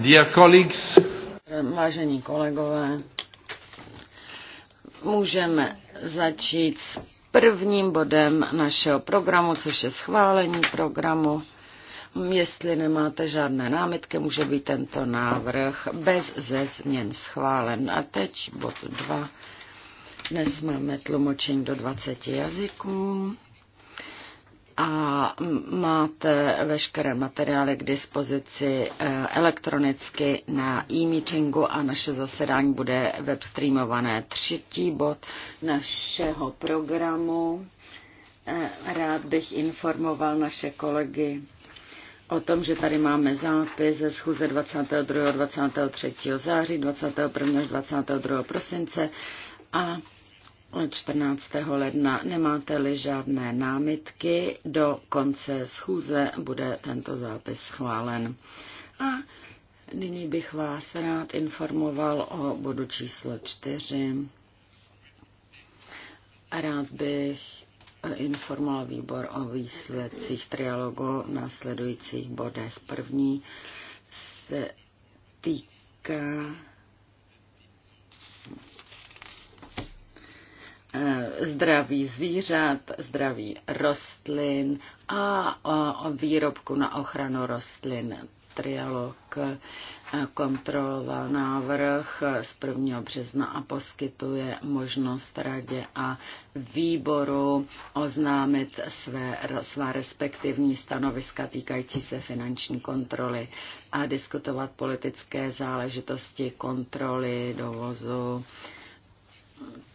Dear colleagues. Vážení kolegové, můžeme začít s prvním bodem našeho programu, což je schválení programu. Jestli nemáte žádné námitky, může být tento návrh bez změn schválen. A teď bod 2. Dnes máme tlumočení do 20 jazyků a máte veškeré materiály k dispozici eh, elektronicky na e-meetingu a naše zasedání bude webstreamované. Třetí bod našeho programu. Eh, rád bych informoval naše kolegy o tom, že tady máme zápis ze schůze 22. 23. září, 21. až 22. prosince a 14. ledna. Nemáte-li žádné námitky, do konce schůze bude tento zápis schválen. A nyní bych vás rád informoval o bodu číslo 4. Rád bych informoval výbor o výsledcích trialogu v následujících bodech. První se týká Eh, zdraví zvířat, zdraví rostlin a o výrobku na ochranu rostlin. Trialog eh, kontroloval návrh eh, z 1. března a poskytuje možnost radě a výboru oznámit své, svá respektivní stanoviska týkající se finanční kontroly a diskutovat politické záležitosti kontroly dovozu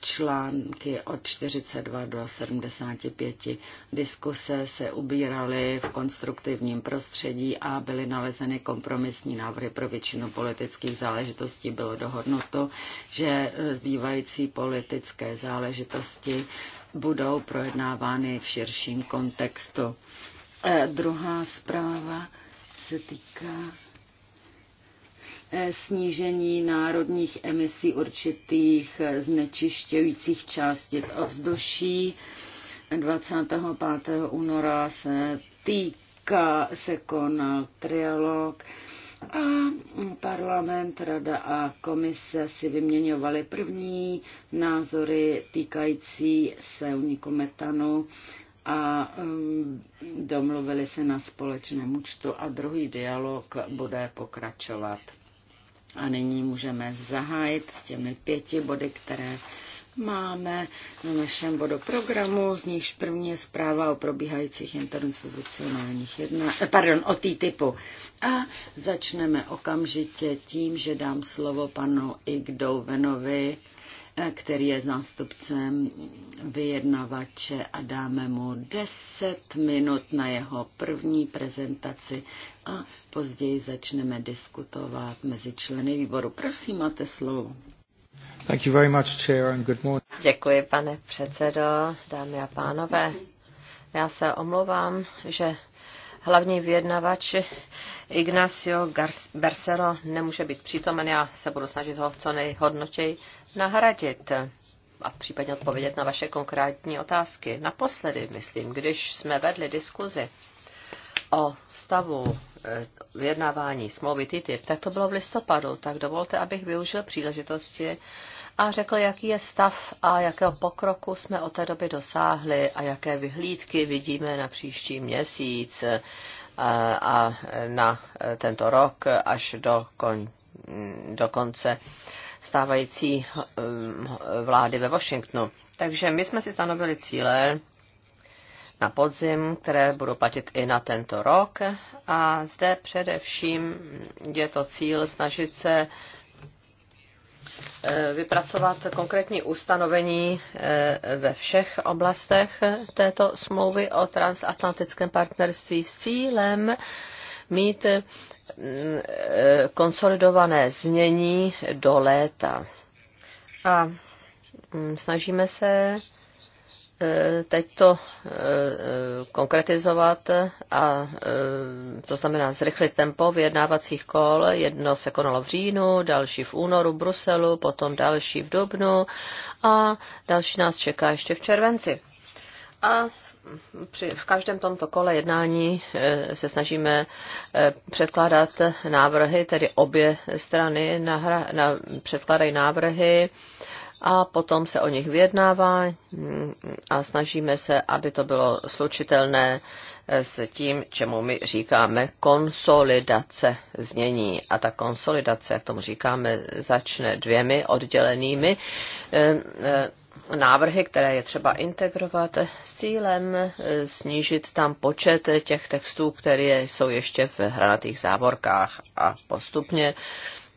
články od 42 do 75. Diskuse se ubíraly v konstruktivním prostředí a byly nalezeny kompromisní návrhy pro většinu politických záležitostí. Bylo dohodnuto, že zbývající politické záležitosti budou projednávány v širším kontextu. Eh, druhá zpráva se týká snížení národních emisí určitých znečišťujících částic ovzduší. 25. února se týká, se konal trialog a parlament, rada a komise si vyměňovaly první názory týkající se uniku metanu a um, domluvili se na společném účtu a druhý dialog bude pokračovat. A nyní můžeme zahájit s těmi pěti body, které máme na našem programu. z nichž první je zpráva o probíhajících interinstitucionálních jedna, eh, pardon, o tý typu. A začneme okamžitě tím, že dám slovo panu Igdouvenovi, který je zástupcem vyjednavače a dáme mu 10 minut na jeho první prezentaci a později začneme diskutovat mezi členy výboru. Prosím, máte slovo. Thank you very much, Chair, and good morning. Děkuji, pane předsedo, dámy a pánové. Já se omlouvám, že hlavní vyjednavač Ignacio Bersero nemůže být přítomen. Já se budu snažit ho co nejhodnotěji nahradit a případně odpovědět na vaše konkrétní otázky. Naposledy, myslím, když jsme vedli diskuzi o stavu eh, vyjednávání smlouvy TTIP, tak to bylo v listopadu, tak dovolte, abych využil příležitosti a řekl, jaký je stav a jakého pokroku jsme od té doby dosáhli a jaké vyhlídky vidíme na příští měsíc a na tento rok až do, kon, do konce stávající eh, vlády ve Washingtonu. Takže my jsme si stanovili cíle na podzim, které budou platit i na tento rok. A zde především je to cíl snažit se Eh, vypracovat konkrétní ustanovení eh, ve všech oblastech této smlouvy o transatlantickém partnerství s cílem mít eh, konsolidované znění do léta. A mm, snažíme se Eh, teď to eh, eh, konkretizovat a to znamená zrychlit tempo vyjednávacích kol. Jedno se konalo v říjnu, další v únoru v Bruselu, potom další v dubnu a další nás čeká ještě v červenci. A při, v každém tomto kole jednání se snažíme předkládat návrhy, tedy obě strany nahra, na, předkládají návrhy a potom se o nich vyjednává mm, a snažíme se, aby to bylo slučitelné eh, s tím, čemu my říkáme konsolidace znění. A ta konsolidace, jak tomu říkáme, začne dvěmi oddělenými eh, eh, návrhy, které je třeba integrovat s cílem snížit tam počet těch textů, které jsou ještě v hranatých závorkách a postupně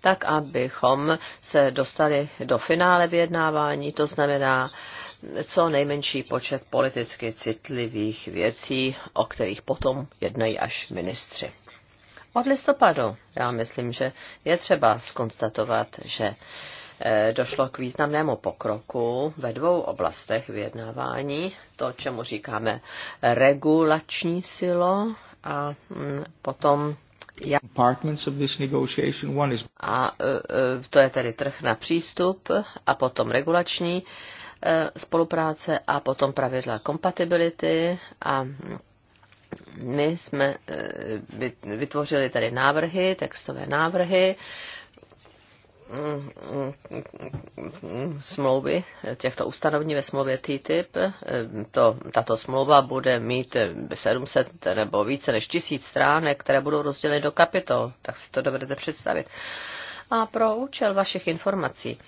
tak abychom se dostali do finále vyjednávání, to znamená co nejmenší počet politicky citlivých věcí, o kterých potom jednají až ministři. Od listopadu, já myslím, že je třeba skonstatovat, že eh, došlo k významnému pokroku ve dvou oblastech vyjednávání, to, čemu říkáme regulační silo a mm, potom já. A e, e, to je tedy trh na přístup a potom regulační e, spolupráce a potom pravidla kompatibility a my jsme vytvořili tady návrhy, textové návrhy smlouvy, těchto ustanovení ve smlouvě TTIP, to, tato smlouva bude mít 700 nebo více než 1000 stránek, které budou rozděleny do kapitol, tak si to dovedete představit. A pro účel vašich informací,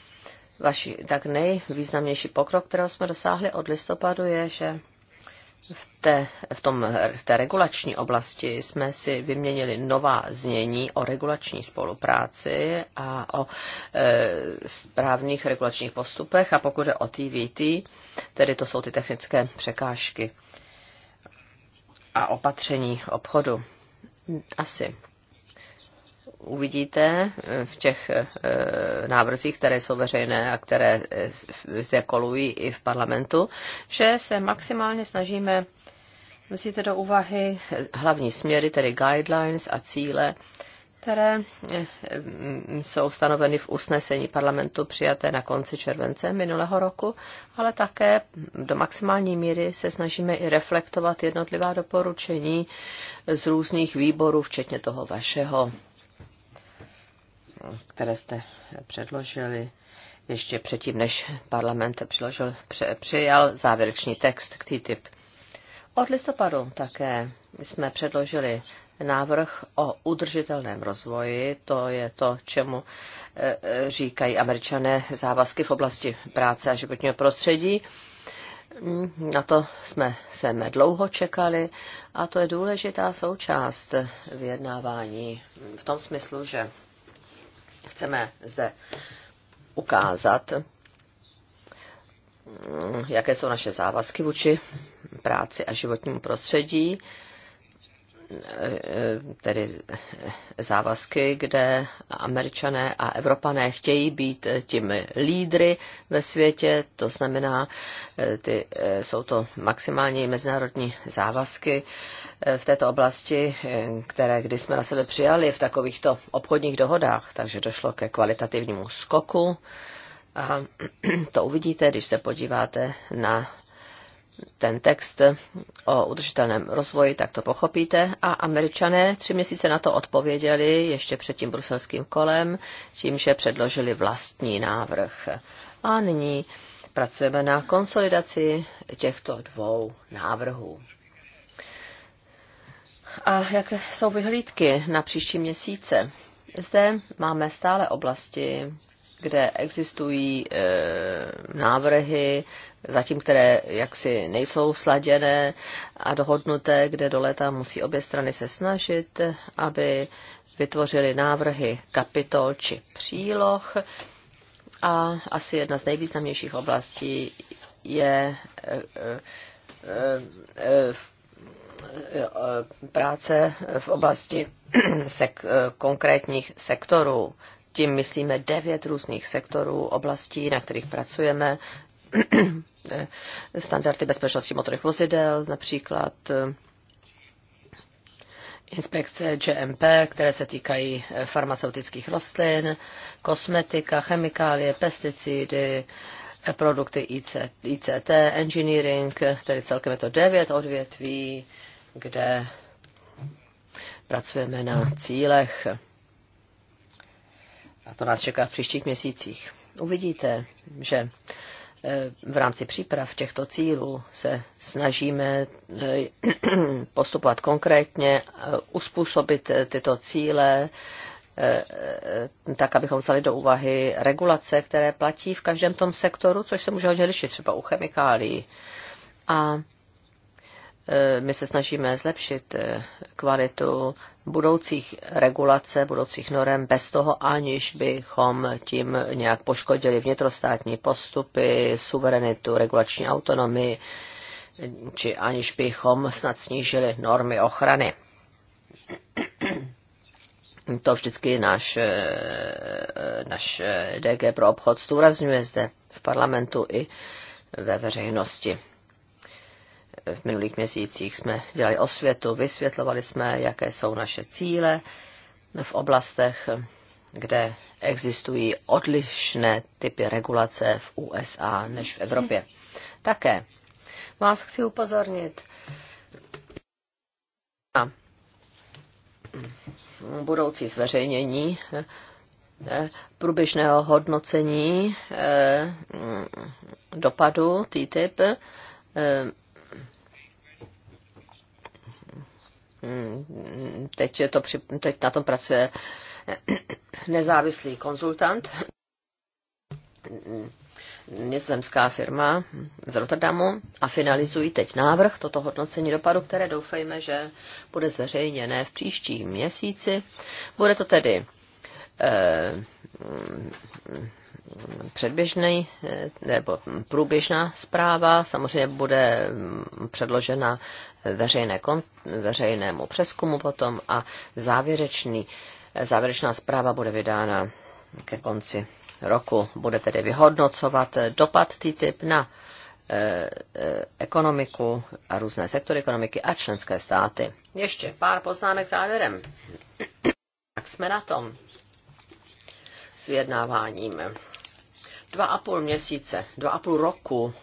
vaši, tak nejvýznamnější pokrok, kterého jsme dosáhli od listopadu, je, že v té, v, tom, v té regulační oblasti jsme si vyměnili nová znění o regulační spolupráci a o e, správných regulačních postupech a pokud je o TVT, tedy to jsou ty technické překážky a opatření obchodu. Asi uvidíte eh, v těch eh, návrzích, které jsou veřejné a které eh, zde kolují i v parlamentu, že se maximálně snažíme vzít do úvahy hlavní směry, tedy guidelines a cíle, které jsou stanoveny v usnesení parlamentu přijaté na konci července minulého roku, ale také do maximální míry se snažíme i reflektovat jednotlivá doporučení z různých výborů, včetně toho vašeho které jste předložili ještě předtím, než parlament přiložil, přijal závěrečný text k TTIP. Od listopadu také jsme předložili návrh o udržitelném rozvoji, to je to, čemu e, e, říkají američané závazky v oblasti práce a životního prostředí. Na to jsme se dlouho čekali a to je důležitá součást vyjednávání v tom smyslu, že Chceme zde ukázat, jaké jsou naše závazky vůči práci a životnímu prostředí Eh, tedy závazky, kde američané a evropané chtějí být eh, tím lídry ve světě, to znamená, eh, ty, jsou to maximální mezinárodní závazky v této oblasti, které kdy jsme na sebe přijali v takovýchto obchodních dohodách, takže došlo ke kvalitativnímu skoku. A to uvidíte, když se podíváte na ten text o udržitelném rozvoji, tak to pochopíte. A američané tři měsíce na to odpověděli ještě před tím bruselským kolem, tím, že předložili vlastní návrh. A nyní pracujeme na konsolidaci těchto dvou návrhů. A jaké jsou vyhlídky na příští měsíce? Zde máme stále oblasti, kde existují e, návrhy, zatím které jaksi nejsou sladěné a dohodnuté, kde do léta musí obě strany se snažit, aby vytvořili návrhy kapitol či příloh. A asi jedna z nejvýznamnějších oblastí je e, e, e, práce v oblasti sek- konkrétních sektorů tím myslíme devět různých sektorů, oblastí, na kterých pracujeme. Standardy bezpečnosti motorových vozidel, například eh, inspekce GMP, které se týkají eh, farmaceutických rostlin, kosmetika, chemikálie, pesticidy, eh, produkty ICT, ICT engineering, tedy celkem je to devět odvětví, kde pracujeme na cílech a to nás čeká v příštích měsících. Uvidíte, že e, v rámci příprav těchto cílů se snažíme e, postupovat konkrétně, e, uspůsobit tyto cíle tak, abychom vzali do úvahy regulace, které platí v každém tom sektoru, což se může hodně lišit třeba u chemikálií. A Eh, my se snažíme zlepšit eh, kvalitu budoucích regulace, budoucích norem, bez toho aniž bychom tím nějak poškodili vnitrostátní postupy, suverenitu, regulační autonomii, či aniž bychom snad snížili normy ochrany. To vždycky náš, eh, náš DG pro obchod zdůrazňuje zde v parlamentu i ve veřejnosti v minulých měsících jsme dělali osvětu, vysvětlovali jsme, jaké jsou naše cíle v oblastech, kde existují odlišné typy regulace v USA než v Evropě. Také vás chci upozornit na budoucí zveřejnění eh, průběžného hodnocení eh, dopadu TTIP eh, Mm, teď, je to, teď na tom pracuje nezávislý konzultant, nizozemská firma z Rotterdamu a finalizují teď návrh toto hodnocení dopadu, které doufejme, že bude zveřejněné v příštím měsíci. Bude to tedy předběžný nebo průběžná zpráva. Samozřejmě bude předložena veřejné, veřejnému přeskumu potom a závěrečný, závěrečná zpráva bude vydána ke konci roku. Bude tedy vyhodnocovat dopad TTIP na eh, eh, ekonomiku a různé sektory ekonomiky a členské státy. Ještě pár poznámek závěrem. Jak jsme na tom? vyjednáváním. Dva a půl měsíce, dva a půl roku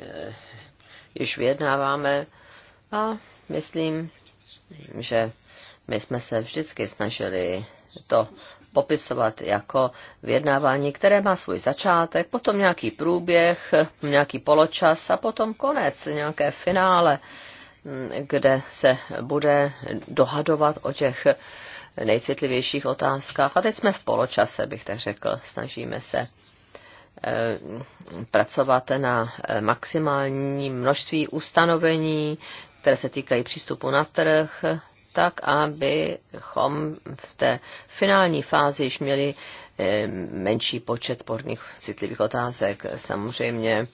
eh, již vyjednáváme a myslím, že my jsme se vždycky snažili to popisovat jako vyjednávání, které má svůj začátek, potom nějaký průběh, nějaký poločas a potom konec, nějaké finále, mm, kde se bude dohadovat o těch nejcitlivějších otázkách. A teď jsme v poločase, bych tak řekl. Snažíme se eh, pracovat na eh, maximální množství ustanovení, které se týkají přístupu na trh, tak, abychom v té finální fázi již měli eh, menší počet sporných citlivých otázek. Samozřejmě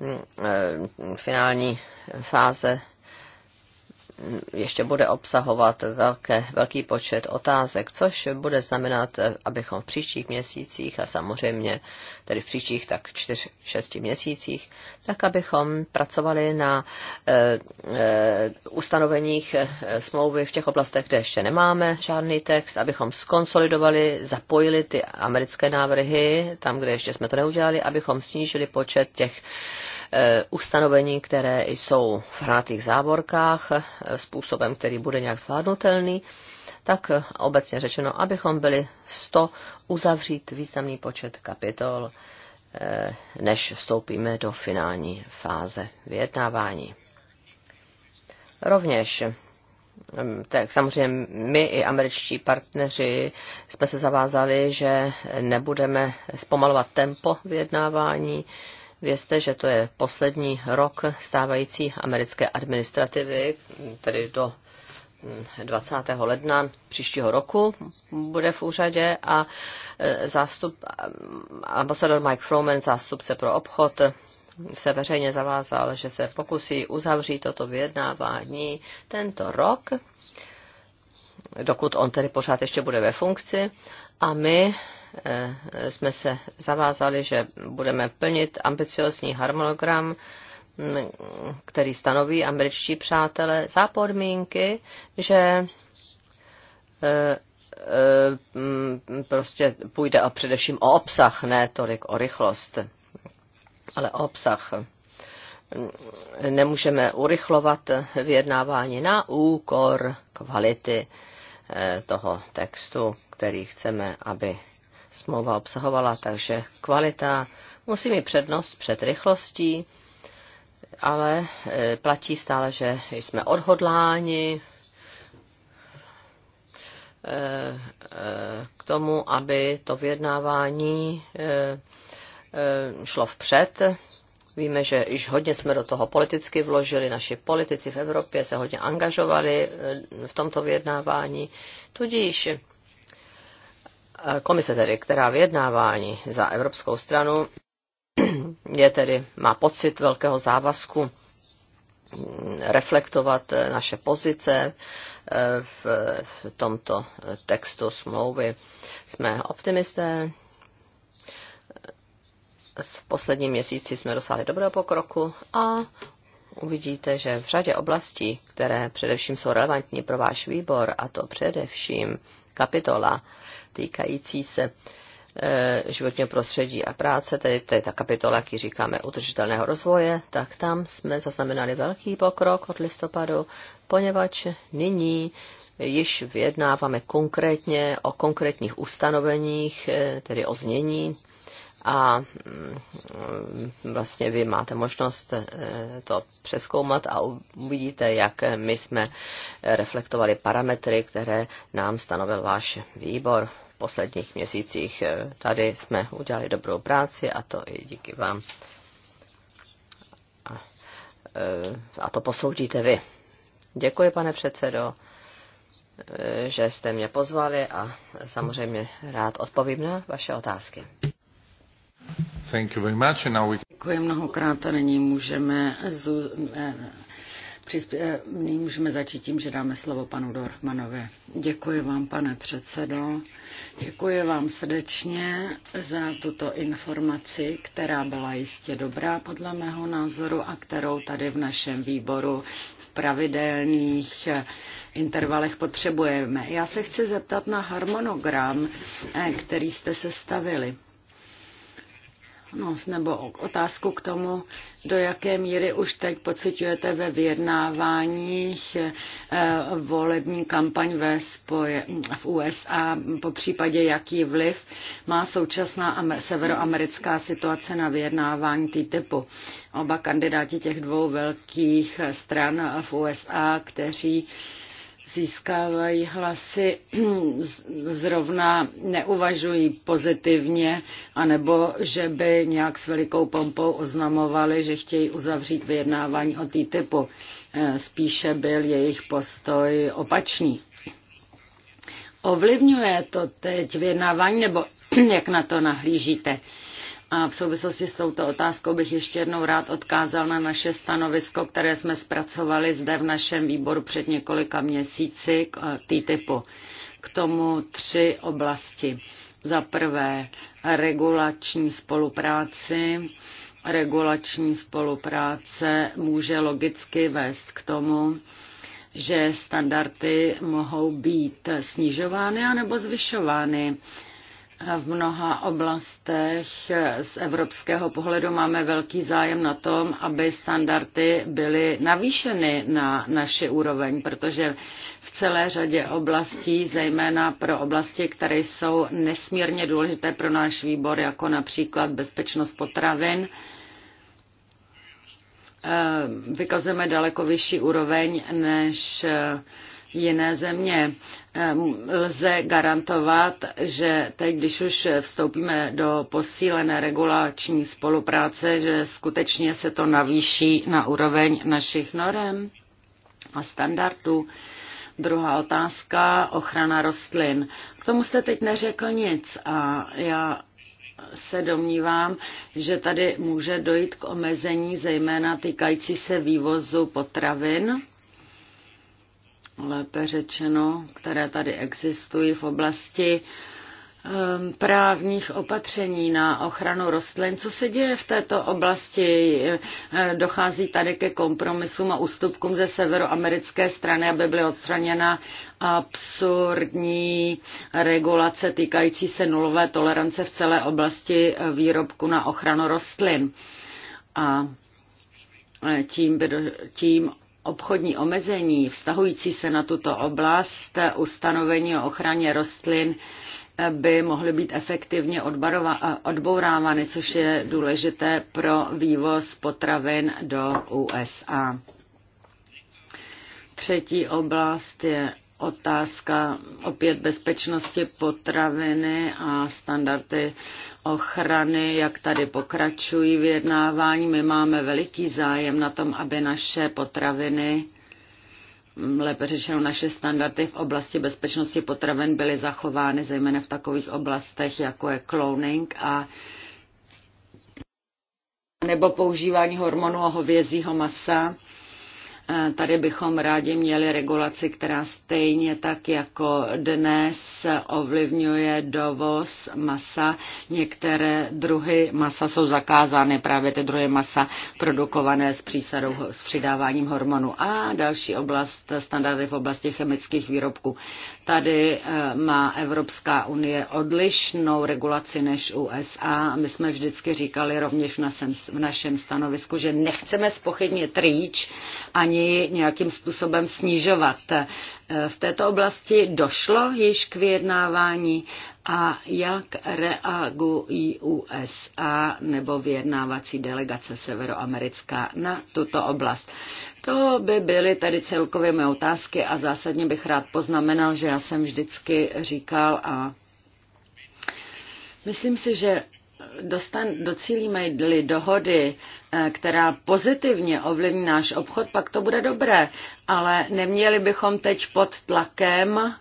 mm, finální fáze ještě bude obsahovat velké, velký počet otázek, což bude znamenat, eh, abychom v příštích měsících a samozřejmě tedy v příštích tak čtyř, šesti měsících, tak abychom pracovali na e, e, ustanoveních smlouvy v těch oblastech, kde ještě nemáme žádný text, abychom skonsolidovali, zapojili ty americké návrhy tam, kde ještě jsme to neudělali, abychom snížili počet těch Eh, ustanovení, které jsou v hranatých závorkách, eh, způsobem, který bude nějak zvládnutelný, tak eh, obecně řečeno, abychom byli 100 uzavřít významný počet kapitol, než vstoupíme do finální fáze vyjednávání. Rovněž mm, tak samozřejmě my i američtí partneři jsme se zavázali, že nebudeme zpomalovat tempo vyjednávání, Vězte, že to je poslední rok stávající americké administrativy, tedy do 20. Hm, ledna příštího roku bude v úřadě a e, zástup, ambasador Mike Froman, zástupce pro obchod, se veřejně zavázal, že se pokusí uzavřít toto vyjednávání tento rok, dokud on tedy pořád ještě bude ve funkci. A my Eh, jsme se zavázali, že budeme plnit ambiciozní harmonogram, mm, který stanoví američtí přátelé za podmínky, že eh, eh, mm, prostě půjde a především o obsah, ne tolik o rychlost, ale o obsah. Nemůžeme urychlovat vyjednávání na úkor kvality toho textu, který chceme, aby smlouva obsahovala, takže kvalita musí mít přednost před rychlostí, ale e, platí stále, že jsme odhodláni e, e, k tomu, aby to vyjednávání šlo vpřed. Víme, že již hodně jsme do toho politicky vložili, naši politici v Evropě se hodně angažovali v tomto vyjednávání, tudíž komise tedy, která vyjednávání za evropskou stranu, je tedy, má pocit velkého závazku mm, reflektovat eh, naše pozice eh, v, tomto textu smlouvy. Jsme optimisté. V posledním měsíci jsme dosáhli dobrého pokroku a uvidíte, že v řadě oblastí, které především jsou relevantní pro váš výbor, a to především kapitola týkající se e, životního prostředí a práce, tedy to je ta kapitola, jak říkáme, udržitelného rozvoje, tak tam jsme zaznamenali velký pokrok od listopadu, poněvadž nyní již vyjednáváme konkrétně o konkrétních ustanoveních, e, tedy o znění a mm, vlastně vy máte možnost e, to přeskoumat a uvidíte, jak my jsme reflektovali parametry, které nám stanovil váš výbor posledních měsících. Eh, tady jsme udělali dobrou práci a to i díky vám. A, eh, a to posoudíte vy. Děkuji, pane předsedo, eh, že jste mě pozvali a samozřejmě rád odpovím na vaše otázky. Thank you very much. Děkuji mnohokrát a nyní můžeme Přispě... Eh, nyní můžeme začít tím, že dáme slovo panu Dorfmanovi. Děkuji vám, pane předsedo. Děkuji vám srdečně za tuto informaci, která byla jistě dobrá podle mého názoru a kterou tady v našem výboru v pravidelných eh, intervalech potřebujeme. Já se chci zeptat na harmonogram, eh, který jste sestavili no, nebo otázku k tomu, do jaké míry už teď pocitujete ve vyjednáváních eh, volební kampaň ve spoje, v USA, po případě jaký vliv má současná severoamerická situace na vyjednávání TTIPu. Oba kandidáti těch dvou velkých stran v USA, kteří eh, získávají hlasy, zrovna neuvažují pozitivně, anebo že by nějak s velikou pompou oznamovali, že chtějí uzavřít vyjednávání o TTIPu. Eh, spíše byl jejich postoj opačný. Ovlivňuje to teď vyjednávání, nebo jak na to nahlížíte? A v souvislosti s touto otázkou bych ještě jednou rád odkázal na naše stanovisko, které jsme zpracovali zde v našem výboru před několika měsíci k eh, TTIPu. K tomu tři oblasti. Za prvé regulační spolupráci. Regulační spolupráce může logicky vést k tomu, že standardy mohou být snižovány anebo zvyšovány v mnoha oblastech z evropského pohledu máme velký zájem na tom, aby standardy byly navýšeny na naši úroveň, protože v celé řadě oblastí, zejména pro oblasti, které jsou nesmírně důležité pro náš výbor, jako například bezpečnost potravin, eh, vykazujeme daleko vyšší úroveň než eh, jiné země. Ehm, lze garantovat, že teď, když už vstoupíme do posílené regulační spolupráce, že skutečně se to navýší na úroveň našich norem a standardů. Druhá otázka, ochrana rostlin. K tomu jste teď neřekl nic a já se domnívám, že tady může dojít k omezení zejména týkající se vývozu potravin lépe řečeno, které tady existují v oblasti ehm, právních opatření na ochranu rostlin. Co se děje v této oblasti? Eh, dochází tady ke kompromisům a ústupkům ze severoamerické strany, aby byly odstraněna absurdní regulace týkající se nulové tolerance v celé oblasti eh, výrobku na ochranu rostlin. A eh, tím, by, tím obchodní omezení vztahující se na tuto oblast ustanovení o ochraně rostlin by mohly být efektivně odbourávány, což je důležité pro vývoz potravin do USA. Třetí oblast je otázka opět bezpečnosti potraviny a standardy ochrany, jak tady pokračují vyjednávání. My máme veliký zájem na tom, aby naše potraviny, lépe řečeno naše standardy v oblasti bezpečnosti potravin byly zachovány, zejména v takových oblastech, jako je cloning a nebo používání hormonu a hovězího masa Tady bychom rádi měli regulaci, která stejně tak jako dnes ovlivňuje dovoz masa. Některé druhy masa jsou zakázány, právě ty druhy masa produkované s, přísadou, s přidáváním hormonu. A další oblast, standardy v oblasti chemických výrobků. Tady eh, má Evropská unie odlišnou regulaci než USA. My jsme vždycky říkali rovněž v našem, v našem stanovisku, že nechceme spochybnit rýč ani unii nějakým způsobem snižovat. E, v této oblasti došlo již k vyjednávání a jak reagují USA nebo vyjednávací delegace severoamerická na tuto oblast. To by byly tady celkově mé otázky a zásadně bych rád poznamenal, že já jsem vždycky říkal a myslím si, že dostan, docílíme-li dohody, eh, která pozitivně ovlivní náš obchod, pak to bude dobré. Ale neměli bychom teď pod tlakem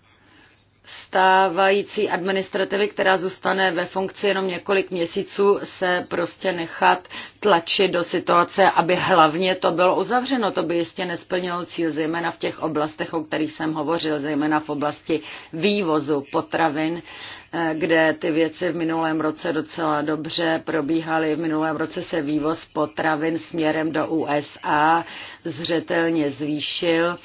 stávající administrativy, která zůstane ve funkci jenom několik měsíců, se prostě nechat tlačit do situace, aby hlavně to bylo uzavřeno. To by jistě nesplnilo cíl, zejména v těch oblastech, o kterých jsem hovořil, zejména v oblasti vývozu potravin, eh, kde ty věci v minulém roce docela dobře probíhaly. V minulém roce se vývoz potravin směrem do USA zřetelně zvýšil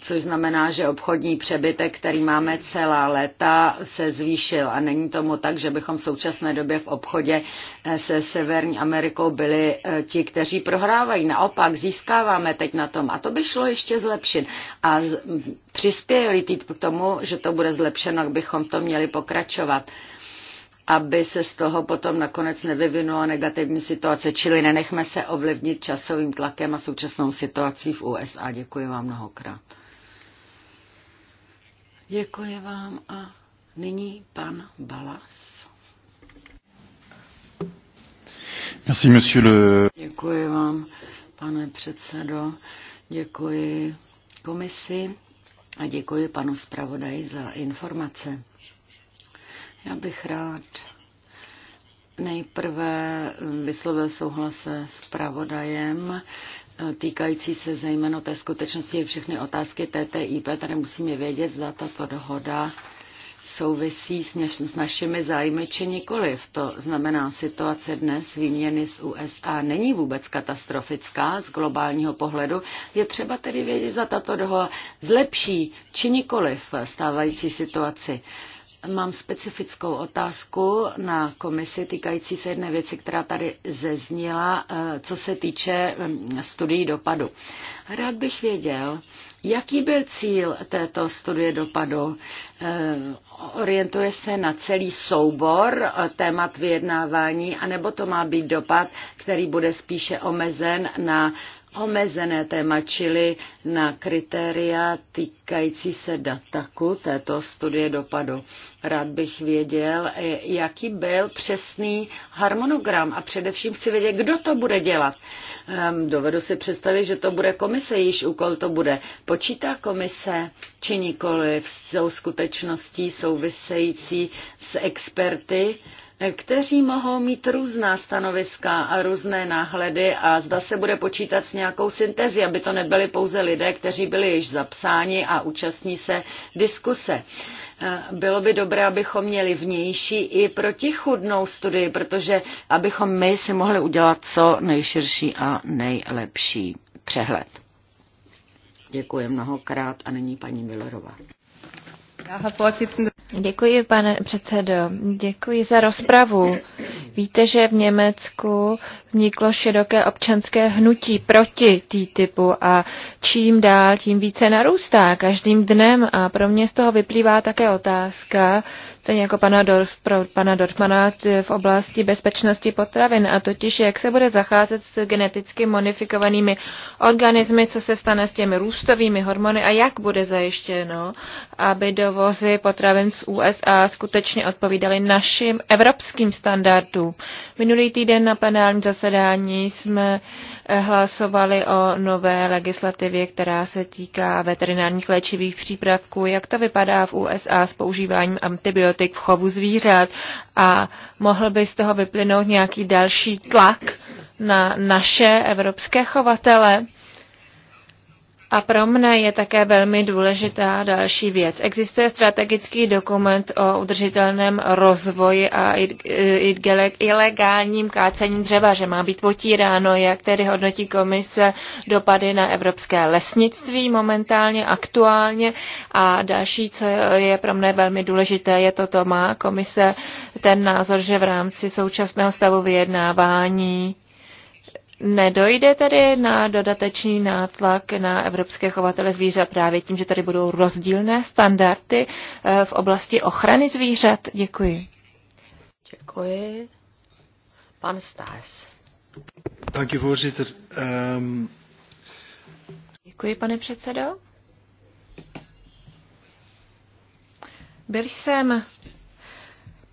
což znamená, že obchodní přebytek, který máme celá léta, se zvýšil. A není tomu tak, že bychom v současné době v obchodě eh, se Severní Amerikou byli eh, ti, kteří prohrávají. Naopak získáváme teď na tom. A to by šlo ještě zlepšit. A přispěli k tomu, že to bude zlepšeno, bychom to měli pokračovat aby se z toho potom nakonec nevyvinula negativní situace, čili nenechme se ovlivnit časovým tlakem a současnou situací v USA. Děkuji vám mnohokrát. Děkuji vám a nyní pan Balas. Merci, monsieur le... Děkuji vám, pane předsedo. Děkuji komisi a děkuji panu zpravodaji za informace. Já bych rád nejprve vyslovil souhlas se zpravodajem týkající se zejména té skutečnosti všechny otázky TTIP. Tady musíme vědět, zda tato dohoda souvisí s, naš, s našimi zájmy či nikoliv. To znamená, situace dnes výměny z USA není vůbec katastrofická z globálního pohledu. Je třeba tedy vědět, zda tato dohoda zlepší či nikoliv stávající situaci. Uh, Mám specifickou otázku na komisi týkající se jedné věci, která tady zezněla, eh, co se týče mm, studií dopadu. Rád bych věděl, jaký byl cíl této studie dopadu. Eh, orientuje se na celý soubor eh, témat vyjednávání, anebo to má být dopad, který bude spíše omezen na omezené téma, čili na kritéria týkající se dataku této studie dopadu. Rád bych věděl, e, jaký byl přesný harmonogram a především chci vědět, kdo to bude dělat. Ehm, dovedu si představit, že to bude komise, již úkol to bude. Počítá komise či nikoli s tou skutečností související s experty? kteří mohou mít různá stanoviska a různé náhledy a zda se bude počítat s nějakou syntezí, aby to nebyli pouze lidé, kteří byli již zapsáni a účastní se diskuse. Eh, bylo by dobré, abychom měli vnější i protichudnou studii, protože abychom my si mohli udělat co nejširší a nejlepší přehled. Děkuji mnohokrát a nyní paní Millerová. Děkuji, pane předsedo. Děkuji za rozpravu. Víte, že v Německu vzniklo široké občanské hnutí proti TTIPu a čím dál, tím více narůstá každým dnem. A pro mě z toho vyplývá také otázka, stejně jako pana, Dorf, pro pana Dorfmana v oblasti bezpečnosti potravin, a totiž jak se bude zacházet s geneticky modifikovanými organismy, co se stane s těmi růstovými hormony a jak bude zajištěno, aby dovozy potravin z USA skutečně odpovídaly našim evropským standardům. Minulý týden na plenárním zasedání jsme eh, hlasovali o nové legislativě, která se týká veterinárních léčivých přípravků. Jak to vypadá v USA s používáním antibiotik? politik v chovu zvířat a mohl by z toho vyplynout nějaký další tlak na naše evropské chovatele, a pro mne je také velmi důležitá další věc. Existuje strategický dokument o udržitelném rozvoji a ilegálním kácení dřeva, že má být potíráno, jak tedy hodnotí komise dopady na evropské lesnictví momentálně, aktuálně. A další, co je pro mne velmi důležité, je toto má komise ten názor, že v rámci současného stavu vyjednávání Nedojde tedy na dodatečný nátlak na evropské chovatele zvířat právě tím, že tady budou rozdílné standardy eh, v oblasti ochrany zvířat? Děkuji. Děkuji. Pan Stars. Děkuji, voorzitter. Um... Děkuji, pane předsedo. Byl jsem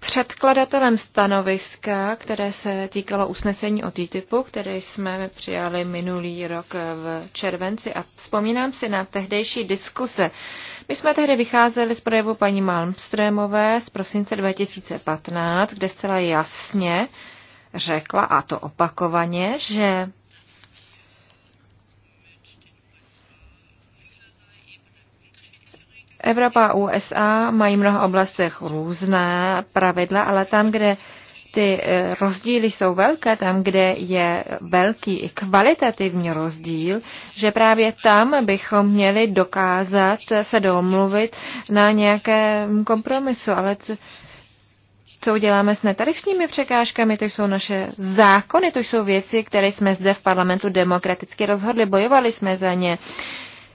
předkladatelem stanoviska, které se týkalo usnesení o TTIPu, které jsme přijali minulý rok v červenci a vzpomínám si na tehdejší diskuse. My jsme tehdy vycházeli z projevu paní Malmströmové z prosince 2015, kde zcela jasně řekla, a to opakovaně, že Evropa a USA mají v mnoha oblastech různá pravidla, ale tam, kde ty eh, rozdíly jsou velké, tam, kde je velký i kvalitativní rozdíl, že právě tam bychom měli dokázat se domluvit na nějakém kompromisu. Ale co uděláme s netarifními překážkami, to jsou naše zákony, to jsou věci, které jsme zde v parlamentu demokraticky rozhodli, bojovali jsme za ně,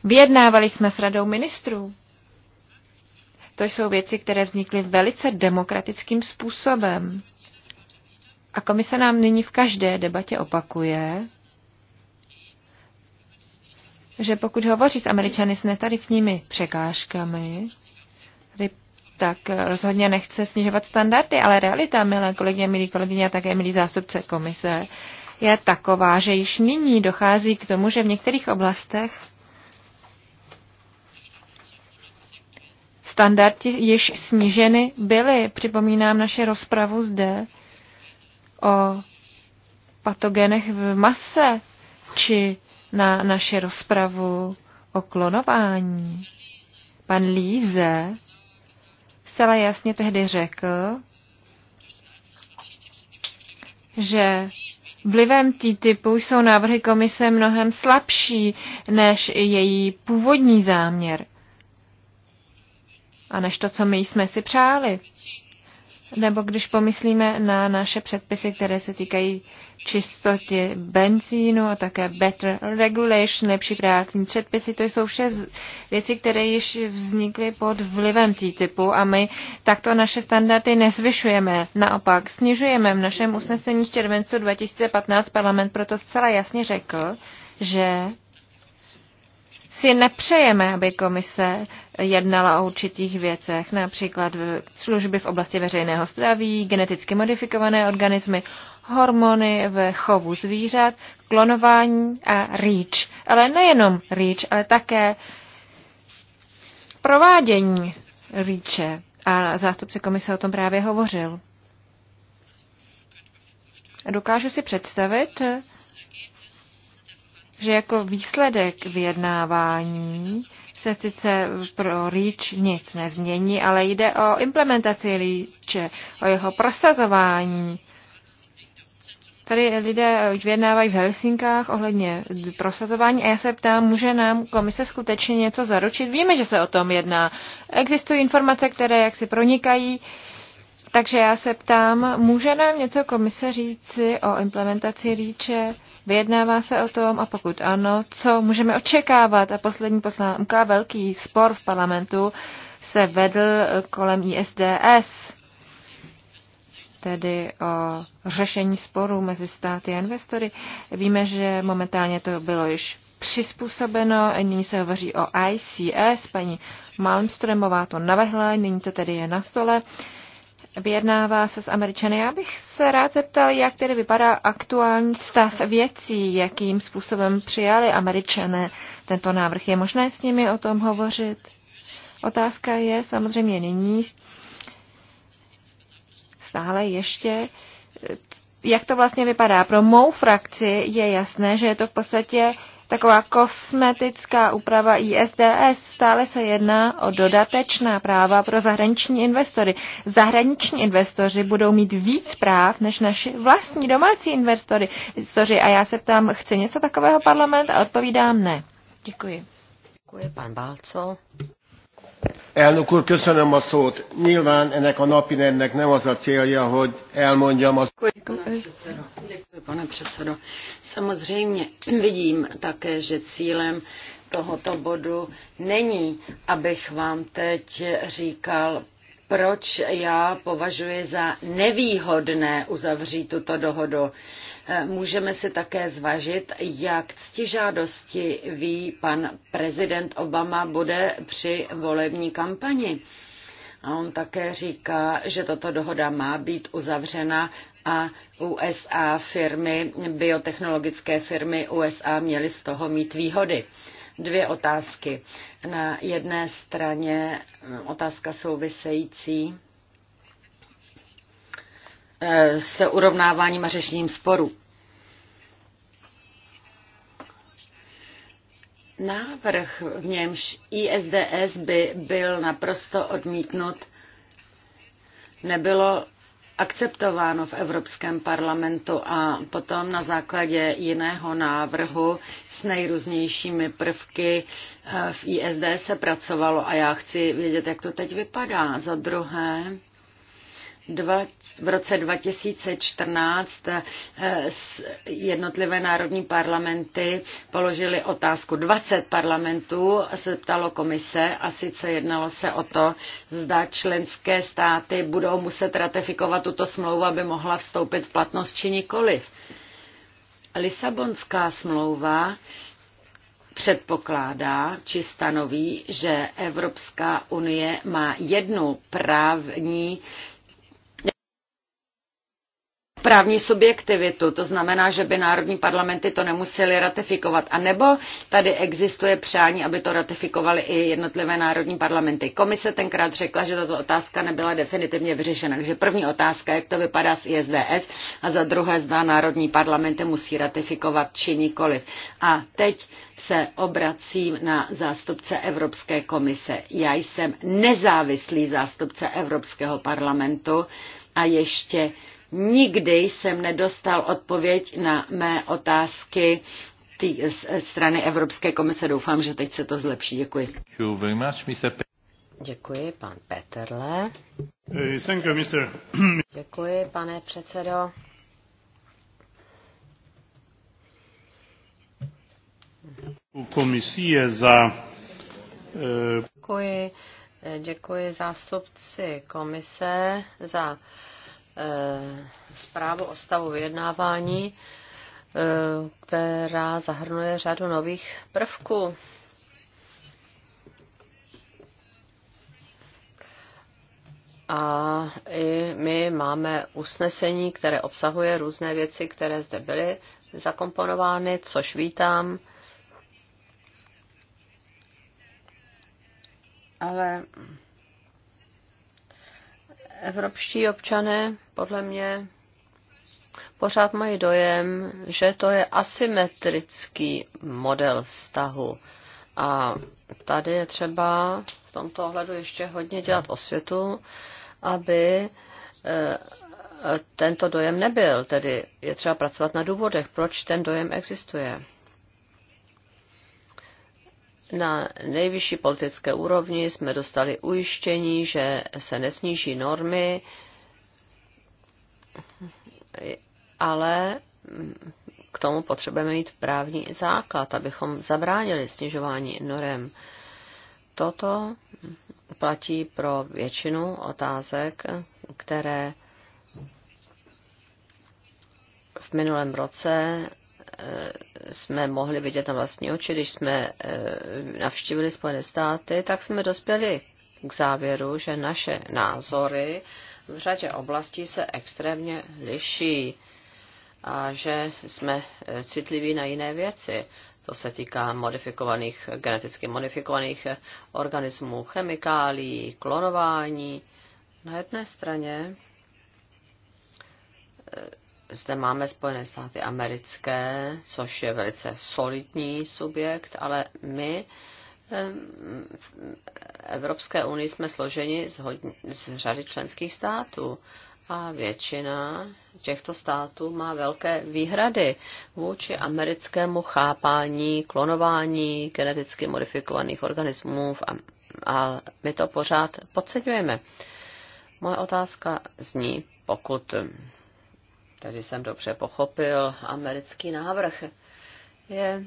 vyjednávali jsme s radou ministrů. To jsou věci, které vznikly velice demokratickým způsobem. A komise nám nyní v každé debatě opakuje, že pokud hovoří s Američany s netarifními překážkami, tak rozhodně nechce snižovat standardy, ale realita, milé kolegyně, milí kolegyně a také milí zástupce komise, je taková, že již nyní dochází k tomu, že v některých oblastech standardy již sníženy byly. Připomínám naše rozpravu zde o patogenech v mase či na naše rozpravu o klonování. Pan Líze zcela jasně tehdy řekl, že vlivem TTIPu jsou návrhy komise mnohem slabší než její původní záměr a než to, co my jsme si přáli. Nebo když pomyslíme na naše předpisy, které se týkají čistoty benzínu a také better regulation, lepší právní předpisy, to jsou vše věci, které již vznikly pod vlivem TTIPu a my takto naše standardy nezvyšujeme, naopak snižujeme. V našem usnesení v července 2015 parlament proto zcela jasně řekl, že si nepřejeme, aby komise jednala o určitých věcech, například služby v oblasti veřejného zdraví, geneticky modifikované organismy, hormony v chovu zvířat, klonování a REACH. Ale nejenom REACH, ale také provádění REACHe. A zástupce komise o tom právě hovořil. Dokážu si představit, že jako výsledek vyjednávání se sice pro REACH nic nezmění, ale jde o implementaci REACHe, o jeho prosazování. Tady lidé vyjednávají v Helsinkách ohledně prosazování a já se ptám, může nám komise skutečně něco zaručit? Víme, že se o tom jedná. Existují informace, které jaksi pronikají, takže já se ptám, může nám něco komise říci o implementaci REACHe? Vyjednává se o tom a pokud ano, co můžeme očekávat? A poslední poznámka, velký spor v parlamentu se vedl kolem ISDS, tedy o řešení sporů mezi státy a investory. Víme, že momentálně to bylo již přizpůsobeno, nyní se hovoří o ICS, paní Malmströmová to navrhla, nyní to tedy je na stole. Uh, vyjednává se s Američany. Já bych se rád zeptal, jak tedy vypadá aktuální stav věcí, jakým způsobem přijali Američané tento návrh. Je možné s nimi o tom hovořit? Otázka je samozřejmě nyní stále ještě, jak to vlastně vypadá. Pro mou frakci je jasné, že je to v podstatě taková kosmetická úprava ISDS. Stále se jedná o dodatečná práva pro zahraniční investory. Zahraniční investoři budou mít víc práv než naši vlastní domácí investory. Sorry, a já se ptám, chce něco takového parlament a odpovídám ne. Děkuji. Děkuji, pan Balco elnök úr köszönöm a szót nyilván ennek a napirendnek nem az a célja hogy elmondjam az Děkuji, pane předsedo. Samozřejmě vidím také, že cílem tohoto bodu není, abych vám teď říkal, proč já považuji za nevýhodné uzavřít tuto dohodu. Eh, můžeme si také zvažit, jak ctižádosti ví pan prezident Obama bude při volební kampani. A on také říká, že tato dohoda má být uzavřena a USA firmy, biotechnologické firmy USA měly z toho mít výhody dvě otázky. Na jedné straně eh, otázka související eh, se urovnáváním a řešením sporů. Návrh, v němž ISDS by byl naprosto odmítnut, nebylo akceptováno v Evropském parlamentu a potom na základě jiného návrhu s nejrůznějšími prvky eh, v ISD se pracovalo a já chci vědět, jak to teď vypadá. Za druhé, dva, v roce 2014 eh, jednotlivé národní parlamenty položili otázku. 20 parlamentů se ptalo komise a sice jednalo se o to, zda členské státy budou muset ratifikovat tuto smlouvu, aby mohla vstoupit v platnost či nikoliv. Lisabonská smlouva předpokládá či stanoví, že Evropská unie má jednu právní právní subjektivitu, to znamená, že by národní parlamenty to nemusely ratifikovat. A nebo tady existuje přání, aby to ratifikovaly i jednotlivé národní parlamenty. Komise tenkrát řekla, že tato otázka nebyla definitivně vyřešena. Takže první otázka, jak to vypadá s ISDS a za druhé zda národní parlamenty musí ratifikovat či nikoliv. A teď se obracím na zástupce Evropské komise. Já jsem nezávislý zástupce Evropského parlamentu a ještě Nikdy jsem nedostal odpověď na mé otázky z strany Evropské komise. Doufám, že teď se to zlepší. Děkuji. Děkuji, pan Peterle. Děkuji, pane předsedo. Komisie za... Eh, děkuji, eh, děkuji zástupci komise za Eh, zprávu o stavu vyjednávání, eh, která zahrnuje řadu nových prvků. A i my máme usnesení, které obsahuje různé věci, které zde byly zakomponovány, což vítám. Ale Evropští občané podle mě pořád mají dojem, že to je asymetrický model vztahu. A tady je třeba v tomto ohledu ještě hodně dělat osvětu, aby eh, tento dojem nebyl. Tedy je třeba pracovat na důvodech, proč ten dojem existuje na nejvyšší politické úrovni jsme dostali ujištění, že se nesníží normy, ale k tomu potřebujeme mít právní základ, abychom zabránili snižování norem. Toto platí pro většinu otázek, které v minulém roce Eh, jsme mohli vidět na vlastní oči, když jsme eh, navštívili Spojené státy, tak jsme dospěli k závěru, že naše názory v řadě oblastí se extrémně liší a že jsme eh, citliví na jiné věci. To se týká modifikovaných, geneticky modifikovaných organismů, chemikálií, klonování. Na jedné straně zde máme Spojené státy americké, což je velice solidní subjekt, ale my v Evropské unii jsme složeni z, hodně, z řady členských států a většina těchto států má velké výhrady vůči americkému chápání klonování geneticky modifikovaných organismů a, a my to pořád podceňujeme. Moje otázka zní, pokud tedy jsem dobře pochopil, americký návrh je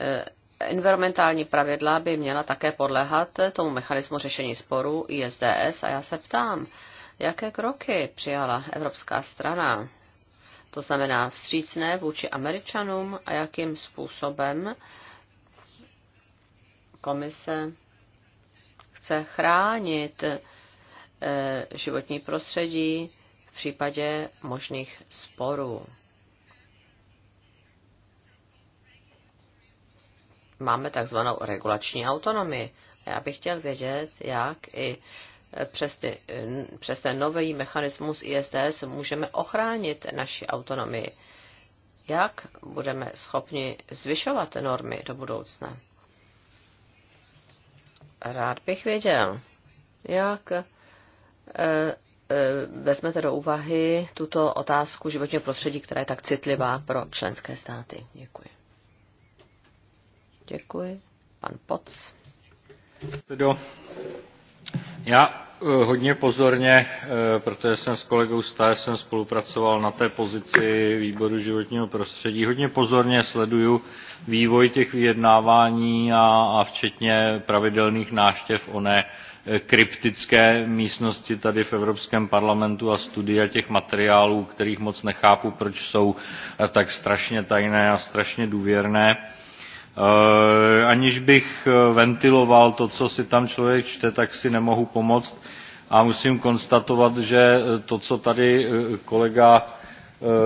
eh, environmentální pravidla by měla také podléhat tomu mechanismu řešení sporů ISDS a já se ptám, jaké kroky přijala evropská strana, to znamená vstřícné vůči američanům a jakým způsobem komise chce chránit eh, životní prostředí, v případě možných sporů. Máme takzvanou regulační autonomii. Já bych chtěl vědět, jak i přes, ty, přes ten nový mechanismus ISDS můžeme ochránit naši autonomii. Jak budeme schopni zvyšovat normy do budoucna? Rád bych věděl, jak eh, E, vezmete do úvahy tuto otázku životního prostředí, která je tak citlivá pro členské státy? Děkuji. Děkuji. Pan Poc. Do. Já e, hodně pozorně, e, protože jsem s kolegou Stáje jsem spolupracoval na té pozici výboru životního prostředí, hodně pozorně sleduju vývoj těch vyjednávání a, a včetně pravidelných náštěv ne kryptické místnosti tady v Evropském parlamentu a studia těch materiálů, kterých moc nechápu, proč jsou eh, tak strašně tajné a strašně důvěrné. Eh, aniž bych eh, ventiloval to, co si tam člověk čte, tak si nemohu pomoct a musím konstatovat, že to, co tady kolega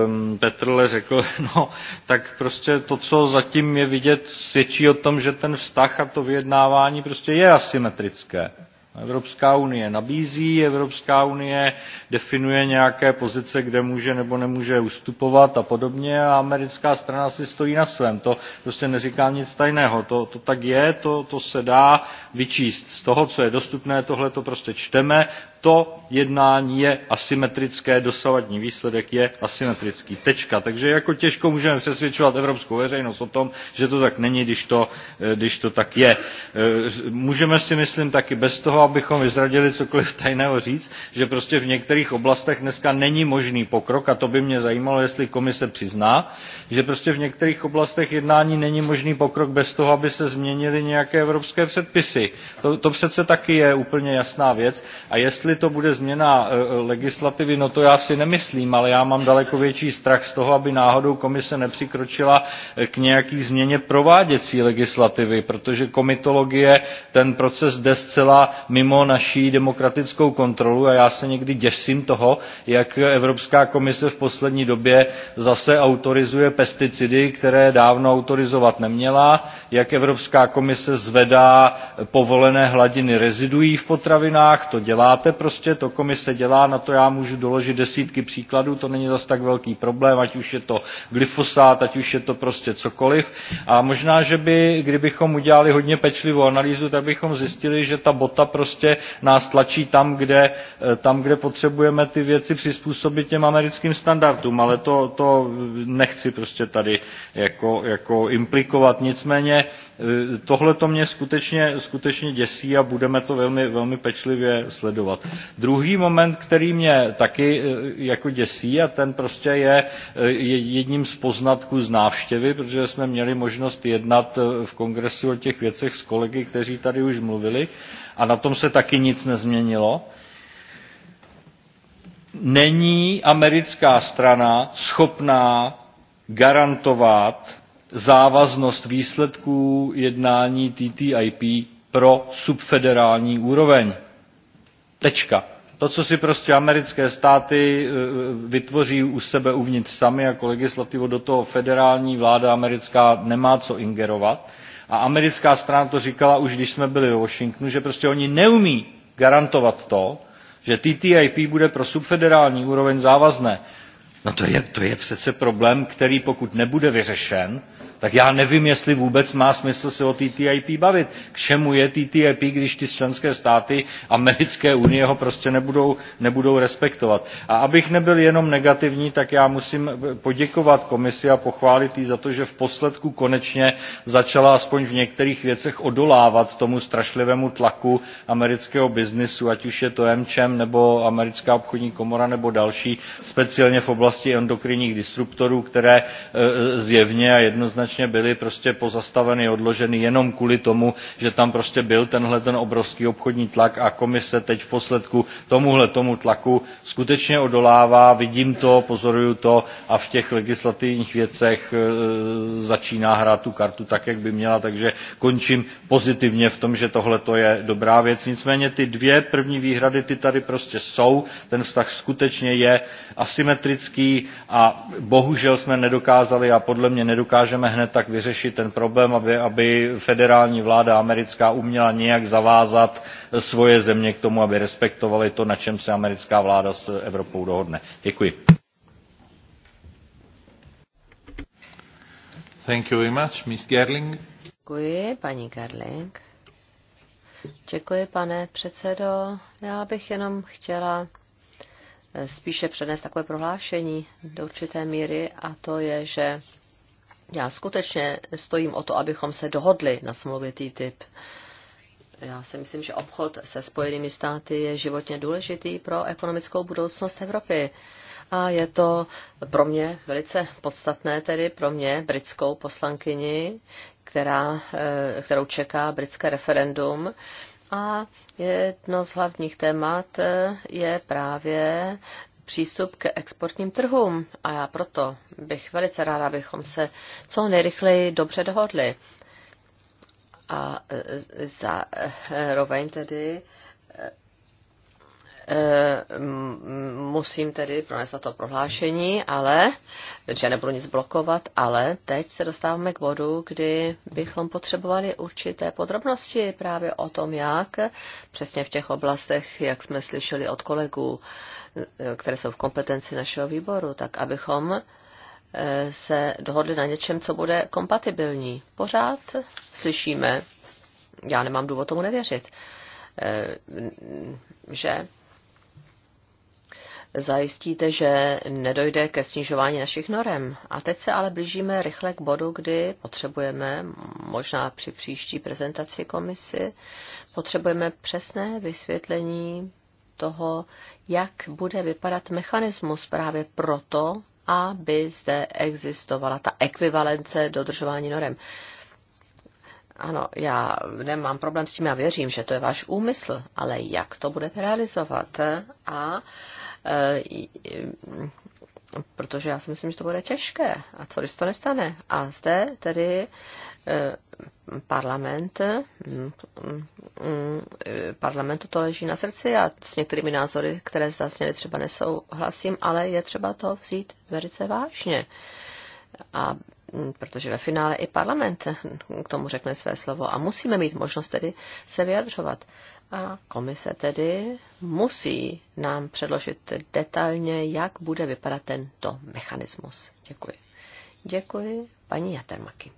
ehm, Petrle řekl, no tak prostě to, co zatím je vidět, svědčí o tom, že ten vztah a to vyjednávání prostě je asymetrické. Evropská unie nabízí, Evropská unie definuje nějaké pozice, kde může nebo nemůže ustupovat a podobně a americká strana si stojí na svém. To prostě neříkám nic tajného. To, to tak je, to, to se dá vyčíst. Z toho, co je dostupné, tohle to prostě čteme, to jednání je asymetrické dosavadní výsledek je asymetrický tečka. takže jako těžko můžeme přesvědčovat evropskou veřejnost o tom že to tak není když to, eh, když to tak je. Eh, můžeme si myslím taky bez toho abychom vyzradili cokoliv tajného říct že prostě v některých oblastech dneska není možný pokrok a to by mě zajímalo jestli komise přizná že prostě v některých oblastech jednání není možný pokrok bez toho aby se změnily nějaké evropské předpisy. to, to přece taky je úplně jasná věc a jestli jestli to bude změna e, e, legislativy, no to já si nemyslím, ale já mám daleko větší strach z toho, aby náhodou komise nepřikročila e, k nějaký změně prováděcí legislativy, protože komitologie ten proces jde zcela mimo naší demokratickou kontrolu a já se někdy děsím toho, jak Evropská komise v poslední době zase autorizuje pesticidy, které dávno autorizovat neměla, jak Evropská komise zvedá povolené hladiny reziduí v potravinách, to děláte prostě, to komise dělá, na to já můžu doložit desítky příkladů, to není zas tak velký problém, ať už je to glyfosát, ať už je to prostě cokoliv. A možná, že by, kdybychom udělali hodně pečlivou analýzu, tak bychom zjistili, že ta bota prostě nás tlačí tam, kde, eh, tam, kde potřebujeme ty věci přizpůsobit těm americkým standardům, ale to, to nechci prostě tady jako, jako implikovat. Nicméně eh, tohle to mě skutečně, skutečně děsí a budeme to velmi, velmi pečlivě sledovat. Druhý moment, který mě taky eh, jako děsí a ten prostě eh, je jedním z poznatků z návštěvy, protože jsme měli možnost jednat eh, v kongresu o těch věcech s kolegy, kteří tady už mluvili a na tom se taky nic nezměnilo není americká strana schopná garantovat závaznost výsledků jednání TTIP pro subfederální úroveň Tečka. To, co si prostě americké státy e, e, vytvoří u sebe uvnitř sami jako legislativu, do toho federální vláda americká nemá co ingerovat. A americká strana to říkala už, když jsme byli ve Washingtonu, že prostě oni neumí garantovat to, že TTIP bude pro subfederální úroveň závazné. No to je, to je přece problém, který pokud nebude vyřešen, tak já nevím, jestli vůbec má smysl se o TTIP bavit. K čemu je TTIP, když ty členské státy americké unie ho prostě nebudou, nebudou respektovat. A abych nebyl jenom negativní, tak já musím poděkovat komisi a pochválit jí za to, že v posledku konečně začala aspoň v některých věcech odolávat tomu strašlivému tlaku amerického biznisu, ať už je to MCM e nebo americká obchodní komora nebo další, speciálně v oblasti endokrinních disruptorů, které eh, zjevně a jednoznačně jednoznačně byly prostě pozastaveny odloženy jenom kvůli tomu že tam prostě byl tenhle ten obrovský obchodní tlak a komise teď v posledku tomuhle tomu tlaku skutečně odolává vidím to pozoruju to a v těch legislativních věcech e, začíná hrát tu kartu tak jak by měla takže končím pozitivně v tom že tohle to je dobrá věc nicméně ty dvě první výhrady ty tady prostě jsou ten vztah skutečně je asymetrický a bohužel jsme nedokázali a podle mě nedokážeme hned tak vyřešit ten problém aby, federální vláda americká uměla nějak zavázat svoje země k tomu aby respektovaly to na čem se americká vláda s evropou dohodne. děkuji. Thank you very much, Ms. Gerling. Děkuji, paní Gerling. Děkuji, pane předsedo. Já bych jenom chtěla eh, spíše přednést takové prohlášení do určité míry a to je, že já skutečně stojím o to, abychom se dohodli na smlouvě TTIP. Já si myslím, že obchod se Spojenými státy je životně důležitý pro ekonomickou budoucnost Evropy. A je to pro mě velice podstatné, tedy pro mě, britskou poslankyni, která, eh, kterou čeká britské referendum. A jedno z hlavních témat eh, je právě přístup k exportním trhům a já proto bych velice ráda, abychom se co nejrychleji dobře dohodli. A e, zároveň e, tedy e, musím tedy pronést to prohlášení, ale, že nebudu nic blokovat, ale teď se dostáváme k bodu, kdy bychom potřebovali určité podrobnosti právě o tom, jak přesně v těch oblastech, jak jsme slyšeli od kolegů, které jsou v kompetenci našeho výboru, tak abychom eh, se dohodli na něčem, co bude kompatibilní. Pořád slyšíme, já nemám důvod tomu nevěřit, eh, že zajistíte, že nedojde ke snižování našich norem. A teď se ale blížíme rychle k bodu, kdy potřebujeme, možná při příští prezentaci komisi, potřebujeme přesné vysvětlení toho, jak bude vypadat mechanismus právě proto, aby zde existovala ta ekvivalence dodržování norem. Ano, já nemám problém s tím, já věřím, že to je váš úmysl, ale jak to budete realizovat a e, protože já si myslím, že to bude těžké. A co, když to nestane? A zde tedy eh, parlament, mm, mm, parlamentu to leží na srdci a s některými názory, které zazněly, vlastně třeba nesouhlasím, ale je třeba to vzít velice vážně. A mm, protože ve finále i parlament k tomu řekne své slovo a musíme mít možnost tedy se vyjadřovat. A komise tedy musí nám předložit detailně, jak bude vypadat tento mechanismus. Děkuji. Děkuji, paní Jatermaky.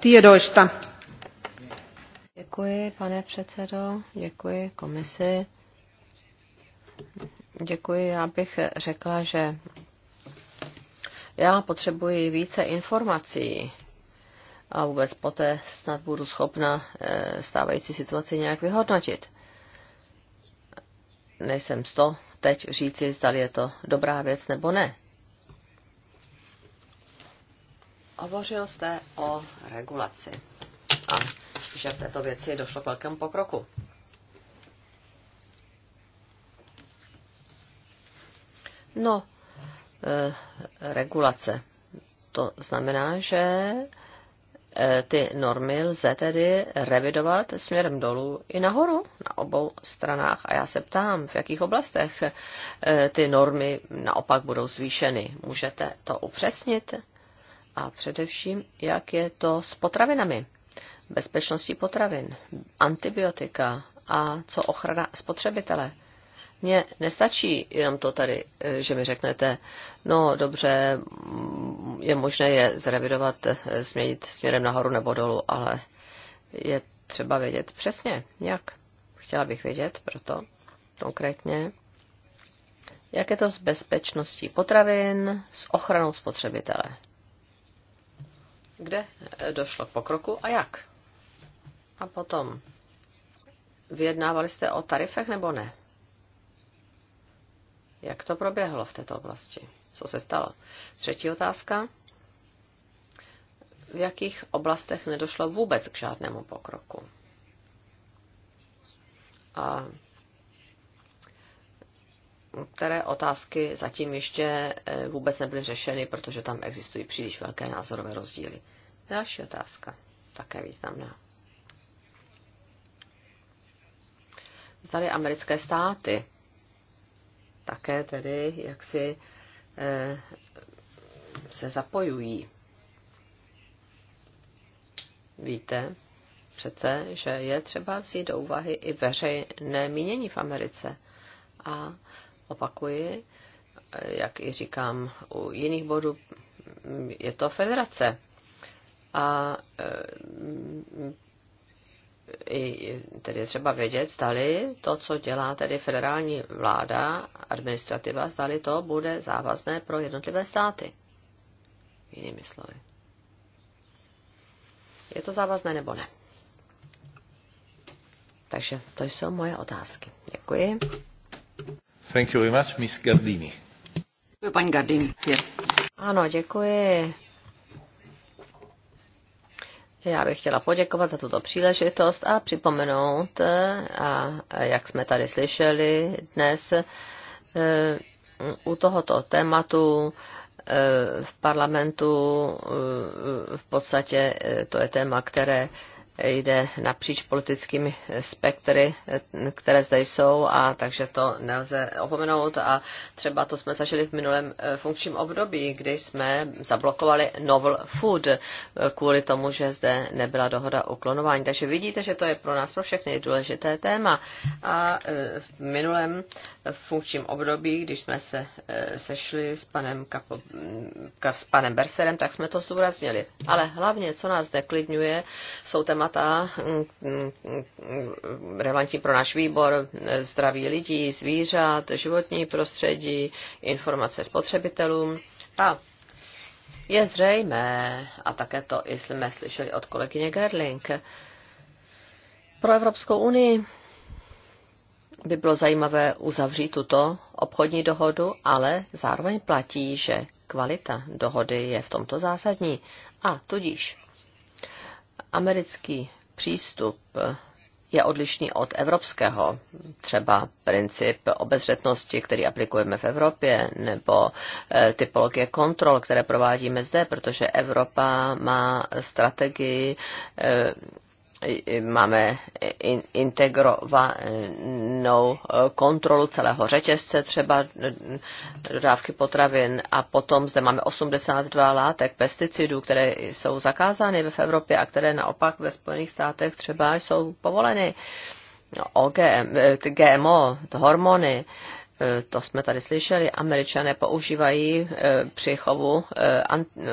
Tiedoista. Děkuji, pane předsedo, děkuji komisi. Děkuji, já bych řekla, že já potřebuji více informací a vůbec poté snad budu schopna eh, stávající situaci nějak vyhodnotit. Nejsem z to teď říci, zda je to dobrá věc nebo ne. Hovořil jste o regulaci a že v této věci došlo k velkému pokroku. No, eh, regulace. To znamená, že eh, Eh, ty normy lze tedy revidovat směrem dolů i nahoru, na obou stranách. A já se ptám, v jakých oblastech eh, ty normy naopak budou zvýšeny. Můžete to upřesnit? A především, jak je to s potravinami? Bezpečností potravin, antibiotika a co ochrana spotřebitele? Mně nestačí jenom to tady, eh, že mi řeknete, no dobře, mm, je možné je zrevidovat, eh, změnit směrem nahoru nebo dolů, ale je třeba vědět přesně, jak. Chtěla bych vědět proto konkrétně, jak je to s bezpečností potravin, s ochranou spotřebitele. Kde eh, došlo k pokroku a jak? A potom, vyjednávali jste o tarifech nebo ne? Jak to proběhlo v této oblasti? Co se stalo? Třetí otázka. V jakých oblastech nedošlo vůbec k žádnému pokroku? A které otázky zatím ještě eh, vůbec nebyly řešeny, protože tam existují příliš velké názorové rozdíly. Další otázka, také významná. Zdali americké státy také tedy jaksi eh, se zapojují. Víte přece, že je třeba vzít do úvahy i veřejné mínění v Americe. A opakuji, eh, jak i říkám u jiných bodů, je to federace. A eh, tedy třeba vědět, zdali to, co dělá tedy federální vláda, administrativa, zdali to bude závazné pro jednotlivé státy. Jinými slovy. Je to závazné nebo ne? Takže to jsou moje otázky. Děkuji. Thank you very much, Miss Gardini. Děkuji, paní Gardini. Ano, děkuji. Já bych chtěla poděkovat za tuto příležitost a připomenout, eh, a jak jsme tady slyšeli dnes, eh, u tohoto tématu eh, v parlamentu v podstatě to je téma, které jde napříč politickými spektry, které zde jsou, a takže to nelze opomenout. A třeba to jsme zažili v minulém eh, funkčním období, kdy jsme zablokovali novel food eh, kvůli tomu, že zde nebyla dohoda o klonování. Takže vidíte, že to je pro nás pro všechny důležité téma. A eh, v minulém funkčním období, když jsme se sešli s panem, Kapo, s panem Berserem, tak jsme to zdůraznili. Ale hlavně, co nás deklidňuje, jsou téma témata relevantní pro náš výbor, zdraví lidí, zvířat, životní prostředí, informace spotřebitelům. A je zřejmé, a také to i jsme slyšeli od kolegyně Gerling, pro Evropskou unii by bylo zajímavé uzavřít tuto obchodní dohodu, ale zároveň platí, že kvalita dohody je v tomto zásadní. A tudíž americký přístup je odlišný od evropského. Třeba princip obezřetnosti, který aplikujeme v Evropě, nebo eh, typologie kontrol, které provádíme zde, protože Evropa má strategii eh, máme integrovanou eh, kontrolu celého řetězce, třeba dodávky potravin a potom zde máme 82 látek pesticidů, které jsou zakázány v Evropě a které naopak ve Spojených státech třeba jsou povoleny. OGM, no, eh, GMO, hormony, Eh, to jsme tady slyšeli, američané používají eh, při chovu eh,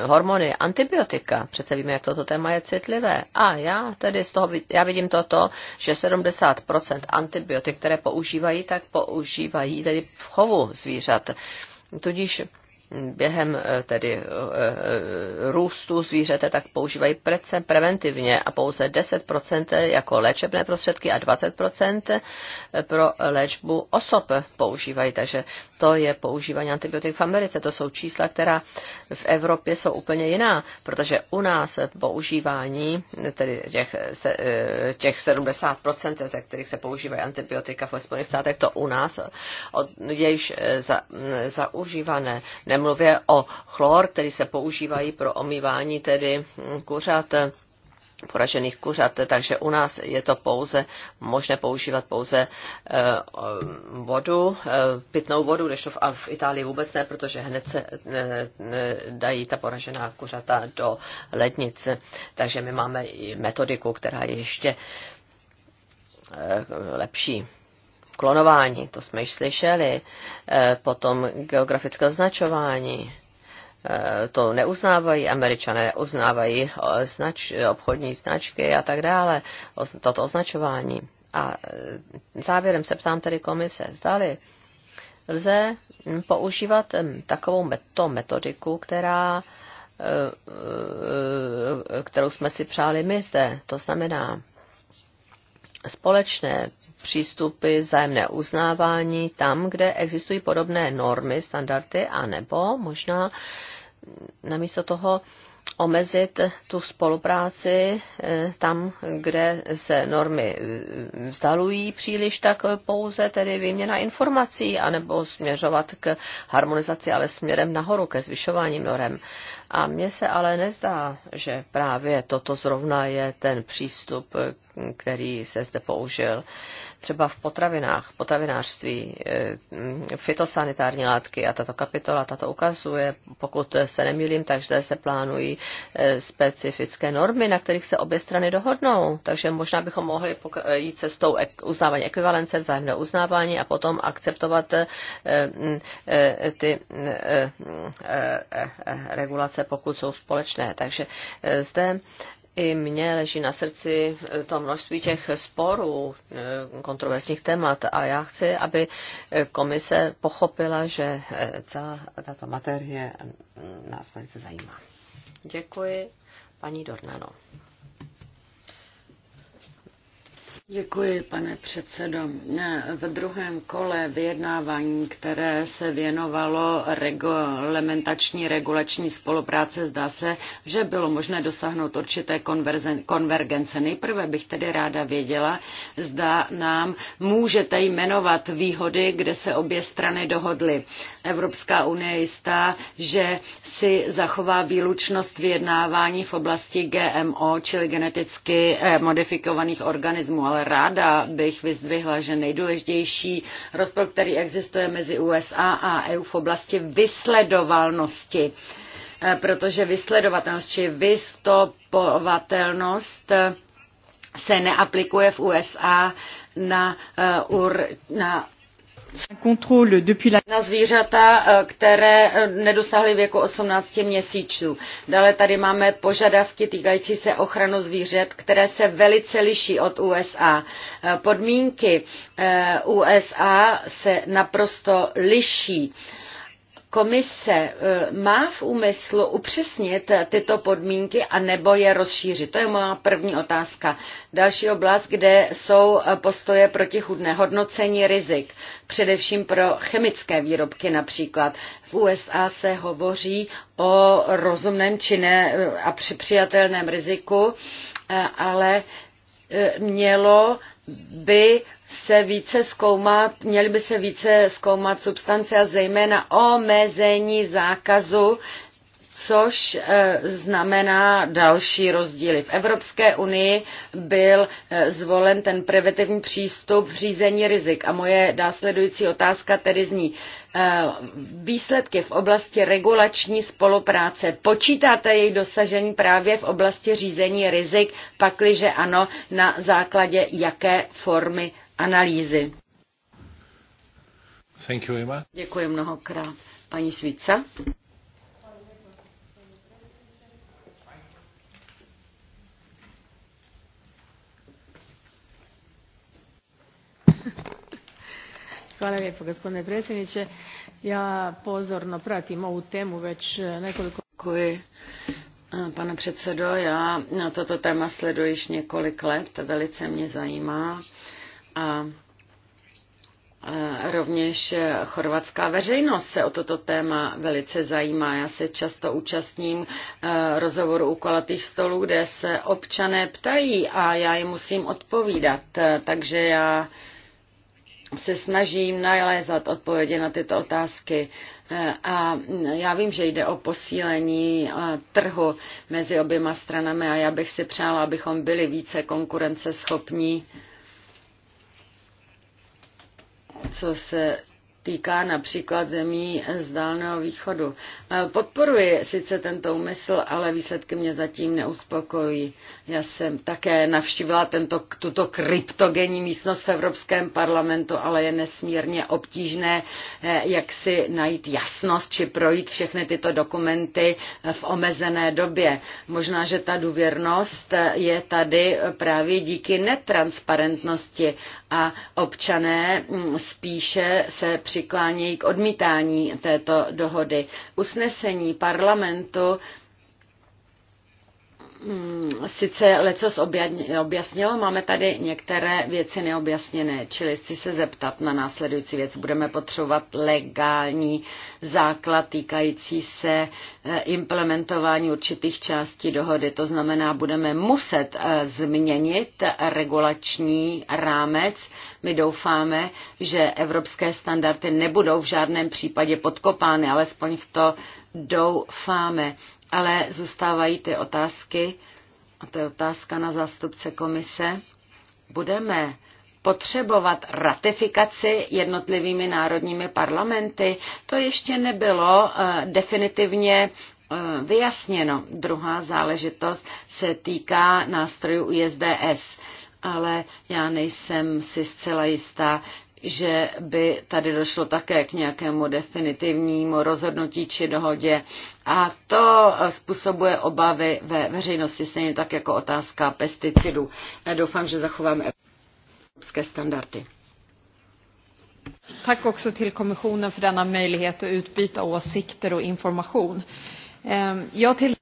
hormony, antibiotika. Přece víme, jak toto téma je citlivé. A já tedy z toho, já vidím toto, že 70% antibiotik, které používají, tak používají tedy v chovu zvířat. Tudíž během eh, tedy eh, eh, růstu zvířete, tak používají prece preventivně a pouze 10% jako léčebné prostředky a 20% pro léčbu osob používají. Takže to je používání antibiotik v Americe. To jsou čísla, která v Evropě jsou úplně jiná, protože u nás používání tedy těch, těch 70%, ze kterých se používají antibiotika v Spojených státech, to u nás je již za, zaužívané. Ne nemluvě o chlor, který se používají pro omývání tedy hm, kuřat poražených kuřat, takže u nás je to pouze možné používat pouze eh, vodu, eh, pitnou vodu, když to v, v Itálii vůbec ne, protože hned se eh, dají ta poražená kuřata do lednice. Takže my máme i metodiku, která je ještě lepší klonování, to jsme již slyšeli, eh, potom geografické označování, eh, to neuznávají, američané neuznávají eh, znač, obchodní značky a tak dále, toto označování. A závěrem se ptám tedy komise, zdali lze hm, používat hm, takovou to metodiku, která, kterou jsme si přáli my zde, to znamená společné přístupy vzájemné uznávání tam, kde existují podobné normy, standardy, anebo možná namísto toho omezit tu spolupráci eh, tam, kde se normy eh, vzdalují příliš, tak pouze tedy výměna informací, anebo směřovat k harmonizaci, ale směrem nahoru, ke zvyšování norem. A mně se ale nezdá, že právě toto zrovna je ten přístup, eh, který se zde použil třeba v potravinách, potravinářství, eh, fitosanitární látky a tato kapitola, tato ukazuje, pokud se nemýlím, takže se plánují eh, specifické normy, na kterých se obě strany dohodnou. Takže možná bychom mohli eh, jít cestou uznávání ekvivalence, vzájemné uznávání a potom akceptovat mm, ty mm, mm, regulace, pokud jsou společné. Takže zde i mně leží na srdci eh, to množství těch sporů, eh, kontroverzních témat a já chci, aby eh, komise pochopila, že celá tato materie mm, nás velice zajímá. Děkuji, paní Dornano. Děkuji, pane předsedo. V druhém kole vyjednávání, které se věnovalo reglementační regulační spolupráce, zdá se, že bylo možné dosáhnout určité konvergence. Nejprve bych tedy ráda věděla, zda nám můžete jmenovat výhody, kde se obě strany dohodly. Evropská unie je jistá, že si zachová výlučnost vyjednávání v oblasti GMO, čili geneticky eh, modifikovaných organismů, ale ráda bych vyzdvihla, že nejdůležitější rozpor, který existuje mezi USA a EU v oblasti vysledovalnosti, eh, protože vysledovatelnost či vystopovatelnost eh, se neaplikuje v USA na, eh, ur, na na zvířata, eh, které eh, nedosáhly věku 18 měsíců. Dále tady máme požadavky týkající se ochranu zvířat, které se velice liší od USA. Eh, podmínky USA se naprosto liší komise e, má v úmyslu upřesnit e, tyto podmínky a nebo je rozšířit? To je moja první otázka. Další oblast, kde jsou e, postoje protichudné, hodnocení rizik, především pro chemické výrobky například. V USA se hovoří o rozumném činné a přijatelném riziku, ale mělo by se více zkoumat, měly by se více zkoumat substance a zejména omezení zákazu, což eh, znamená další rozdíly. V Evropské unii byl eh, zvolen ten preventivní přístup v řízení rizik a moje následující otázka tedy zní, eh, výsledky v oblasti regulační spolupráce. Počítáte jejich dosažení právě v oblasti řízení rizik, pakliže ano, na základě jaké formy analýzy. Thank you, Emma. Děkuji mnohokrát. Paní Švíca. Hvala lijepo gospodine predsjedniče. Ja pozorno pratim ovu temu već e, nekoliko... Děkuji. E, pane předsedo, já na toto téma sleduji již několik let, velice mě zajímá. A Rovněž chorvatská veřejnost se o toto téma velice zajímá. Já se často účastním e, rozhovoru u kolatých stolů, kde se občané ptají a já jim musím odpovídat. E, takže já se snažím nalézat odpovědi na tyto otázky. E, a já vím, že jde o posílení trhu mezi oběma stranami a já bych si přála, abychom byli více konkurenceschopní. schopní co se týká například zemí z Dálného východu. E, podporuji sice tento úmysl, ale výsledky mě zatím neuspokojí. Já jsem také navštívila tento, tuto kryptogenní místnost v Evropském parlamentu, ale je nesmírně obtížné, e, jak si najít jasnost či projít všechny tyto dokumenty e, v omezené době. Možná, že ta důvěrnost je tady právě díky netransparentnosti a občané spíše se přiklánějí k odmítání této dohody. Usnesení parlamentu Mm, sice leco objasnilo, máme tady některé věci neobjasněné, čili chci se zeptat na následující věc. Budeme potřebovat legální základ týkající se eh, implementování určitých částí dohody. To znamená, budeme muset eh, změnit regulační rámec. My doufáme, že evropské standardy nebudou v žádném případě podkopány, alespoň v to doufáme. Ale zůstávají ty otázky, a to je otázka na zástupce komise. Budeme potřebovat ratifikaci jednotlivými národními parlamenty. To ještě nebylo eh, definitivně eh, vyjasněno. Druhá záležitost se týká nástrojů USDS. ale já nejsem si zcela jistá, že by tady došlo také k nějakému definitivnímu rozhodnutí či dohodě. A to způsobuje obavy ve veřejnosti, stejně tak jako otázka pesticidů. Já doufám, že zachováme evropské standardy. Tack också till kommissionen för denna möjlighet att utbyta åsikter och information. Ehm, jag till...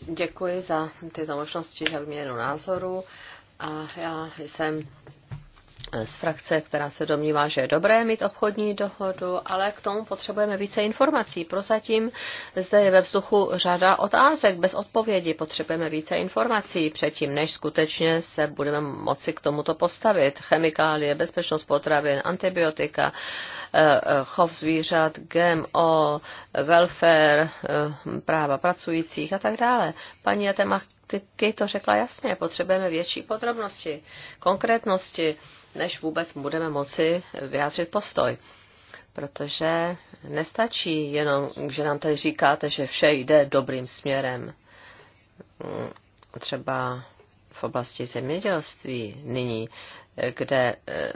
Děkuji za tyto možnosti na výměnu názoru a já jsem z frakce, která se domnívá, že je dobré mít obchodní dohodu, ale k tomu potřebujeme více informací. Prozatím zde je ve vzduchu řada otázek bez odpovědi. Potřebujeme více informací předtím, než skutečně se budeme moci k tomuto postavit. Chemikálie, bezpečnost potravin, antibiotika, eh, eh, chov zvířat, GMO, welfare, eh, práva pracujících a tak dále. Paní Jatema to řekla jasně, potřebujeme větší podrobnosti, konkrétnosti než vůbec budeme moci vyjádřit postoj. Protože nestačí jenom, že nám tady říkáte, že vše jde dobrým směrem. Třeba v oblasti zemědělství nyní, kde eh,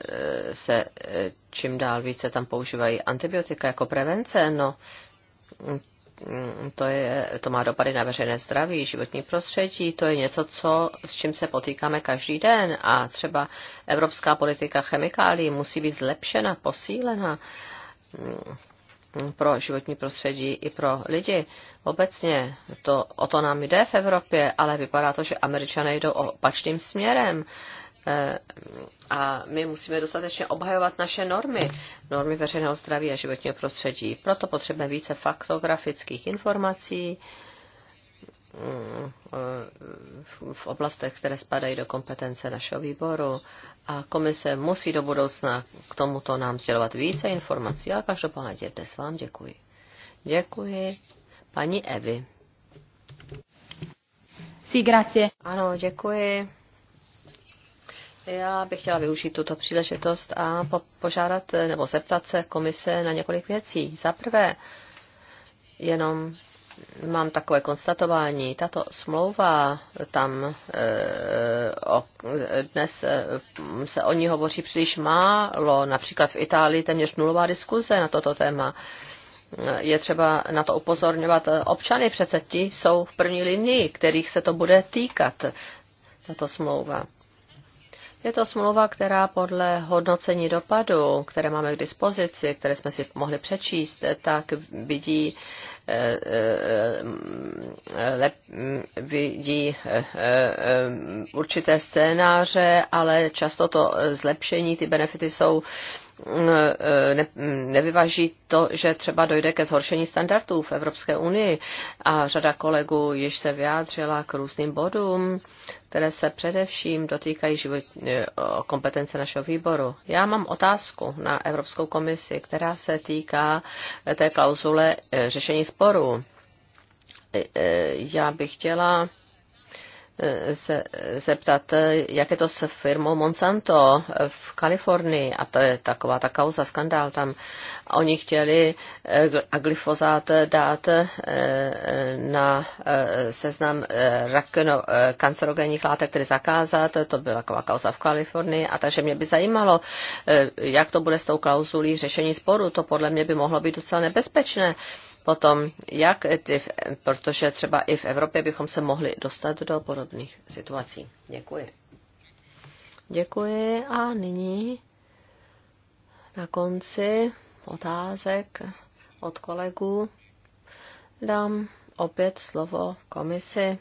se eh, čím dál více tam používají antibiotika jako prevence, no Mm, to, je, to má dopady na veřejné zdraví, životní prostředí, to je něco, co, s čím se potýkáme každý den a třeba evropská politika chemikálí musí být zlepšena, posílena mm, pro životní prostředí i pro lidi. Obecně to, o to nám jde v Evropě, ale vypadá to, že američané jdou opačným směrem. Eh, a my musíme dostatečně obhajovat naše normy, normy veřejného zdraví a životního prostředí. Proto potřebujeme více faktografických informací mm, eh, v oblastech, které spadají do kompetence našeho výboru a komise musí do budoucna k tomuto nám sdělovat více informací, ale každopádně dnes vám děkuji. Děkuji paní Evi. Sí, grazie. Ano, děkuji. Já bych chtěla využít tuto příležitost a po- požádat eh, nebo zeptat se komise na několik věcí. Za prvé, jenom mám takové konstatování. Tato smlouva tam eh, o, dnes eh, se o ní hovoří příliš málo. Například v Itálii téměř nulová diskuze na toto téma. Je třeba na to upozorňovat občany, přece ti jsou v první linii, kterých se to bude týkat, tato smlouva. Je to smlouva, která podle hodnocení dopadu, které máme k dispozici, které jsme si mohli přečíst, tak vidí eh, eh, eh, lep, vidí určité scénáře, ale často to zlepšení, ty benefity jsou Mm, eh, ne, mm, nevyvaží to, že třeba dojde ke zhoršení standardů v Evropské unii. A řada kolegů již se vyjádřila k různým bodům, které se především dotýkají život, eh, kompetence našeho výboru. Já mám otázku na Evropskou komisi, která se týká eh, té klauzule řešení sporů. Já bych chtěla se zeptat, jak je to s firmou Monsanto v Kalifornii, a to je taková ta kauza, skandál tam. Oni chtěli eh, glyfozát dát eh, na eh, seznam rakeno, kancerogenních látek, tedy zakázat, to byla taková kauza v Kalifornii, a takže mě by zajímalo, jak to bude s tou klauzulí řešení sporu, to podle mě by mohlo být docela nebezpečné potom, jak ty, protože třeba i v Evropě bychom se mohli dostat do podobných situací. Děkuji. Děkuji a nyní na konci otázek od kolegů dám opět slovo komisi,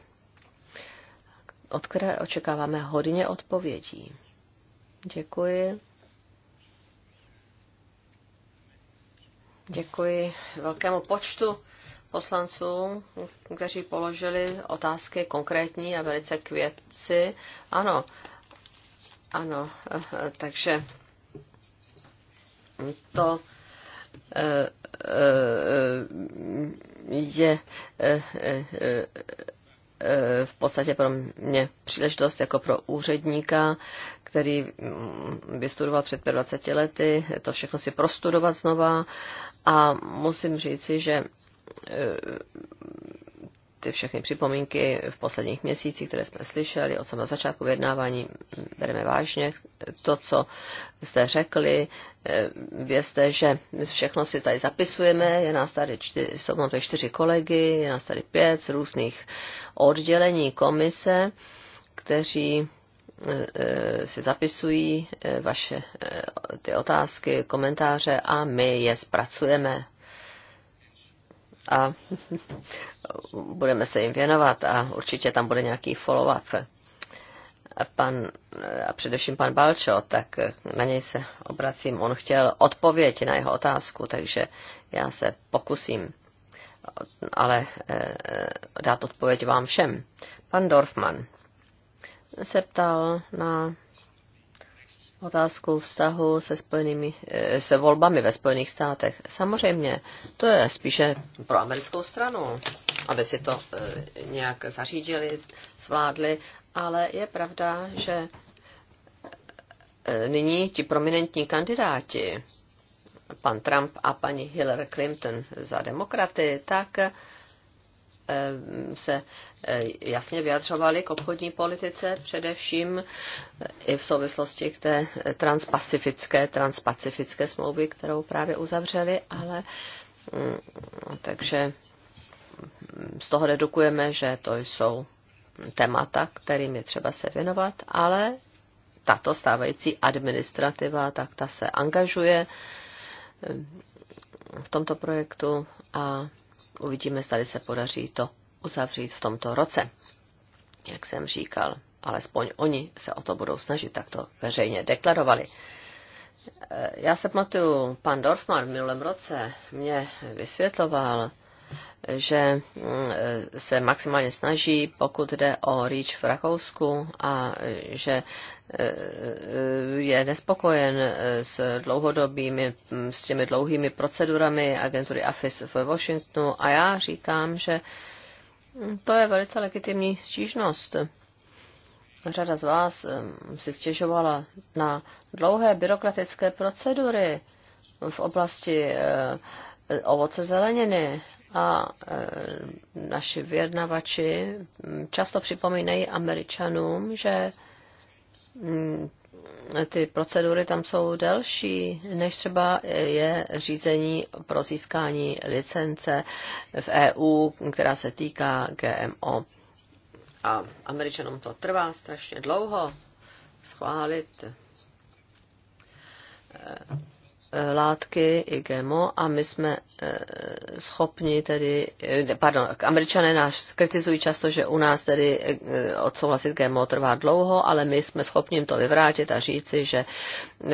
od které očekáváme hodně odpovědí. Děkuji. Děkuji velkému počtu poslanců, kteří položili otázky konkrétní a velice k Ano, ano, takže to eh, eh, je eh, v podstatě pro mě příležitost jako pro úředníka, který mm, vystudoval před 20 lety, to všechno si prostudovat znova a musím říci, že ty všechny připomínky v posledních měsících, které jsme slyšeli od samého začátku vyjednávání, bereme vážně. To, co jste řekli, eh, vězte, že všechno si tady zapisujeme, je nás tady čtyři, jsou tady čtyři kolegy, je nás tady pět z různých oddělení komise, kteří eh, eh, si zapisují vaše ty otázky, komentáře a my je zpracujeme a budeme se jim věnovat a určitě tam bude nějaký follow-up. Pan, a především pan Balčo, tak na něj se obracím. On chtěl odpověď na jeho otázku, takže já se pokusím ale eh, dát odpověď vám všem. Pan Dorfman se ptal na otázku vztahu se, spojenými, eh, se volbami ve Spojených státech. Samozřejmě, to je spíše pro americkou stranu, aby si to eh, nějak zařídili, zvládli, ale je pravda, že eh, nyní ti prominentní kandidáti, pan Trump a paní Hillary Clinton za demokraty, tak Eh, se eh, jasně vyjadřovali k obchodní politice, především eh, i v souvislosti k té transpacifické, transpacifické smlouvy, kterou právě uzavřeli, ale mm, takže mm, z toho dedukujeme, že to jsou témata, kterým je třeba se věnovat, ale tato stávající administrativa, tak ta se angažuje v tomto projektu a Uvidíme, zda se podaří to uzavřít v tomto roce. Jak jsem říkal, alespoň oni se o to budou snažit, tak to veřejně deklarovali. Já se pamatuju, pan Dorfman v minulém roce mě vysvětloval, že mm, se maximálně snaží, pokud jde o REACH v Rakousku a že je nespokojen s dlouhodobými, s těmi dlouhými procedurami agentury AFIS v Washingtonu a já říkám, že to je velice legitimní stížnost. Řada z vás si stěžovala na dlouhé byrokratické procedury v oblasti eh, ovoce zeleniny a eh, naši vyjednavači často připomínají američanům, že Mm, ty procedury tam jsou delší, než třeba je řízení pro získání licence v EU, která se týká GMO. A Američanům to trvá strašně dlouho schválit eh, látky i GMO a my jsme eh, schopni tedy, eh, pardon, američané nás kritizují často, že u nás tedy eh, odsouhlasit GMO trvá dlouho, ale my jsme schopni jim to vyvrátit a říci, že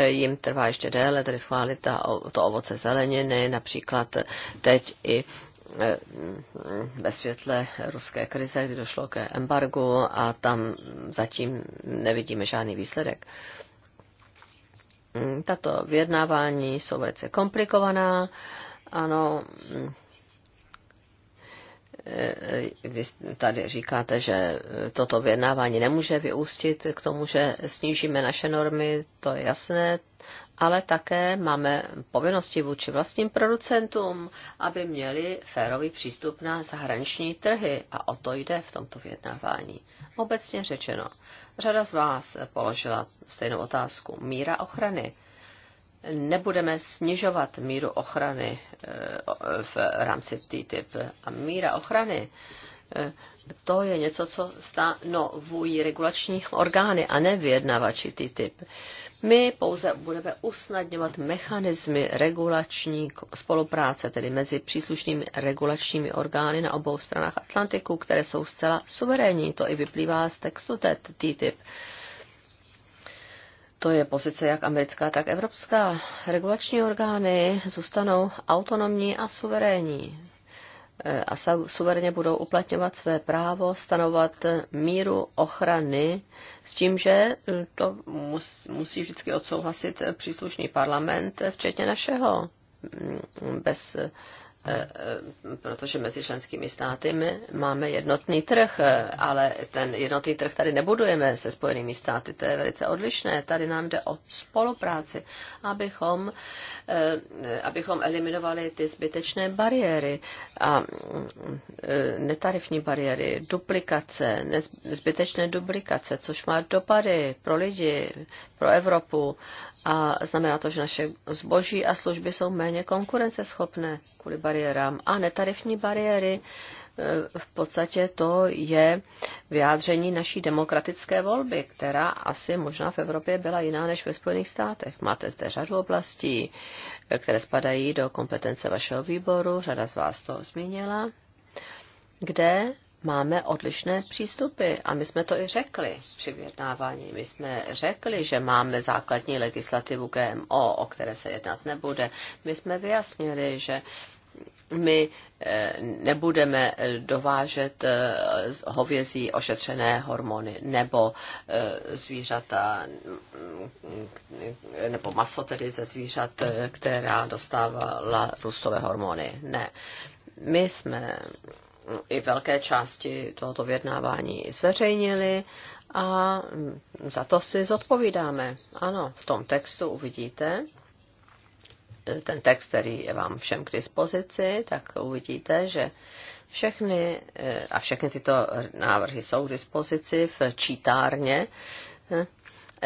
jim trvá ještě déle, tedy schválit ta, to ovoce zeleniny, například teď i ve světle ruské krize, kdy došlo ke embargu a tam zatím nevidíme žádný výsledek. Mm, tato vyjednávání jsou velice komplikovaná. Ano, mm, e, vy tady říkáte, že toto vyjednávání nemůže vyústit k tomu, že snížíme naše normy, to je jasné, ale také máme povinnosti vůči vlastním producentům, aby měli férový přístup na zahraniční trhy a o to jde v tomto vyjednávání. Obecně řečeno. Řada z vás položila stejnou otázku. Míra ochrany. Nebudeme snižovat míru ochrany eh, v rámci TTIP. A míra ochrany eh, to je něco, co stanovují regulační orgány a ne vyjednavači TTIP. My pouze budeme usnadňovat mechanismy regulační spolupráce, tedy mezi příslušnými regulačními orgány na obou stranách Atlantiku, které jsou zcela suverénní. To i vyplývá z textu TTIP. To je pozice jak americká, tak evropská. Regulační orgány zůstanou autonomní a suverénní. Eh, a suverně budou uplatňovat své právo stanovat eh, míru ochrany s tím, že eh, to musí vždycky odsouhlasit příslušný parlament, včetně našeho, mm, bez Eh, eh, protože mezi členskými státy máme jednotný trh, eh, ale ten jednotný trh tady nebudujeme se spojenými státy, to je velice odlišné. Tady nám jde o spolupráci, abychom, abychom eliminovali ty zbytečné bariéry a netarifní bariéry, duplikace, zbytečné duplikace, což má dopady pro lidi, pro Evropu a znamená to, že naše zboží a služby jsou méně konkurenceschopné kvůli bariérám. A netarifní bariéry, e, v podstatě to je vyjádření naší demokratické volby, která asi možná v Evropě byla jiná než ve Spojených státech. Máte zde řadu oblastí, e, které spadají do kompetence vašeho výboru, řada z vás to zmínila, kde máme odlišné přístupy a my jsme to i řekli při vyjednávání. My jsme řekli, že máme základní legislativu GMO, o které se jednat nebude. My jsme vyjasnili, že my eh, nebudeme dovážet eh, hovězí ošetřené hormony nebo eh, zvířata, mm, nebo maso tedy ze zvířat, která dostávala růstové hormony. Ne. My jsme i velké části tohoto vyjednávání zveřejnili a za to si zodpovídáme. Ano, v tom textu uvidíte, ten text, který je vám všem k dispozici, tak uvidíte, že všechny, eh, a všechny tyto návrhy jsou k dispozici v čítárně, eh,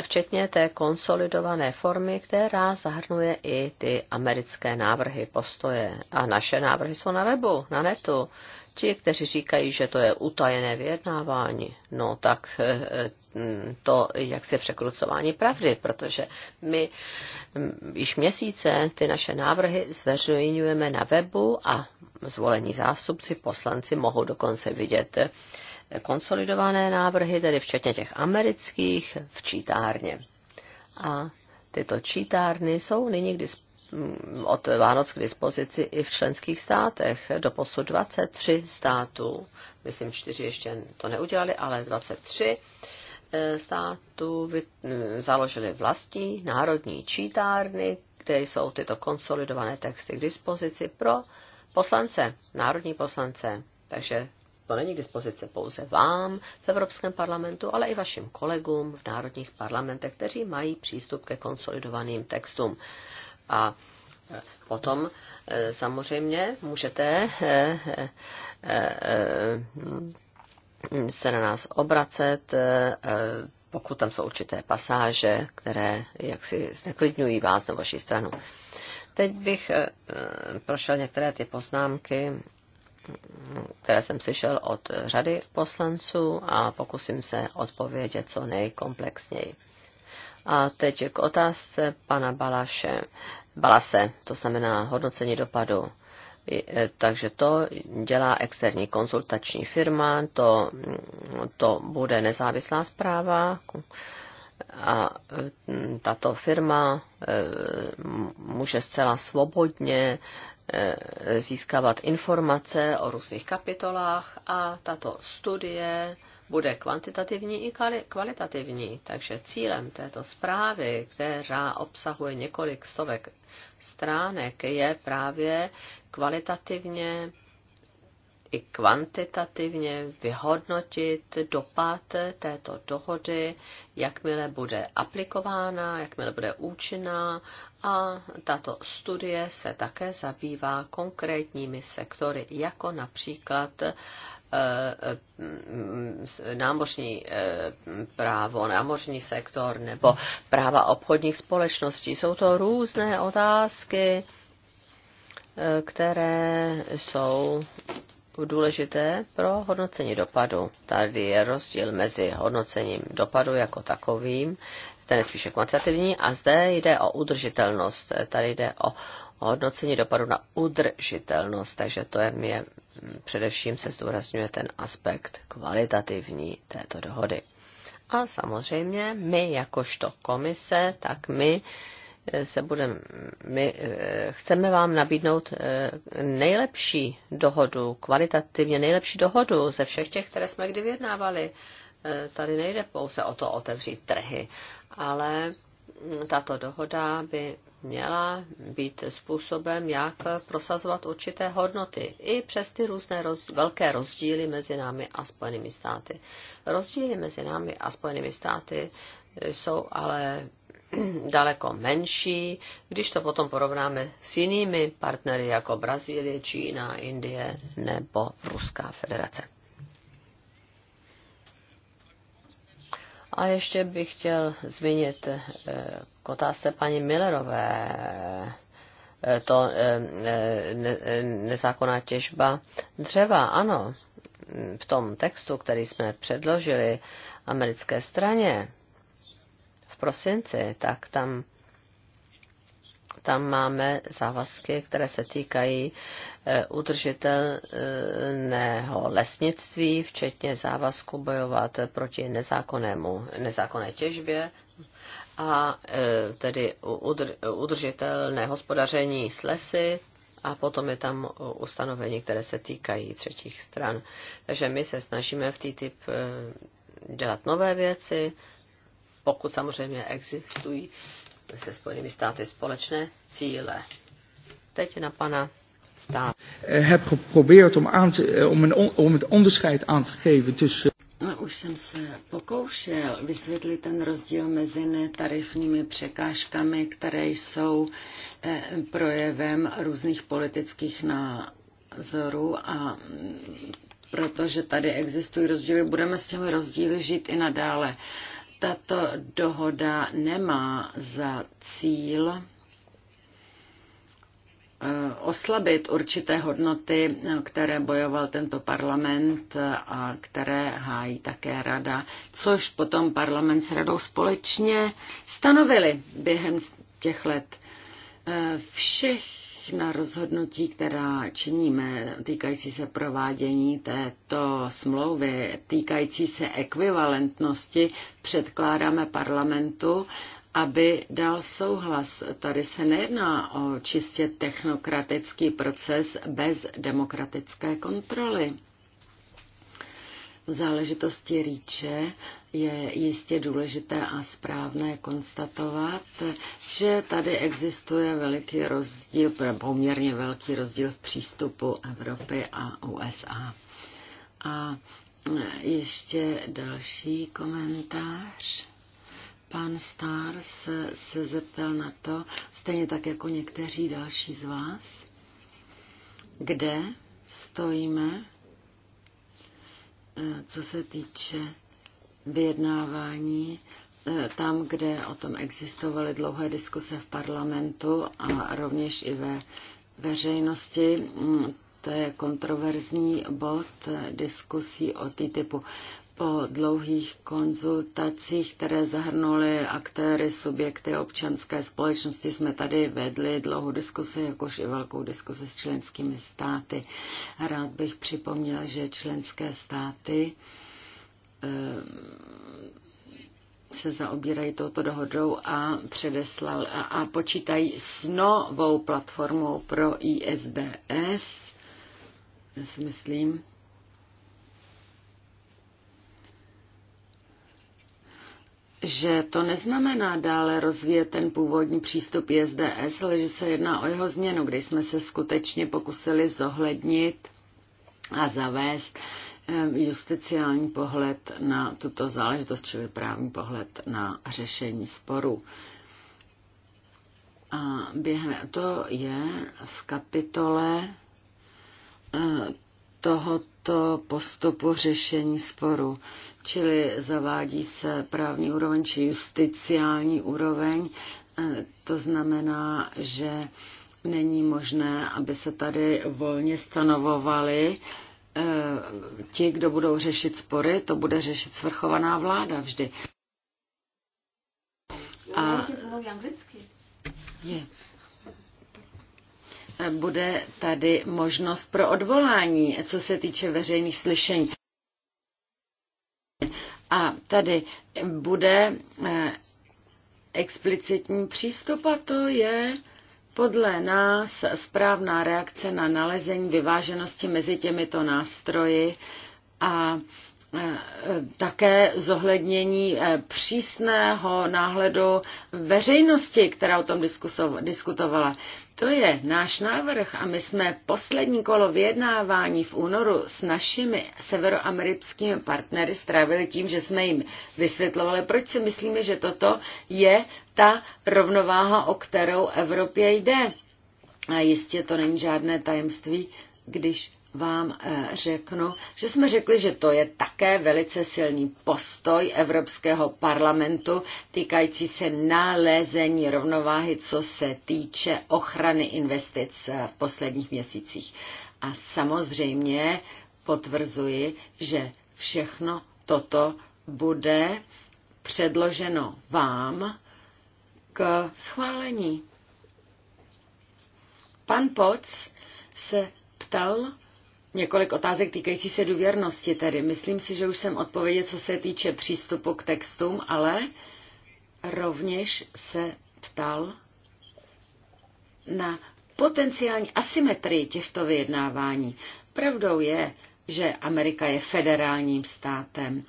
včetně té konsolidované formy, která zahrnuje i ty americké návrhy, postoje. A naše návrhy jsou na webu, na netu, Ti, kteří říkají, že to je utajené vyjednávání, no tak eh, eh, to jak se překrucování pravdy, protože my mm, již měsíce ty naše návrhy zveřejňujeme na webu a zvolení zástupci, poslanci mohou dokonce vidět eh, konsolidované návrhy, tedy včetně těch amerických, v čítárně. A tyto čítárny jsou nyní k dispozici od Vánoc k dispozici i v členských státech. do posud 23 států, myslím čtyři ještě to neudělali, ale 23 eh, států eh, založili vlastní národní čítárny, kde jsou tyto konsolidované texty k dispozici pro poslance, národní poslance. Takže to není k dispozici pouze vám v Evropském parlamentu, ale i vašim kolegům v národních parlamentech, kteří mají přístup ke konsolidovaným textům. A e, potom e, samozřejmě můžete e, se na nás obracet, pokud tam jsou určité pasáže, které jaksi zneklidňují vás na vaši stranu. Teď bych prošel některé ty poznámky, které jsem slyšel od řady poslanců a pokusím se odpovědět co nejkomplexněji. A teď k otázce pana Balaše. Balase, to znamená hodnocení dopadu. E, takže to dělá externí konzultační firma, to, to bude nezávislá zpráva a e, tato firma e, může zcela svobodně získávat informace o různých kapitolách a tato studie bude kvantitativní i kvalitativní. Takže cílem této zprávy, která obsahuje několik stovek stránek, je právě kvalitativně i kvantitativně vyhodnotit dopad této dohody, jakmile bude aplikována, jakmile bude účinná a tato studie se také zabývá konkrétními sektory, jako například Eh, námořní eh, právo, námořní sektor nebo práva obchodních společností. Jsou to různé otázky, eh, které jsou důležité pro hodnocení dopadu. Tady je rozdíl mezi hodnocením dopadu jako takovým, ten je spíše kvantitativní, a zde jde o udržitelnost. Tady jde o hodnocení dopadu na udržitelnost, takže to je mě mm, především se zdůrazňuje ten aspekt kvalitativní této dohody. A samozřejmě my jakožto komise, tak my eh, se budeme, my eh, chceme vám nabídnout eh, nejlepší dohodu, kvalitativně nejlepší dohodu ze všech těch, které jsme kdy vyjednávali. Tady nejde pouze o to otevřít trhy, ale tato dohoda by měla být způsobem, jak prosazovat určité hodnoty, i přes ty různé roz, velké rozdíly mezi námi a Spojenými státy. Rozdíly mezi námi a Spojenými státy jsou ale daleko menší, když to potom porovnáme s jinými partnery jako Brazílie, Čína, Indie nebo Ruská federace. A ještě bych chtěl zmínit eh, k otázce paní Millerové eh, to eh, nezákonná těžba dřeva. Ano, v tom textu, který jsme předložili americké straně v prosinci, tak tam tam máme závazky, které se týkají eh, udržitelného lesnictví, včetně závazku bojovat proti nezákonnému, nezákonné těžbě a eh, tedy udržitelné hospodaření s lesy, a potom je tam ustanovení, které se týkají třetích stran. Takže my se snažíme v TTIP eh, dělat nové věci, pokud samozřejmě existují se Spojenými státy společné cíle. Teď na pana stát. Eh, heb geprobeerd om, aan te, eh, om, een, om het onderscheid aan te geven tussen. No, už jsem se pokoušel vysvětlit ten rozdíl mezi netarifními překážkami, které jsou eh, projevem různých politických názorů a mm, protože tady existují rozdíly, budeme s těmi rozdíly žít i nadále. Eh, tato dohoda nemá za cíl eh, oslabit určité hodnoty, které bojoval tento parlament a které hájí také rada, což potom parlament s radou společně stanovili během těch let. Eh, všech na rozhodnutí, která činíme, týkající se provádění této smlouvy, týkající se ekvivalentnosti, předkládáme parlamentu, aby dal souhlas. Tady se nejedná o čistě technokratický proces bez demokratické kontroly. V záležitosti rýče je jistě důležité a správné konstatovat, že tady existuje veliký rozdíl, poměrně velký rozdíl v přístupu Evropy a USA. A ještě další komentář. Pan Stars se zeptal na to, stejně tak jako někteří další z vás, kde stojíme Eh, co se týče vyjednávání, eh, tam, kde o tom existovaly dlouhé diskuse v parlamentu a rovněž i ve veřejnosti, mm, to je kontroverzní bod eh, diskusí o TTIPu. Po dlouhých konzultacích, které zahrnuly aktéry, subjekty občanské společnosti, jsme tady vedli dlouhou diskusi, jakož i velkou diskusi s členskými státy. Rád bych připomněl, že členské státy eh, se zaobírají touto dohodou a předeslal a, a počítají s novou platformou pro ISDS, já si myslím, že to neznamená dále rozvíjet ten původní přístup ISDS, ale že se jedná o jeho změnu, kdy jsme se skutečně pokusili zohlednit a zavést eh, justiciální pohled na tuto záležitost, čili právní pohled na řešení sporu. A během, to je v kapitole eh, tohoto tohoto postupu řešení sporu. Čili zavádí se právní úroveň či justiciální úroveň. E, to znamená, že není možné, aby se tady volně stanovovaly e, ti, kdo budou řešit spory, to bude řešit svrchovaná vláda vždy. A... Je bude tady možnost pro odvolání, co se týče veřejných slyšení. A tady bude eh, explicitní přístup a to je podle nás správná reakce na nalezení vyváženosti mezi těmito nástroji a eh, také zohlednění eh, přísného náhledu veřejnosti, která o tom diskutovala. To je náš návrh a my jsme poslední kolo vyjednávání v únoru s našimi severoamerickými partnery strávili tím, že jsme jim vysvětlovali, proč si myslíme, že toto je ta rovnováha, o kterou Evropě jde. A jistě to není žádné tajemství, když vám eh, řeknu, že jsme řekli, že to je také velice silný postoj Evropského parlamentu týkající se nalezení rovnováhy, co se týče ochrany investic eh, v posledních měsících. A samozřejmě potvrzuji, že všechno toto bude předloženo vám k schválení. Pan Poc se ptal Několik otázek týkající se důvěrnosti tedy. Myslím si, že už jsem odpověděl, co se týče přístupu k textům, ale rovněž se ptal na potenciální asymetrii těchto vyjednávání. Pravdou je, že Amerika je federálním státem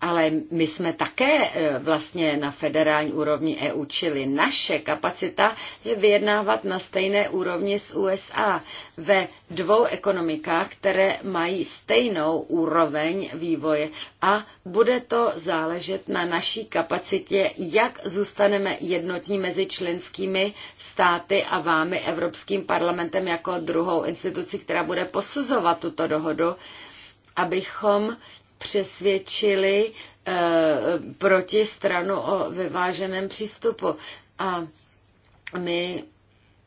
ale my jsme také e, vlastně na federální úrovni EU, čili naše kapacita je vyjednávat na stejné úrovni s USA ve dvou ekonomikách, které mají stejnou úroveň vývoje a bude to záležet na naší kapacitě, jak zůstaneme jednotní mezi členskými státy a vámi Evropským parlamentem jako druhou instituci, která bude posuzovat tuto dohodu, abychom přesvědčili eh, proti stranu o vyváženém přístupu. A my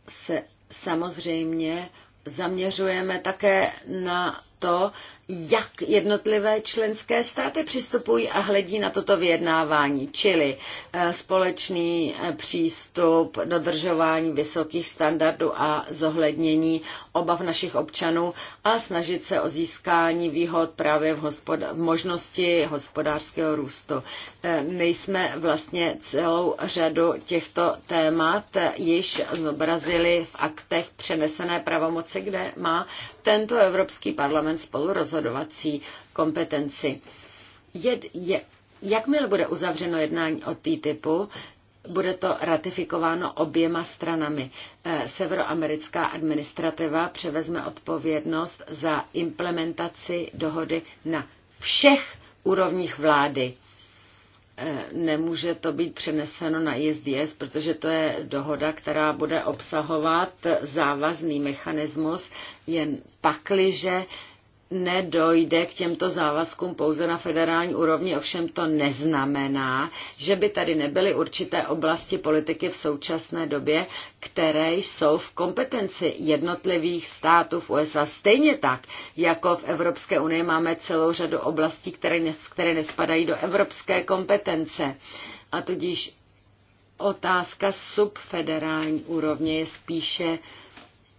se samozřejmě zaměřujeme také na to, jak jednotlivé členské státy přistupují a hledí na toto vyjednávání, čili eh, společný eh, přístup, dodržování vysokých standardů a zohlednění obav našich občanů a snažit se o získání výhod právě v, hospod- v možnosti hospodářského růstu. Eh, my jsme vlastně celou řadu těchto témat již zobrazili v aktech přenesené pravomoci, kde má tento Evropský parlament spolurozhodovací kompetenci. Je, je, jakmile bude uzavřeno jednání o TTIPu, bude to ratifikováno oběma stranami. Eh, Severoamerická administrativa převezme odpovědnost za implementaci dohody na všech úrovních vlády Eh, nemůže to být přeneseno na ISDS, protože to je dohoda, která bude obsahovat závazný mechanismus, jen pakliže nedojde k těmto závazkům pouze na federální úrovni, ovšem to neznamená, že by tady nebyly určité oblasti politiky v současné době, které jsou v kompetenci jednotlivých států v USA. Stejně tak, jako v Evropské unii máme celou řadu oblastí, které, nes, které nespadají do evropské kompetence. A tudíž otázka subfederální úrovně je spíše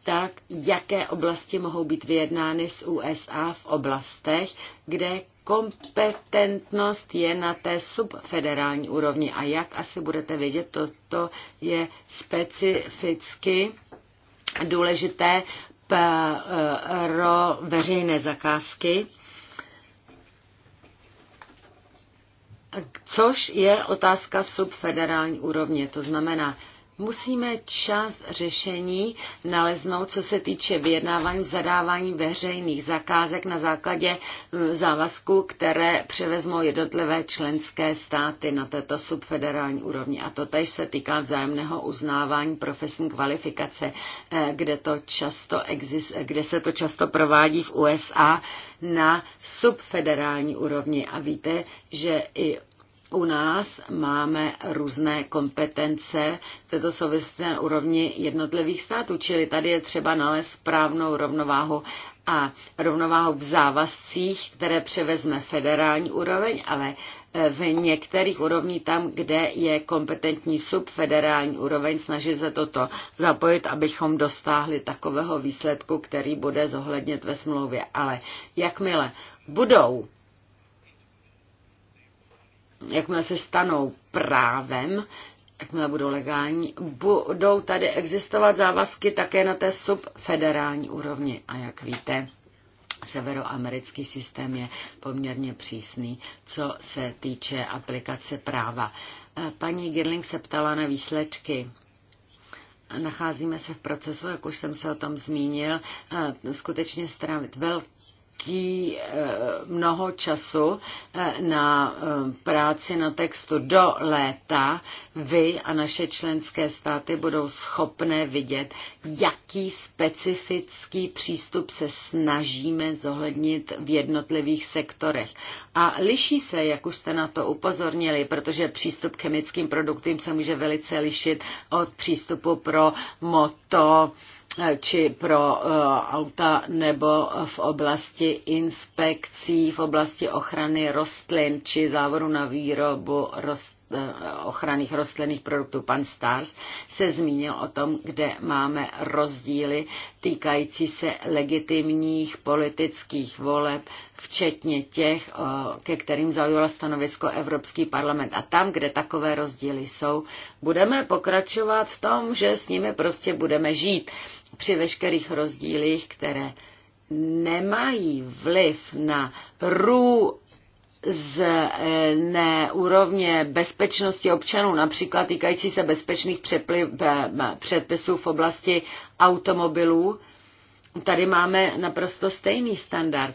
tak jaké oblasti mohou být vyjednány s USA v oblastech, kde kompetentnost je na té subfederální úrovni. A jak asi budete vědět, toto je specificky důležité pro eh, veřejné zakázky, což je otázka subfederální úrovně. To znamená, Musíme část řešení naleznout, co se týče vyjednávání v zadávání veřejných zakázek na základě hm, závazků, které převezmou jednotlivé členské státy na této subfederální úrovni. A to tež se týká vzájemného uznávání profesní kvalifikace, eh, kde, to často exist, kde se to často provádí v USA na subfederální úrovni. A víte, že i u nás máme různé kompetence v této souvislosti na úrovni jednotlivých států, čili tady je třeba nalézt správnou rovnováhu a rovnováhu v závazcích, které převezme federální úroveň, ale eh, v některých úrovní tam, kde je kompetentní subfederální úroveň, snažit se toto zapojit, abychom dostáhli takového výsledku, který bude zohlednit ve smlouvě. Ale jakmile budou jakmile se stanou právem, jakmile budou legální, budou tady existovat závazky také na té subfederální úrovni. A jak víte, severoamerický systém je poměrně přísný, co se týče aplikace práva. Eh, paní Girling se ptala na výsledky. Nacházíme se v procesu, jak už jsem se o tom zmínil, eh, skutečně strávit velký velký eh, mnoho času eh, na eh, práci na textu do léta. Vy a naše členské státy budou schopné vidět, jaký specifický přístup se snažíme zohlednit v jednotlivých sektorech. A liší se, jak už jste na to upozornili, protože přístup k chemickým produktům se může velice lišit od přístupu pro moto, či pro eh, auta nebo v oblasti inspekcí, v oblasti ochrany rostlin či závodu na výrobu rostlin Eh, ochranných rostlinných produktů, pan Stars, se zmínil o tom, kde máme rozdíly týkající se legitimních politických voleb, včetně těch, eh, ke kterým zaujala stanovisko Evropský parlament. A tam, kde takové rozdíly jsou, budeme pokračovat v tom, že s nimi prostě budeme žít při veškerých rozdílích, které nemají vliv na rů z eh, ne, úrovně bezpečnosti občanů, například týkající se bezpečných přepliv, eh, předpisů v oblasti automobilů. Tady máme naprosto stejný standard,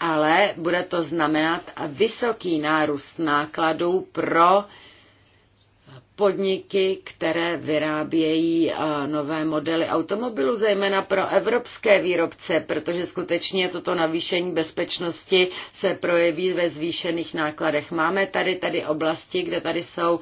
ale bude to znamenat vysoký nárůst nákladů pro uh, podniky, které vyrábějí nové modely automobilů, zejména pro evropské výrobce, protože skutečně toto navýšení bezpečnosti se projeví ve zvýšených nákladech. Máme tady tady oblasti, kde tady jsou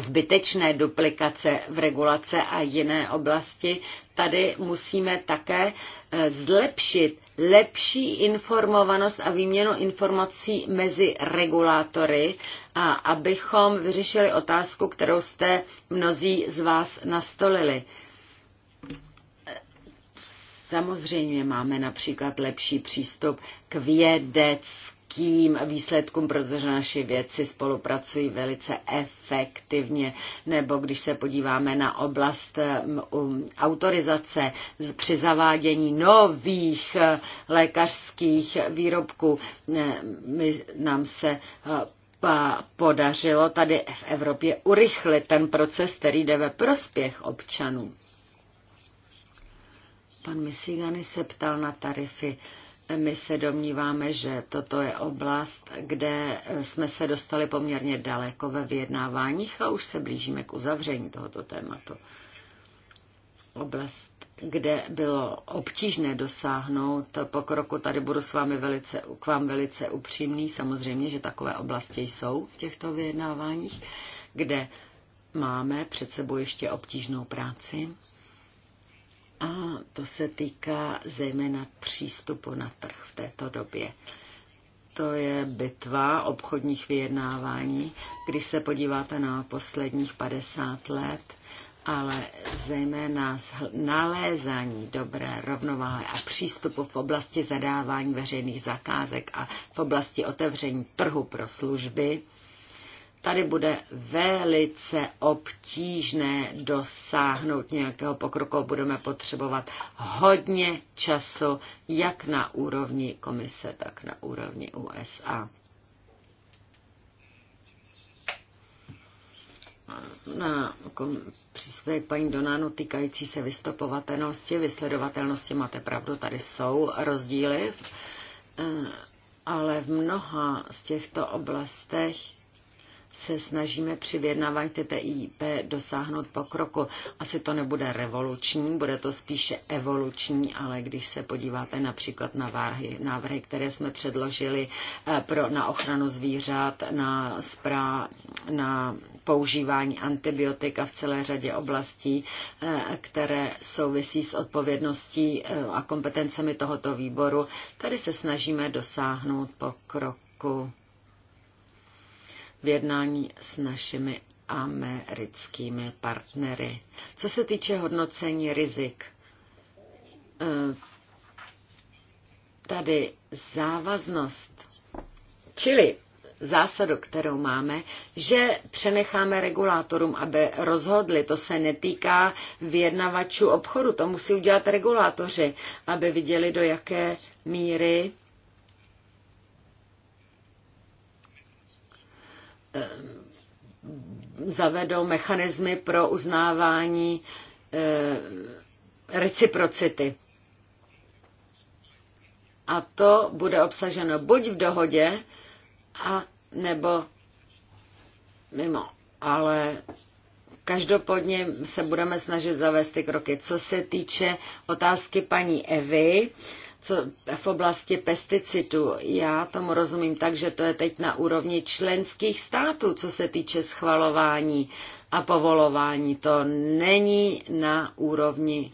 zbytečné duplikace v regulace a jiné oblasti. Tady musíme také e, zlepšit lepší informovanost a výměnu informací mezi regulátory a abychom vyřešili otázku, kterou jste mnozí z vás nastolili. Samozřejmě máme například lepší přístup k vědecké tím výsledkům, protože naši vědci spolupracují velice efektivně. Nebo když se podíváme na oblast autorizace při zavádění nových e, lékařských výrobků, e, my, nám se e, podařilo tady v Evropě urychlit ten proces, který jde ve prospěch občanů. Pan Misigany se ptal na tarify. My se domníváme, že toto je oblast, kde jsme se dostali poměrně daleko ve vyjednáváních a už se blížíme k uzavření tohoto tématu. Oblast, kde bylo obtížné dosáhnout pokroku, tady budu s vámi velice, k vám velice upřímný. Samozřejmě, že takové oblasti jsou v těchto vyjednáváních, kde máme před sebou ještě obtížnou práci a to se týká zejména přístupu na trh v této době. To je bitva obchodních vyjednávání, když se podíváte na posledních 50 let, ale zejména nalézání dobré rovnováhy a přístupu v oblasti zadávání veřejných zakázek a v oblasti otevření trhu pro služby tady bude velice obtížné dosáhnout nějakého pokroku. Budeme potřebovat hodně času, jak na úrovni komise, tak na úrovni USA. na příspěvek paní Donánu týkající se vystupovatelnosti, vysledovatelnosti, máte pravdu, tady jsou rozdíly, eh, ale v mnoha z těchto oblastech se snažíme při vyjednávání TTIP dosáhnout pokroku. Asi to nebude revoluční, bude to spíše evoluční, ale když se podíváte například na várhy, návrhy, které jsme předložili eh, pro, na ochranu zvířat, na, spra, na používání antibiotika v celé řadě oblastí, eh, které souvisí s odpovědností eh, a kompetencemi tohoto výboru, tady se snažíme dosáhnout pokroku v jednání s našimi americkými partnery. Co se týče hodnocení rizik, eh, tady závaznost, čili zásadu, kterou máme, že přenecháme regulátorům, aby rozhodli. To se netýká vyjednavačů obchodu, to musí udělat regulátoři, aby viděli, do jaké míry zavedou mechanismy pro uznávání eh, reciprocity. A to bude obsaženo buď v dohodě, a nebo mimo. Ale každopádně se budeme snažit zavést ty kroky. Co se týče otázky paní Evy, eh, co v oblasti pesticidů. Já tomu rozumím tak, že to je teď na úrovni členských států, co se týče schvalování a povolování. To není na úrovni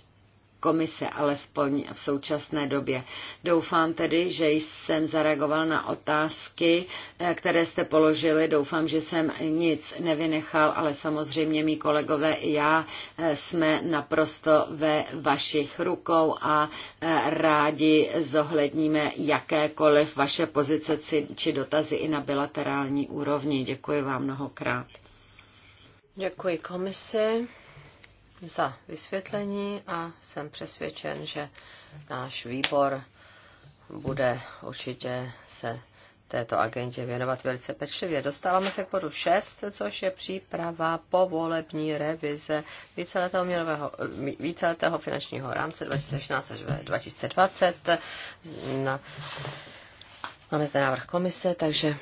komise, alespoň v současné době. Doufám tedy, že jsem zareagoval na otázky, eh, které jste položili. Doufám, že jsem nic nevynechal, ale samozřejmě mý kolegové i já eh, jsme naprosto ve vašich rukou a eh, rádi zohledníme jakékoliv vaše pozice či dotazy i na bilaterální úrovni. Děkuji vám mnohokrát. Děkuji komise za vysvětlení a jsem přesvědčen, že náš výbor bude určitě se této agendě věnovat velice pečlivě. Dostáváme se k bodu 6, což je příprava povolební revize víceletého, měnového, víceletého finančního rámce 2016 až 2020. máme zde návrh komise, takže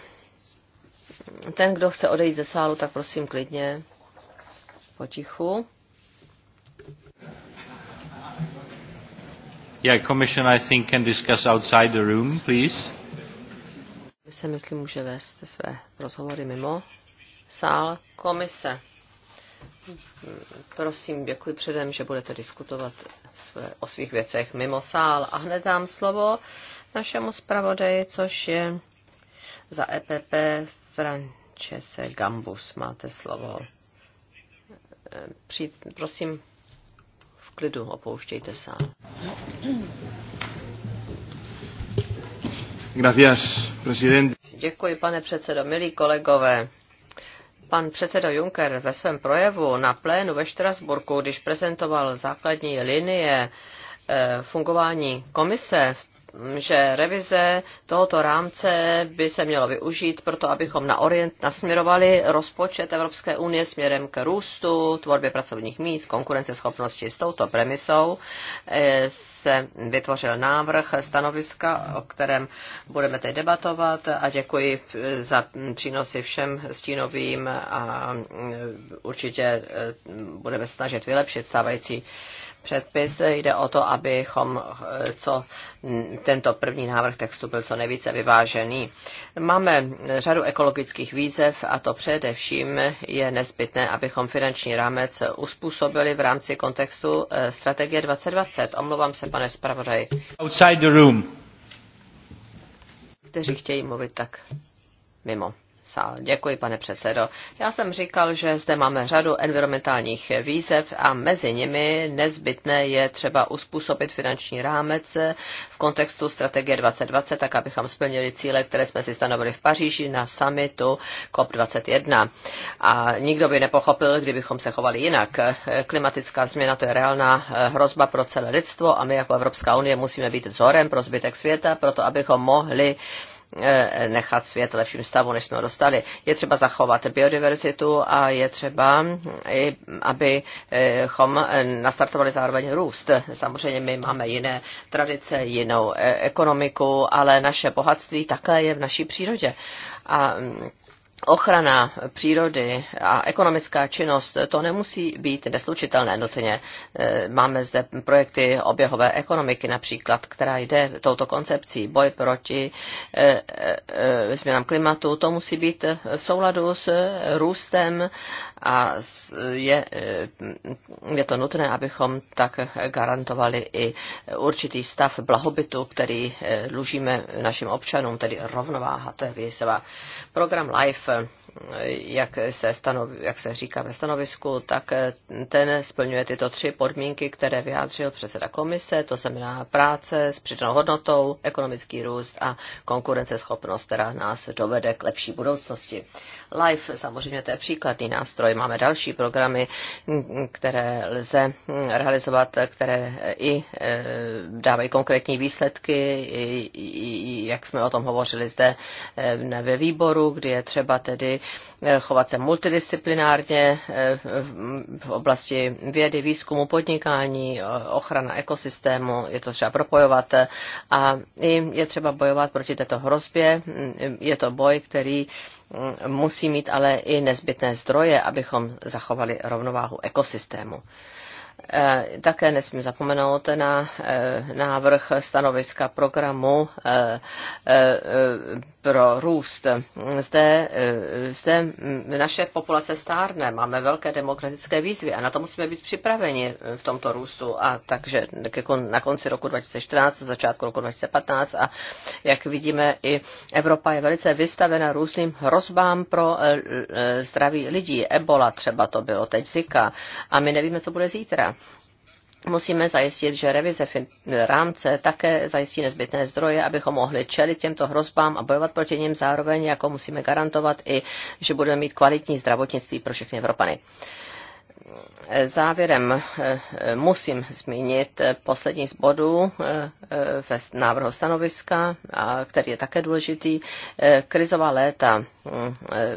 ten, kdo chce odejít ze sálu, tak prosím klidně, potichu. Yeah, Commission, I think, can discuss outside the room, please. myslím, může vést své rozhovory mimo sál komise. Prosím, děkuji předem, že budete diskutovat své, o svých věcech mimo sál. A hned dám slovo našemu zpravodaji, což je za EPP Francese Gambus. Máte slovo. Přijít, prosím, klidu opouštějte sál. Gracias, president. Děkuji, pane předsedo. Milí kolegové, pan předseda Juncker ve svém projevu na plénu ve Štrasburku, když prezentoval základní linie eh, fungování komise v že revize tohoto rámce by se mělo využít proto, abychom na orient nasměrovali rozpočet Evropské unie směrem k růstu, tvorbě pracovních míst, konkurenceschopnosti. S touto premisou eh, se vytvořil návrh stanoviska, o kterém budeme teď debatovat a děkuji za přínosy všem stínovým a mm, určitě eh, budeme snažit vylepšit stávající předpis. Jde o to, abychom eh, co tento první návrh textu byl co nejvíce vyvážený. Máme řadu ekologických výzev a to především je nezbytné, abychom finanční rámec uspůsobili v rámci kontextu eh, strategie 2020. Omlouvám se, pane zpravodaj. Outside the room. Kteří chtějí mluvit tak mimo sál. Děkuji, pane předsedo. Já jsem říkal, že zde máme řadu environmentálních výzev a mezi nimi nezbytné je třeba uspůsobit finanční rámec v kontextu strategie 2020, tak abychom splnili cíle, které jsme si stanovili v Paříži na summitu COP21. A nikdo by nepochopil, kdybychom se chovali jinak. Klimatická změna to je reálná hrozba pro celé lidstvo a my jako Evropská unie musíme být vzorem pro zbytek světa, proto abychom mohli Eh, nechat svět lepším stavu, než jsme ho dostali. Je třeba zachovat biodiverzitu a je třeba, eh, abychom eh, nastartovali zároveň růst. Samozřejmě my máme jiné tradice, jinou ekonomiku, ale naše bohatství také je v naší přírodě. A mm, ochrana přírody a ekonomická činnost, to nemusí být neslučitelné nutně. E, máme zde projekty oběhové ekonomiky například, která jde touto koncepcí. Boj proti e, e, změnám klimatu, to musí být v souladu s růstem a je, je to nutné, abychom tak garantovali i určitý stav blahobytu, který dlužíme našim občanům, tedy rovnováha, to je výzva. Program LIFE Eh, jak se, stanov, jak se říká ve stanovisku, tak eh, ten splňuje tyto tři podmínky, které vyjádřil předseda komise, to znamená práce s přidanou hodnotou, ekonomický růst a konkurenceschopnost, která nás dovede k lepší budoucnosti. Life, samozřejmě to je příkladný nástroj. Máme další programy, které lze realizovat, které i e, dávají konkrétní výsledky, jak jsme o tom hovořili zde e, ve výboru, kdy je třeba tedy e, chovat se multidisciplinárně v oblasti vědy, výzkumu, podnikání, ochrana ekosystému, je to třeba propojovat a je třeba bojovat proti této hrozbě. Je to boj, který Mm, musí mít ale i nezbytné zdroje, abychom zachovali rovnováhu ekosystému. Eh, také nesmím zapomenout na eh, návrh stanoviska programu eh, pro růst. Zde, eh, zde naše populace stárne, máme velké demokratické výzvy a na to musíme být připraveni eh, v tomto růstu. A takže na konci roku 2014, začátku roku 2015 a jak vidíme, i Evropa je velice vystavena různým hrozbám pro eh, zdraví lidí. Ebola třeba to bylo, teď Zika a my nevíme, co bude zítra. Musíme zajistit, že revize rámce také zajistí nezbytné zdroje, abychom mohli čelit těmto hrozbám a bojovat proti nim zároveň, jako musíme garantovat i, že budeme mít kvalitní zdravotnictví pro všechny Evropany. Závěrem eh, eh, musím zmínit eh, poslední z bodů ve návrhu stanoviska, který je také důležitý. Krizová léta Hm,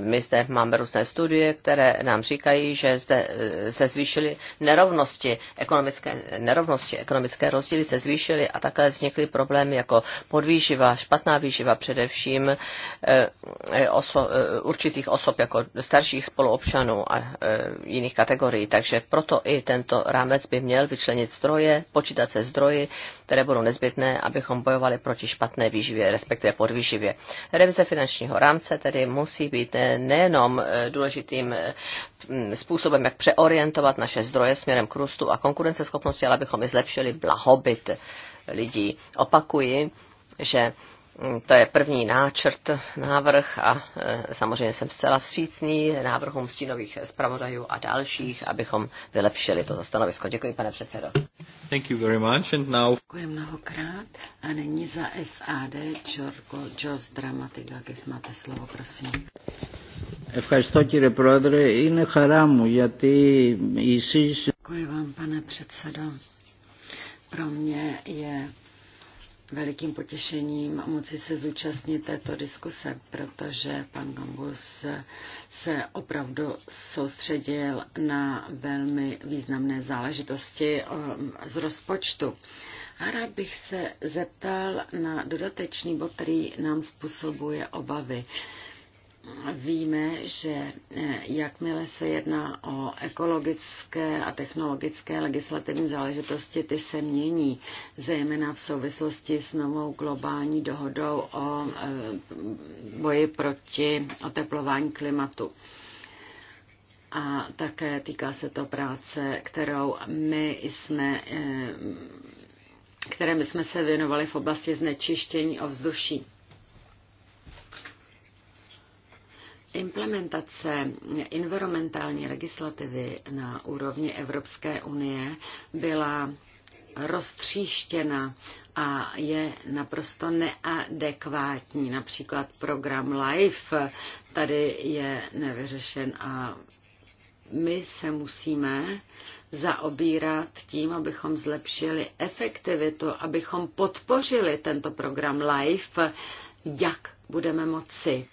my zde máme různé studie, které nám říkají, že zde eh, se zvýšily nerovnosti, ekonomické nerovnosti, ekonomické rozdíly se zvýšily a také vznikly problémy jako podvýživa, špatná výživa především eh, eh, oso, určitých osob jako starších spoluobčanů a jiných kategorií. Takže proto i tento rámec by měl vyčlenit zdroje, počítat se zdroji, které budou nezbytné, abychom bojovali proti špatné výživě, respektive podvýživě. Revize finančního rámce tedy musí být eh, nejenom eh, důležitým eh, mm, způsobem, jak přeorientovat naše zdroje směrem k růstu a konkurenceschopnosti, ale abychom i zlepšili blahobyt lidí. Opakuji, že to je první náčrt, návrh a e, samozřejmě jsem zcela vstřícný návrhům stínových zpravodajů a dalších, abychom vylepšili toto stanovisko. Děkuji, pane předsedo. Thank you very much and now... Děkuji mnohokrát a nyní za SAD Čorko Jos když Máte slovo, prosím. Děkuji vám, pane předsedo. Pro mě je velikým potěšením moci se zúčastnit této diskuse, protože pan Gombus se opravdu soustředil na velmi významné záležitosti um, z rozpočtu. A rád bych se zeptal na dodatečný bod, který nám způsobuje obavy víme, že eh, jakmile se jedná o ekologické a technologické legislativní záležitosti, ty se mění, zejména v souvislosti s novou globální dohodou o eh, boji proti oteplování klimatu. A také týká se to práce, kterou my jsme eh, které my jsme se věnovali v oblasti znečištění ovzduší. Implementace environmentální legislativy na úrovni Evropské unie byla roztříštěna a je naprosto neadekvátní. Například program LIFE tady je nevyřešen a my se musíme zaobírat tím, abychom zlepšili efektivitu, abychom podpořili tento program LIFE, jak budeme moci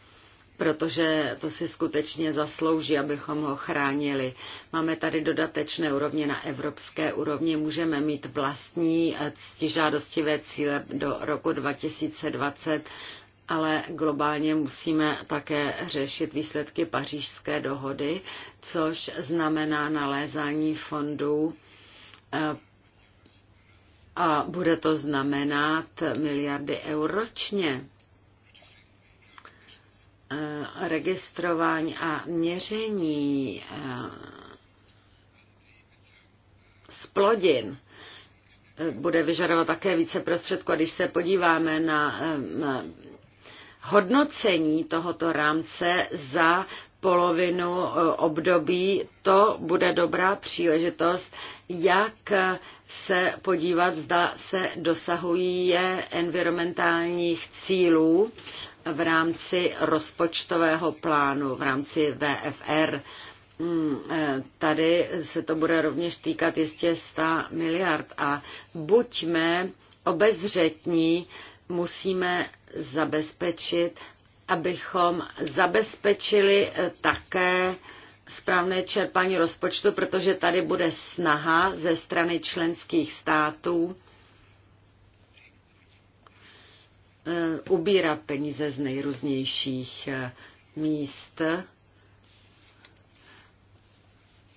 protože to si skutečně zaslouží, abychom ho chránili. Máme tady dodatečné úrovně na evropské úrovni, můžeme mít vlastní eh, ctižádostivé cíle do roku 2020, ale globálně musíme také řešit výsledky pařížské dohody, což znamená nalézání fondů eh, a bude to znamenat miliardy eur ročně Eh, registrování a měření splodin eh, eh, bude vyžadovat také více prostředků. A když se podíváme na hodnocení tohoto rámce za polovinu e, období, to bude dobrá příležitost, jak se podívat, zda se dosahují environmentálních cílů v rámci rozpočtového plánu, v rámci VFR. Hmm, e, tady se to bude rovněž týkat jistě 100 miliard a buďme obezřetní, musíme zabezpečit, abychom zabezpečili eh, také správné čerpání rozpočtu, protože tady bude snaha ze strany členských států eh, ubírat peníze z nejrůznějších eh, míst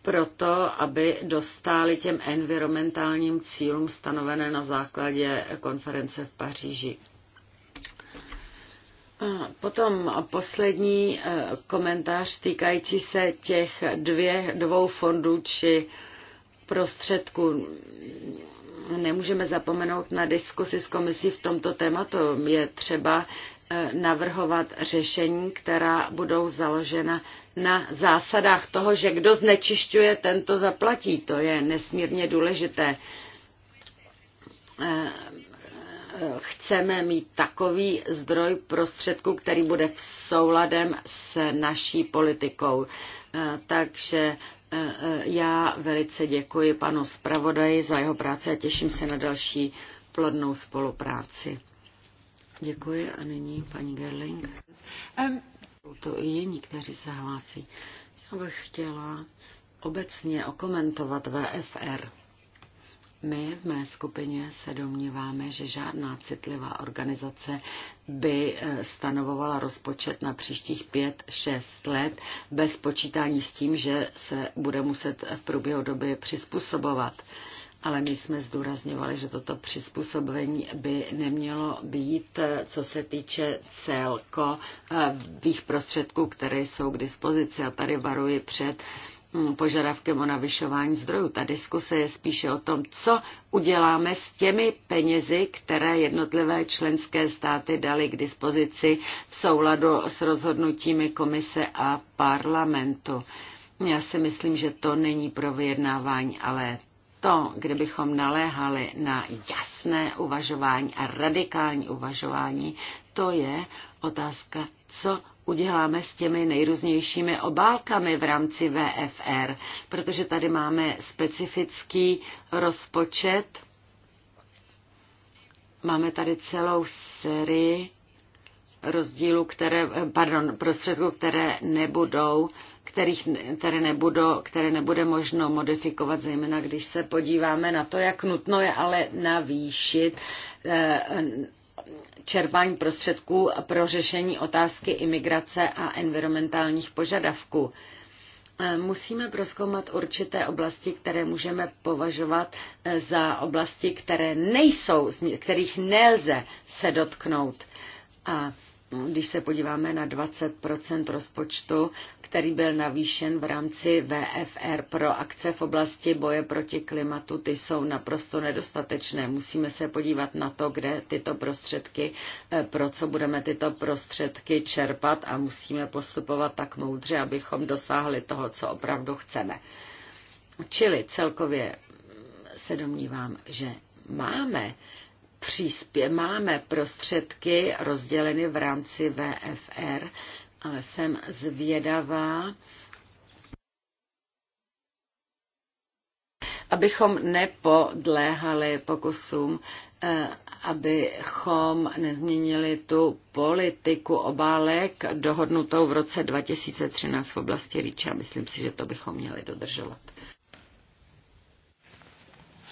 proto, aby dostali těm environmentálním cílům stanovené na základě konference v Paříži. Potom poslední eh, komentář týkající se těch dvě, dvou fondů či prostředků. Nemůžeme zapomenout na diskusi s komisí v tomto tématu. Je třeba eh, navrhovat řešení, která budou založena na zásadách toho, že kdo znečišťuje, tento zaplatí. To je nesmírně důležité eh, chceme mít takový zdroj prostředků, který bude v souladem s naší politikou. Eh, takže eh, já velice děkuji panu zpravodaji za jeho práci a těším se na další plodnou spolupráci. Děkuji a nyní paní Gerling. Jsou to i jiní, kteří se hlásí. Já bych chtěla obecně okomentovat VFR. My v mé skupině se domníváme, že žádná citlivá organizace by eh, stanovovala rozpočet na příštích 5-6 let bez počítání s tím, že se bude muset v průběhu doby přizpůsobovat. Ale my jsme zdůrazňovali, že toto přizpůsobení by nemělo být, eh, co se týče celkových eh, prostředků, které jsou k dispozici. A tady varuji před požadavkem o navyšování zdrojů. Ta diskuse je spíše o tom, co uděláme s těmi penězi, které jednotlivé členské státy dali k dispozici v souladu s rozhodnutími komise a parlamentu. Já si myslím, že to není pro vyjednávání, ale to, kdybychom naléhali na jasné uvažování a radikální uvažování, to je otázka, co uděláme s těmi nejrůznějšími obálkami v rámci VFR, protože tady máme specifický rozpočet. Máme tady celou sérii rozdílů, které, pardon, prostředků, které nebudou kterých, které, nebudou, které nebude možno modifikovat, zejména když se podíváme na to, jak nutno je ale navýšit eh, čerpání prostředků pro řešení otázky imigrace a environmentálních požadavků. Eh, musíme proskoumat určité oblasti, které můžeme považovat eh, za oblasti, které nejsou, kterých nelze se dotknout. A No, když se podíváme na 20 rozpočtu, který byl navýšen v rámci VFR pro akce v oblasti boje proti klimatu, ty jsou naprosto nedostatečné. Musíme se podívat na to, kde tyto prostředky, eh, pro co budeme tyto prostředky čerpat a musíme postupovat tak moudře, abychom dosáhli toho, co opravdu chceme. Čili celkově se domnívám, že máme příspě, máme prostředky rozděleny v rámci VFR, ale jsem zvědavá, abychom nepodléhali pokusům, eh, abychom nezměnili tu politiku obálek dohodnutou v roce 2013 v oblasti REACH. Myslím si, že to bychom měli dodržovat.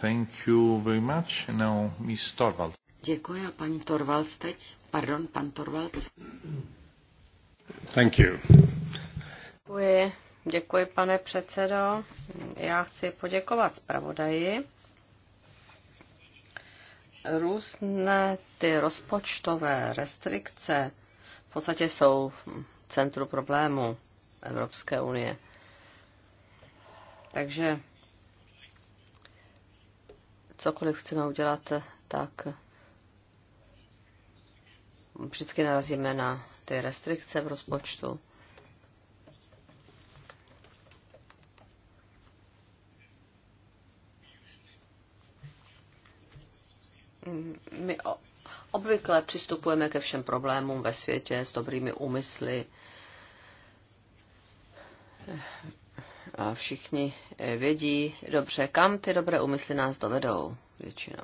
Thank you very much. Now, Miss Torvald. Děkuji paní Torvalds teď. Pardon, pan Torvalds. Thank you. Děkuji. Děkuji, pane předsedo. Já chci poděkovat zpravodaji. Různé ty rozpočtové restrikce v podstatě jsou centru problému Evropské unie. Takže cokoliv chceme udělat, tak vždycky narazíme na ty restrikce v rozpočtu. My obvykle přistupujeme ke všem problémům ve světě s dobrými úmysly a všichni eh, vědí dobře, kam ty dobré úmysly nás dovedou většinou.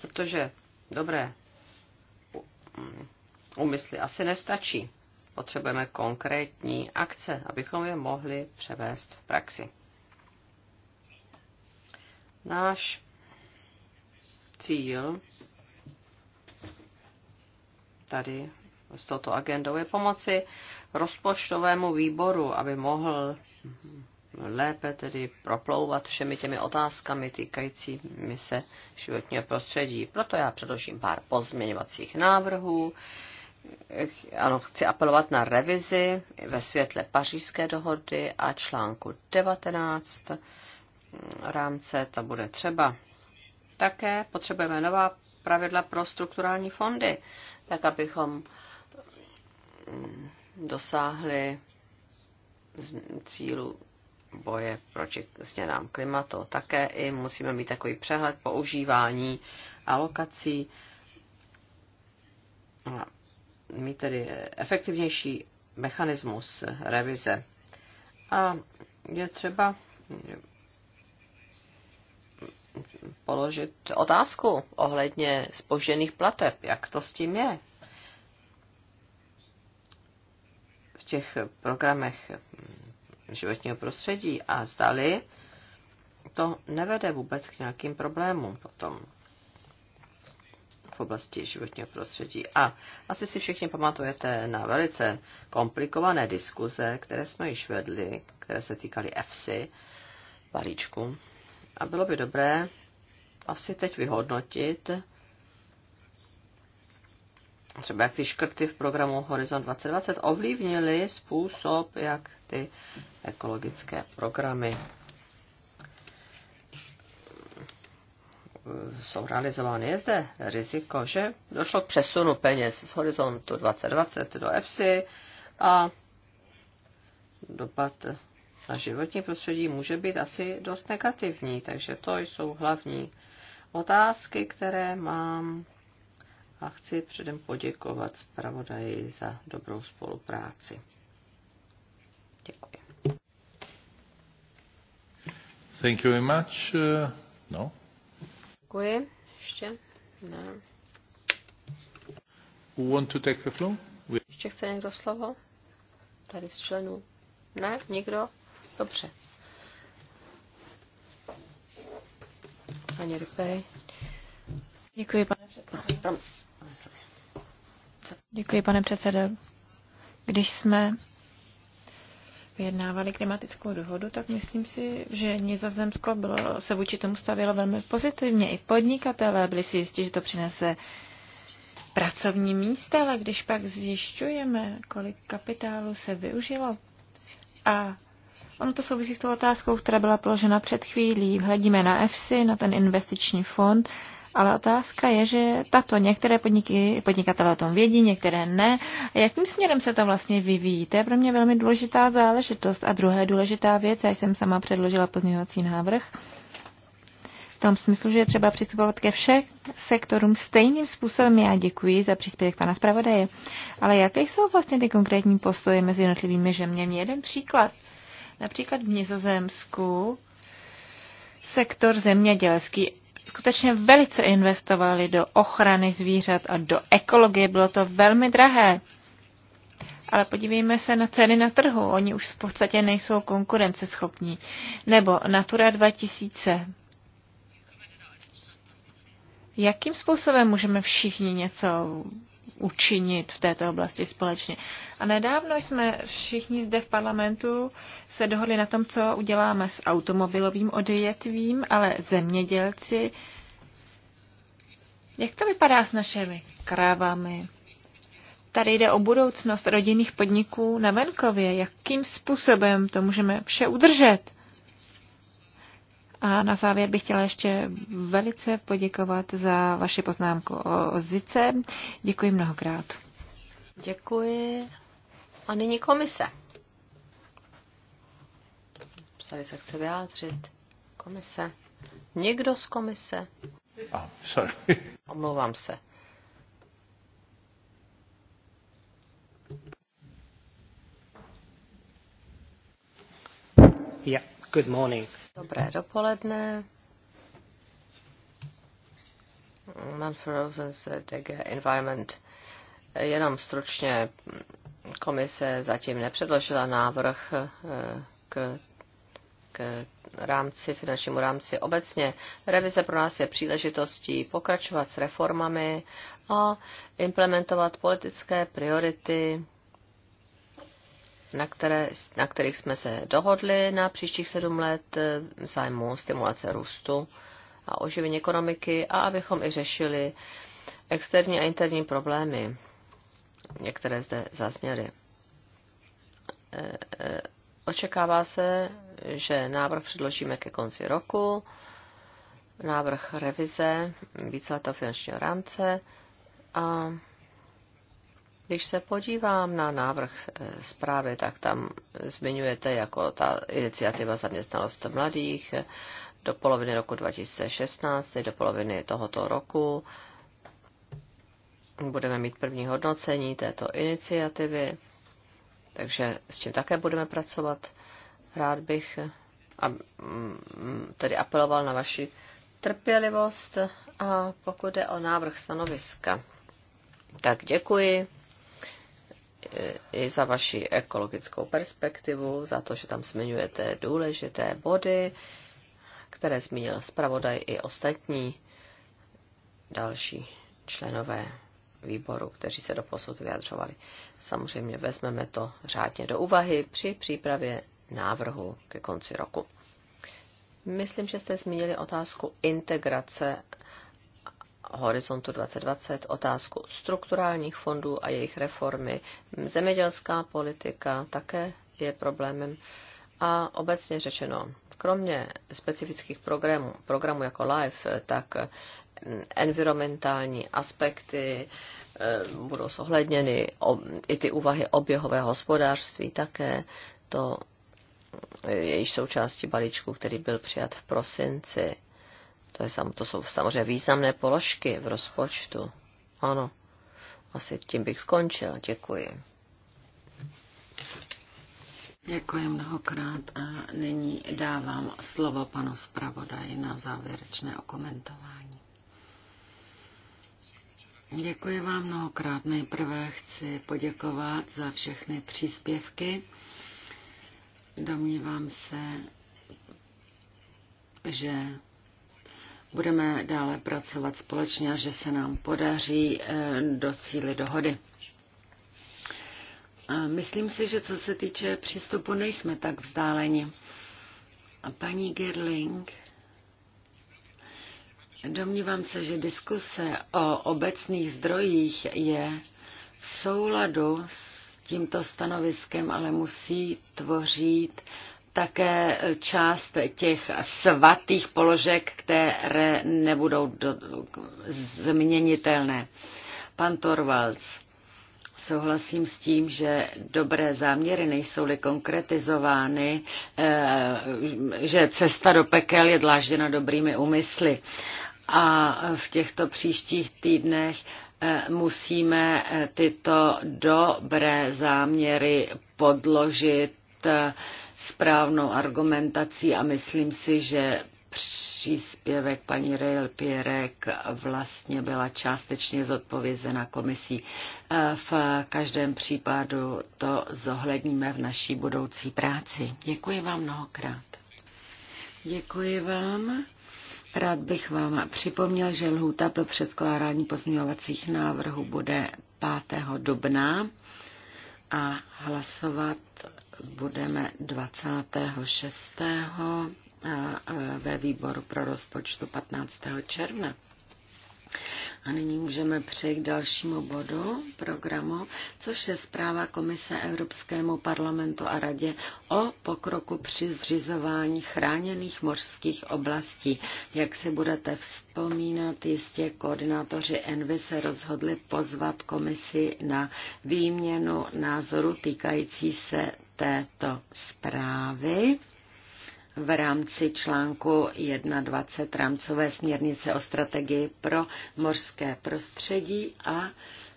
Protože dobré mm, úmysly asi nestačí. Potřebujeme konkrétní akce, abychom je mohli převést v praxi. Náš cíl tady s touto agendou je pomoci rozpočtovému výboru, aby mohl lépe tedy proplouvat všemi těmi otázkami týkajícími se životního prostředí. Proto já předložím pár pozměňovacích návrhů. Ano, chci apelovat na revizi ve světle pařížské dohody a článku 19 rámce, ta bude třeba. Také potřebujeme nová pravidla pro strukturální fondy, tak abychom dosáhli cílu boje proti změnám klimatu. Také i musíme mít takový přehled používání alokací a mít tedy efektivnější mechanismus revize. A je třeba položit otázku ohledně spožděných plateb, jak to s tím je, těch programech životního prostředí a zdali to nevede vůbec k nějakým problémům potom v oblasti životního prostředí. A asi si všichni pamatujete na velice komplikované diskuze, které jsme již vedli, které se týkaly EFSI, balíčku. A bylo by dobré asi teď vyhodnotit, třeba jak ty škrty v programu Horizon 2020 ovlivnily způsob, jak ty ekologické programy eh, jsou realizovány. Je zde riziko, že došlo k přesunu peněz z horizontu 2020 do EFSI a dopad na životní prostředí může být asi dost negativní, takže to jsou hlavní otázky, které mám a chci předem poděkovat zpravodaji za dobrou spolupráci. Děkuji. Thank you very much. Uh, no. Děkuji. Ještě? Ne. Who want to take the floor? We... Ještě chce někdo slovo? Tady z členů. Ne? Nikdo? Dobře. Pani Ripery. Děkuji, pane předsedající. Děkuji, pane předsedo. Když jsme vyjednávali klimatickou dohodu, tak myslím si, že Nizozemsko bylo, se vůči tomu stavělo velmi pozitivně. I podnikatelé byli si jistí, že to přinese pracovní místa, ale když pak zjišťujeme, kolik kapitálu se využilo a Ono to souvisí s tou otázkou, která byla položena před chvílí. Hledíme na EFSI, na ten investiční fond ale otázka je, že tato některé podniky, podnikatelé o tom vědí, některé ne. A jakým směrem se to vlastně vyvíjí? To je pro mě velmi důležitá záležitost. A druhá důležitá věc, já jsem sama předložila pozměňovací návrh, v tom smyslu, že je třeba přistupovat ke všem sektorům stejným způsobem. Já děkuji za příspěvek pana zpravodaje. Ale jaké jsou vlastně ty konkrétní postoje mezi jednotlivými zeměmi? Jeden příklad. Například v Nizozemsku sektor zemědělský skutečně velice investovali do ochrany zvířat a do ekologie. Bylo to velmi drahé. Ale podívejme se na ceny na trhu. Oni už v podstatě nejsou konkurenceschopní. Nebo Natura 2000. Jakým způsobem můžeme všichni něco učinit v této oblasti společně. A nedávno jsme všichni zde v parlamentu se dohodli na tom, co uděláme s automobilovým odvětvím, ale zemědělci. Jak to vypadá s našimi krávami? Tady jde o budoucnost rodinných podniků na venkově. Jakým způsobem to můžeme vše udržet? A na závěr bych chtěla ještě velice poděkovat za vaši poznámku o, Zice. Děkuji mnohokrát. Děkuji. A nyní komise. Psali se chce vyjádřit. Komise. Někdo z komise? Oh, sorry. Omlouvám se. Yeah, good morning. Dobré dopoledne. Manfred Rosen z DG Environment. Jenom stručně, komise zatím nepředložila návrh eh, k, k rámci, finančnímu rámci obecně. Revize pro nás je příležitostí pokračovat s reformami a implementovat politické priority na, které, na kterých jsme se dohodli na příštích sedm let eh, v zájmu stimulace růstu a oživení ekonomiky a abychom i řešili externí a interní problémy, některé zde zazněly. Eh, eh, očekává se, že návrh předložíme ke konci roku, návrh revize víceletého finančního rámce a když se podívám na návrh eh, zprávy, tak tam zmiňujete jako ta iniciativa zaměstnanost mladých eh, do poloviny roku 2016, do poloviny tohoto roku. Budeme mít první hodnocení této iniciativy, takže s tím také budeme pracovat. Rád bych eh, mm, tedy apeloval na vaši trpělivost a pokud je o návrh stanoviska. Tak děkuji i za vaši ekologickou perspektivu, za to, že tam zmiňujete důležité body, které zmínil zpravodaj i ostatní další členové výboru, kteří se do posud vyjadřovali. Samozřejmě vezmeme to řádně do úvahy při přípravě návrhu ke konci roku. Myslím, že jste zmínili otázku integrace Horizontu 2020, otázku strukturálních fondů a jejich reformy. Zemědělská politika také je problémem. A obecně řečeno, kromě specifických programů, programů jako LIFE, tak mm, environmentální aspekty e, budou zohledněny, i ty úvahy oběhového hospodářství také, to je již součástí balíčku, který byl přijat v prosinci to, je, to jsou samozřejmě významné položky v rozpočtu. Ano, asi tím bych skončil. Děkuji. Děkuji mnohokrát a nyní dávám slovo panu zpravodaji na závěrečné okomentování. Děkuji vám mnohokrát. Nejprve chci poděkovat za všechny příspěvky. Domnívám se, že budeme dále pracovat společně a že se nám podaří eh, do cíly dohody. Myslím si, že co se týče přístupu, nejsme tak vzdáleni. A paní Gerling, domnívám se, že diskuse o obecných zdrojích je v souladu s tímto stanoviskem, ale musí tvořit také část těch svatých položek, které nebudou do, změnitelné. Pan Torvalds, souhlasím s tím, že dobré záměry nejsou-li konkretizovány, eh, že cesta do pekel je dlážděna dobrými úmysly. A v těchto příštích týdnech eh, musíme eh, tyto dobré záměry podložit správnou argumentací a myslím si, že příspěvek paní Rail Pěrek vlastně byla částečně zodpovězena komisí. E, v každém případu to zohledníme v naší budoucí práci. Děkuji vám mnohokrát. Děkuji vám. Rád bych vám připomněl, že lhůta pro předkládání pozměňovacích návrhů bude 5. dubna a hlasovat budeme 26. ve výboru pro rozpočtu 15. června. A nyní můžeme přejít k dalšímu bodu programu, což je zpráva Komise Evropskému parlamentu a radě o pokroku při zřizování chráněných mořských oblastí. Jak si budete vzpomínat, jistě koordinátoři Envy se rozhodli pozvat komisi na výměnu názoru týkající se této zprávy v rámci článku 21 rámcové směrnice o strategii pro mořské prostředí a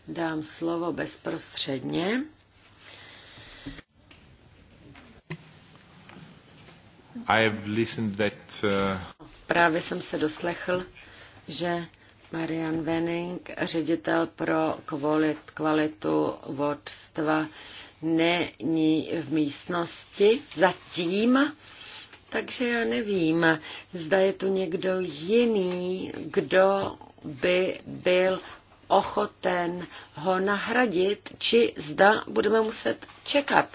dám slovo bezprostředně. I have listened that, uh... Právě jsem se doslechl, že Marian Wenning, ředitel pro kvalit, kvalitu vodstva, není v místnosti zatím. Takže já nevím, zda je tu někdo jiný, kdo by byl ochoten ho nahradit, či zda budeme muset čekat.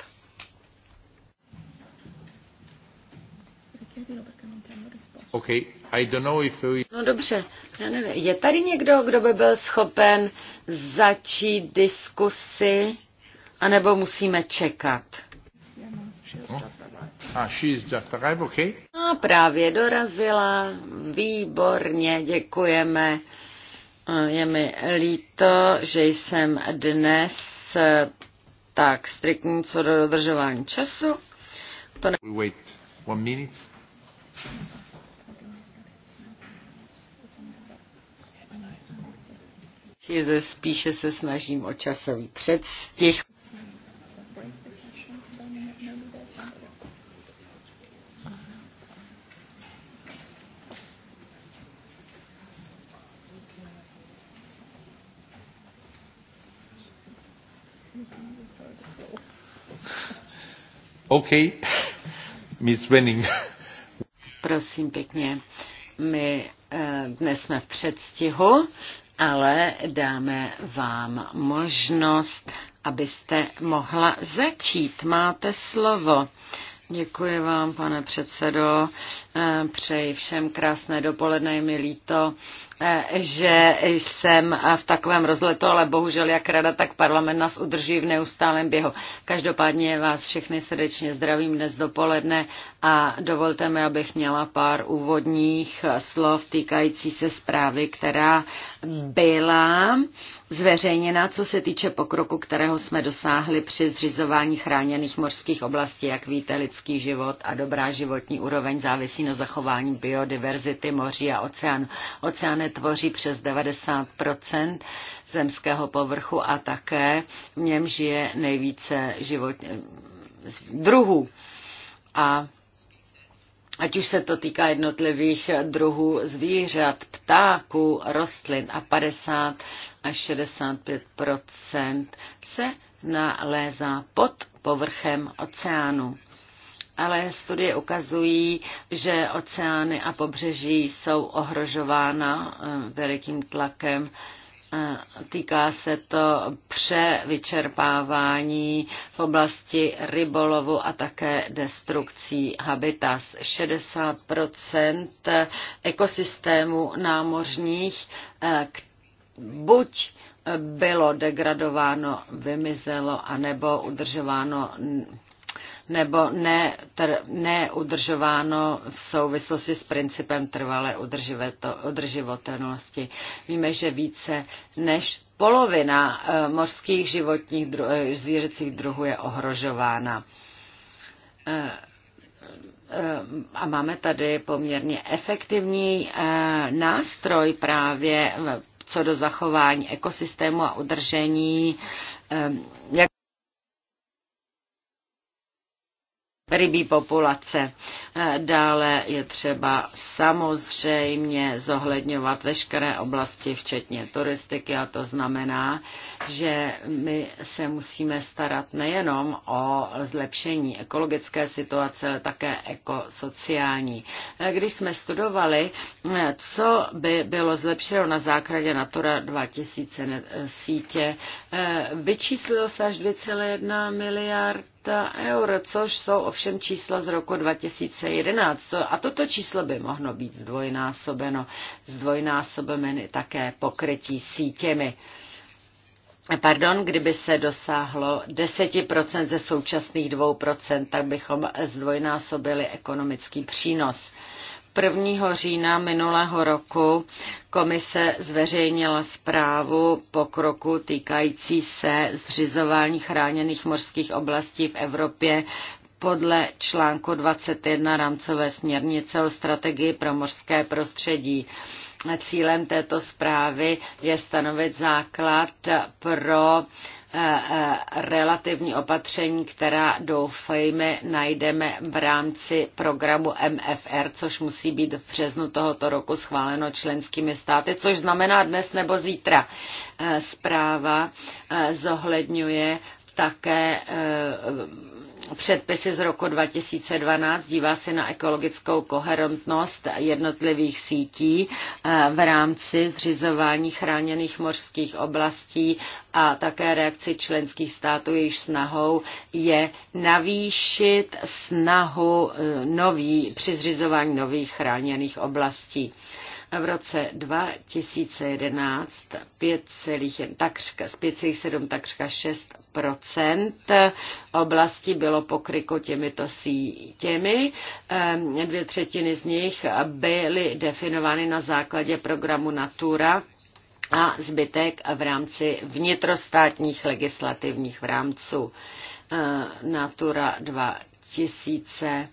Okay. I don't know if we... No dobře, já nevím. Je tady někdo, kdo by byl schopen začít diskusy, anebo musíme čekat? No. A arrived, okay. no, právě dorazila. Výborně, děkujeme. Je mi líto, že jsem dnes eh, tak striktní co do dodržování času. To ne... We wait one minute. Spíše se snažím o časový předstih. OK. Miss Wenning. Prosím pěkně. My eh, dnes jsme v předstihu, ale dáme vám možnost, abyste mohla začít. Máte slovo. Děkuji vám, pane předsedo. Eh, přeji všem krásné dopoledne, milí mi líto, Eh, že jsem eh, v takovém rozletu, ale bohužel jak rada, tak parlament nás udrží v neustálém běhu. Každopádně vás všechny srdečně zdravím dnes dopoledne a dovolte mi, abych měla pár úvodních eh, slov týkající se zprávy, která byla zveřejněna, co se týče pokroku, kterého jsme dosáhli při zřizování chráněných mořských oblastí. Jak víte, lidský život a dobrá životní úroveň závisí na zachování biodiverzity moří a oceánu. Oceány tvoří přes 90 zemského povrchu a také v něm žije nejvíce život, druhů. A ať už se to týká jednotlivých druhů zvířat, ptáků, rostlin a 50 až 65 se nalézá pod povrchem oceánu ale studie ukazují, že oceány a pobřeží jsou ohrožována eh, velikým tlakem. Eh, týká se to převyčerpávání v oblasti rybolovu a také destrukcí habitas. 60 ekosystémů námořních eh, buď bylo degradováno, vymizelo, anebo udržováno nebo ne, tr, neudržováno v souvislosti s principem trvalé udrživotelnosti. Víme, že více než polovina eh, mořských životních dru, eh, zvířecích druhů je ohrožována. Eh, a máme tady poměrně efektivní nástroj právě co do zachování ekosystému a udržení jak rybí populace. Eh, dále je třeba samozřejmě zohledňovat veškeré oblasti, včetně turistiky, a to znamená, že my se musíme starat nejenom o zlepšení ekologické situace, ale také ekosociální. Eh, když jsme studovali, eh, co by bylo zlepšeno na základě Natura 2000 sítě, vyčíslilo se až 2,1 miliard eur, což jsou ovšem čísla z roku 2011. A toto číslo by mohlo být zdvojnásobeno, zdvojnásobeno také pokrytí sítěmi. Pardon, kdyby se dosáhlo 10% ze současných 2%, tak bychom zdvojnásobili ekonomický přínos. 1. října minulého roku komise zveřejnila zprávu pokroku týkající se zřizování chráněných mořských oblastí v Evropě podle článku 21 rámcové směrnice o strategii pro mořské prostředí. Cílem této zprávy je stanovit základ pro Eh, eh, relativní opatření, která doufejme najdeme v rámci programu MFR, což musí být v březnu tohoto roku schváleno členskými státy, což znamená dnes nebo zítra. Eh, zpráva zohledňuje také eh, předpisy z roku 2012, dívá se na ekologickou koherentnost jednotlivých sítí eh, v rámci zřizování chráněných mořských oblastí a také reakci členských států, jejich snahou je navýšit snahu eh, nový, při zřizování nových chráněných oblastí v roce 2011 5,1, takřka, z 5,7 takřka 6 oblasti bylo pokryto těmito sítěmi. Ehm, dvě třetiny z nich byly definovány na základě programu Natura a zbytek v rámci vnitrostátních legislativních v rámců ehm, Natura 2000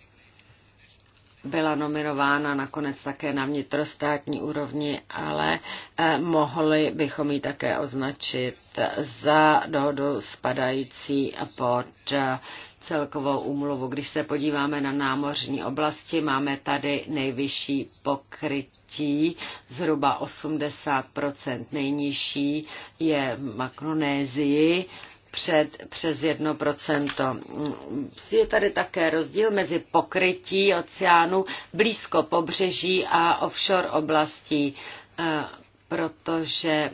byla nominována nakonec také na vnitrostátní úrovni, ale eh, mohli bychom ji také označit za dohodu spadající pod eh, celkovou úmluvu. Když se podíváme na námořní oblasti, máme tady nejvyšší pokrytí, zhruba 80 nejnižší je v Makronézii, před, přes 1%. Je tady také rozdíl mezi pokrytí oceánu blízko pobřeží a offshore oblastí, eh, protože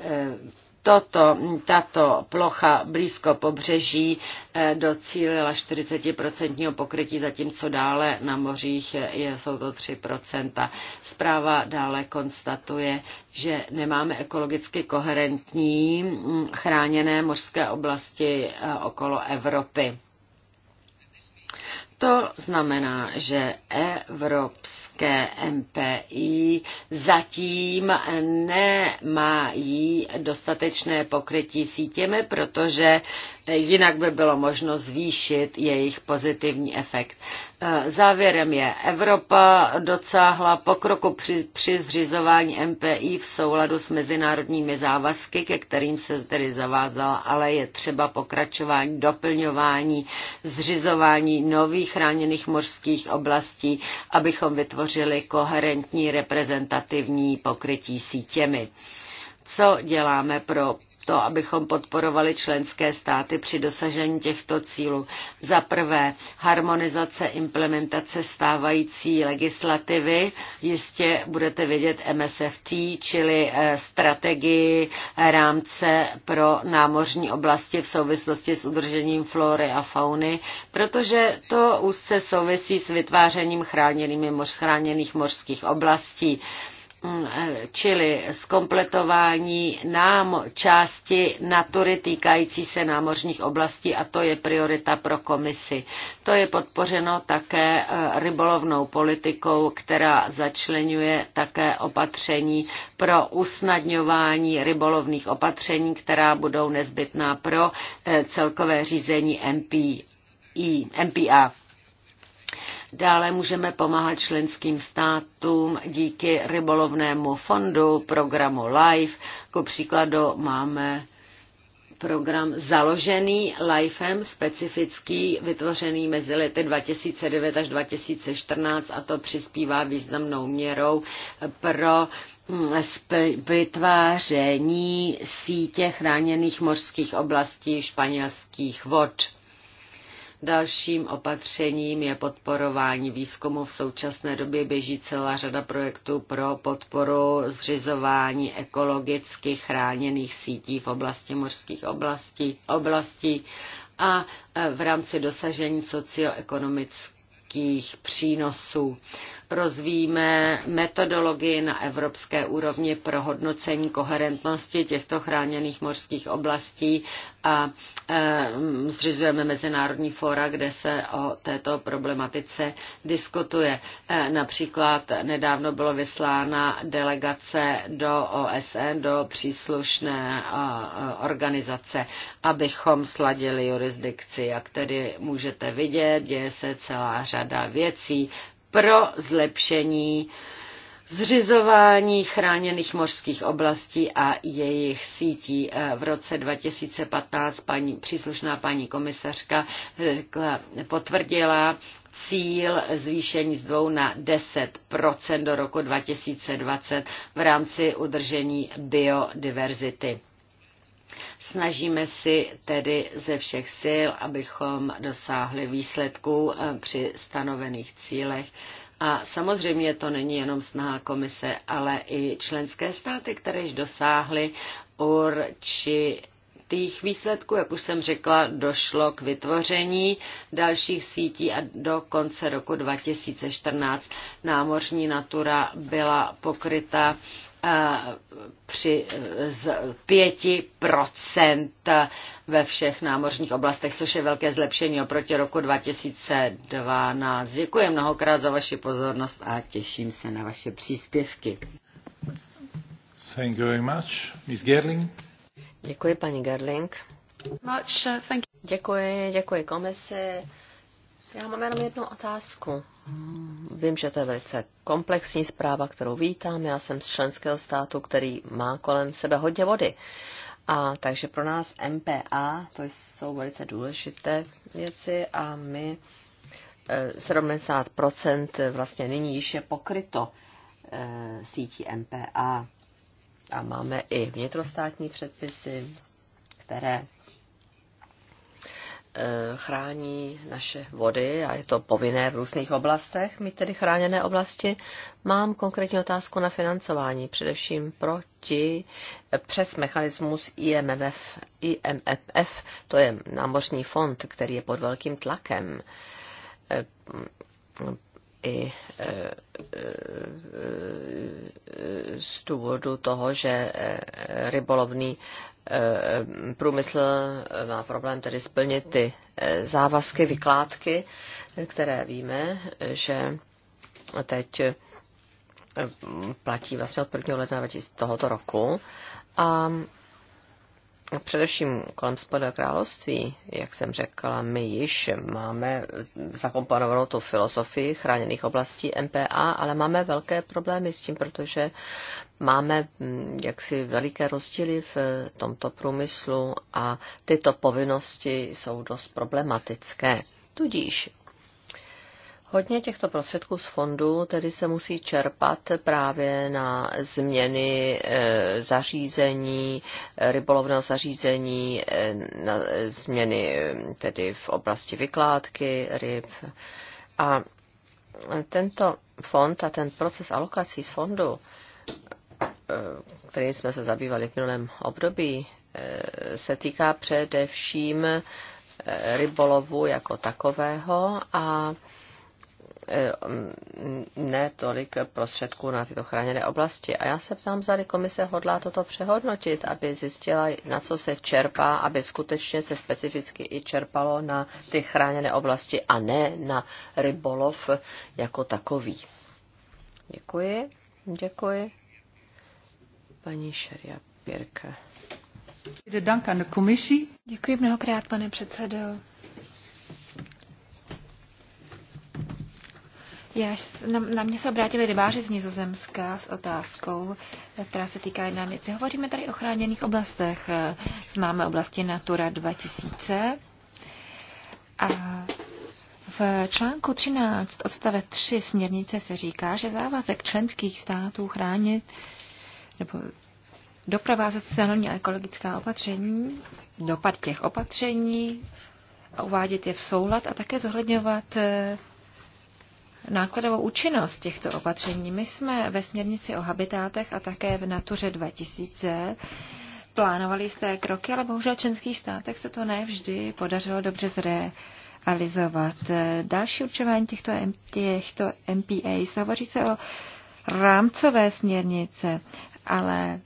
eh, toto, tato plocha blízko pobřeží eh, docílila 40% pokrytí, zatímco dále na mořích je, jsou to 3%. Zpráva dále konstatuje, že nemáme ekologicky koherentní mm, chráněné mořské oblasti eh, okolo Evropy. To znamená, že evropské MPI zatím nemají dostatečné pokrytí sítěmi, protože jinak by bylo možno zvýšit jejich pozitivní efekt. Eh, závěrem je, Evropa docáhla pokroku při, při zřizování MPI v souladu s mezinárodními závazky, ke kterým se tedy zavázala, ale je třeba pokračování, doplňování, zřizování nových chráněných mořských oblastí, abychom vytvořili koherentní reprezentativní pokrytí sítěmi co děláme pro to, abychom podporovali členské státy při dosažení těchto cílů. Za prvé, harmonizace implementace stávající legislativy. Jistě budete vědět MSFT, čili eh, strategii eh, rámce pro námořní oblasti v souvislosti s udržením flory a fauny, protože to úzce souvisí s vytvářením chráněných mořských oblastí. Mm, eh, čili zkompletování nám části natury týkající se námořních oblastí a to je priorita pro komisi. To je podpořeno také eh, rybolovnou politikou, která začlenuje také opatření pro usnadňování rybolovných opatření, která budou nezbytná pro eh, celkové řízení MPI, MPA. Dále můžeme pomáhat členským státům díky rybolovnému fondu, programu LIFE. Ku příkladu máme program založený LIFEM, specifický, vytvořený mezi lety 2009 až 2014 a to přispívá významnou měrou pro hm, vytváření sítě chráněných mořských oblastí španělských vod. Dalším opatřením je podporování výzkumu. V současné době běží celá řada projektů pro podporu zřizování ekologicky chráněných sítí v oblasti mořských oblastí, oblastí a e, v rámci dosažení socioekonomických přínosů rozvíjíme metodologii na evropské úrovni pro hodnocení koherentnosti těchto chráněných mořských oblastí a eh, zřizujeme mezinárodní fóra, kde se o této problematice diskutuje. Eh, například nedávno bylo vyslána delegace do OSN, do příslušné eh, organizace, abychom sladili jurisdikci. Jak tedy můžete vidět, děje se celá řada věcí pro zlepšení zřizování chráněných mořských oblastí a jejich sítí. E, v roce 2015 paní, příslušná paní komisařka řekla, potvrdila cíl zvýšení z 2 na 10 do roku 2020 v rámci udržení biodiverzity. Snažíme si tedy ze všech sil, abychom dosáhli výsledků eh, při stanovených cílech. A samozřejmě to není jenom snaha komise, ale i členské státy, které již dosáhly určitě těch výsledků, jak už jsem řekla, došlo k vytvoření dalších sítí a do konce roku 2014 námořní natura byla pokryta při z 5% ve všech námořních oblastech, což je velké zlepšení oproti roku 2012. Děkuji mnohokrát za vaši pozornost a těším se na vaše příspěvky. Thank you very much. Ms. Gerling. Děkuji, paní Gerling. Much, uh, thank you. Děkuji, děkuji komise. Já mám jenom jednu otázku. Vím, že to je velice komplexní zpráva, kterou vítám. Já jsem z členského státu, který má kolem sebe hodně vody. A takže pro nás MPA, to jsou velice důležité věci a my 70% eh, vlastně nyní již je pokryto eh, sítí MPA. A máme i vnitrostátní předpisy, které Eh, chrání naše vody a je to povinné v různých oblastech, mít tedy chráněné oblasti. Mám konkrétní otázku na financování, především proti eh, přes mechanismus IMF, IMF, to je námořní fond, který je pod velkým tlakem. Eh, I z důvodu toho, že rybolovný průmysl má problém tedy splnit ty eh, závazky, vykládky, které víme, že teď eh, platí vlastně od 1. ledna tohoto roku. A No, především kolem Spodného království, jak jsem řekla, my již máme zakomponovanou tu filozofii chráněných oblastí MPA, ale máme velké problémy s tím, protože máme mm, jaksi veliké rozdíly v eh, tomto průmyslu a tyto povinnosti jsou dost problematické. Tudíž Hodně těchto prostředků z fondu tedy se musí čerpat právě na změny eh, zařízení, eh, rybolovného zařízení, eh, na změny tedy v oblasti vykládky ryb. A tento fond a ten proces alokací z fondu, který jsme se zabývali v minulém období, se týká především rybolovu jako takového a Eh, mm, ne tolik prostředků na tyto chráněné oblasti. A já se ptám, zda komise hodlá toto přehodnotit, aby zjistila, na co se čerpá, aby skutečně se specificky i čerpalo na ty chráněné oblasti a ne na rybolov jako takový. Děkuji, děkuji. Paní Šeria Pirke. Děkuji mnohokrát, pane předsedo. Já, na, na mě se obrátili rybáři z Nizozemska s otázkou, která se týká jedné věci. Hovoříme tady o chráněných oblastech. Eh, známe oblasti Natura 2000 a v článku 13 odstave 3 směrnice se říká, že závazek členských států chránit nebo doprovázet silní ekologická opatření, dopad těch opatření, a uvádět je v soulad a také zohledňovat eh, nákladovou účinnost těchto opatření. My jsme ve směrnici o habitátech a také v Natuře 2000 plánovali jste kroky, ale bohužel v členských státech se to nevždy podařilo dobře zrealizovat. Další určování těchto, těchto MPA hovoří se o rámcové směrnice, ale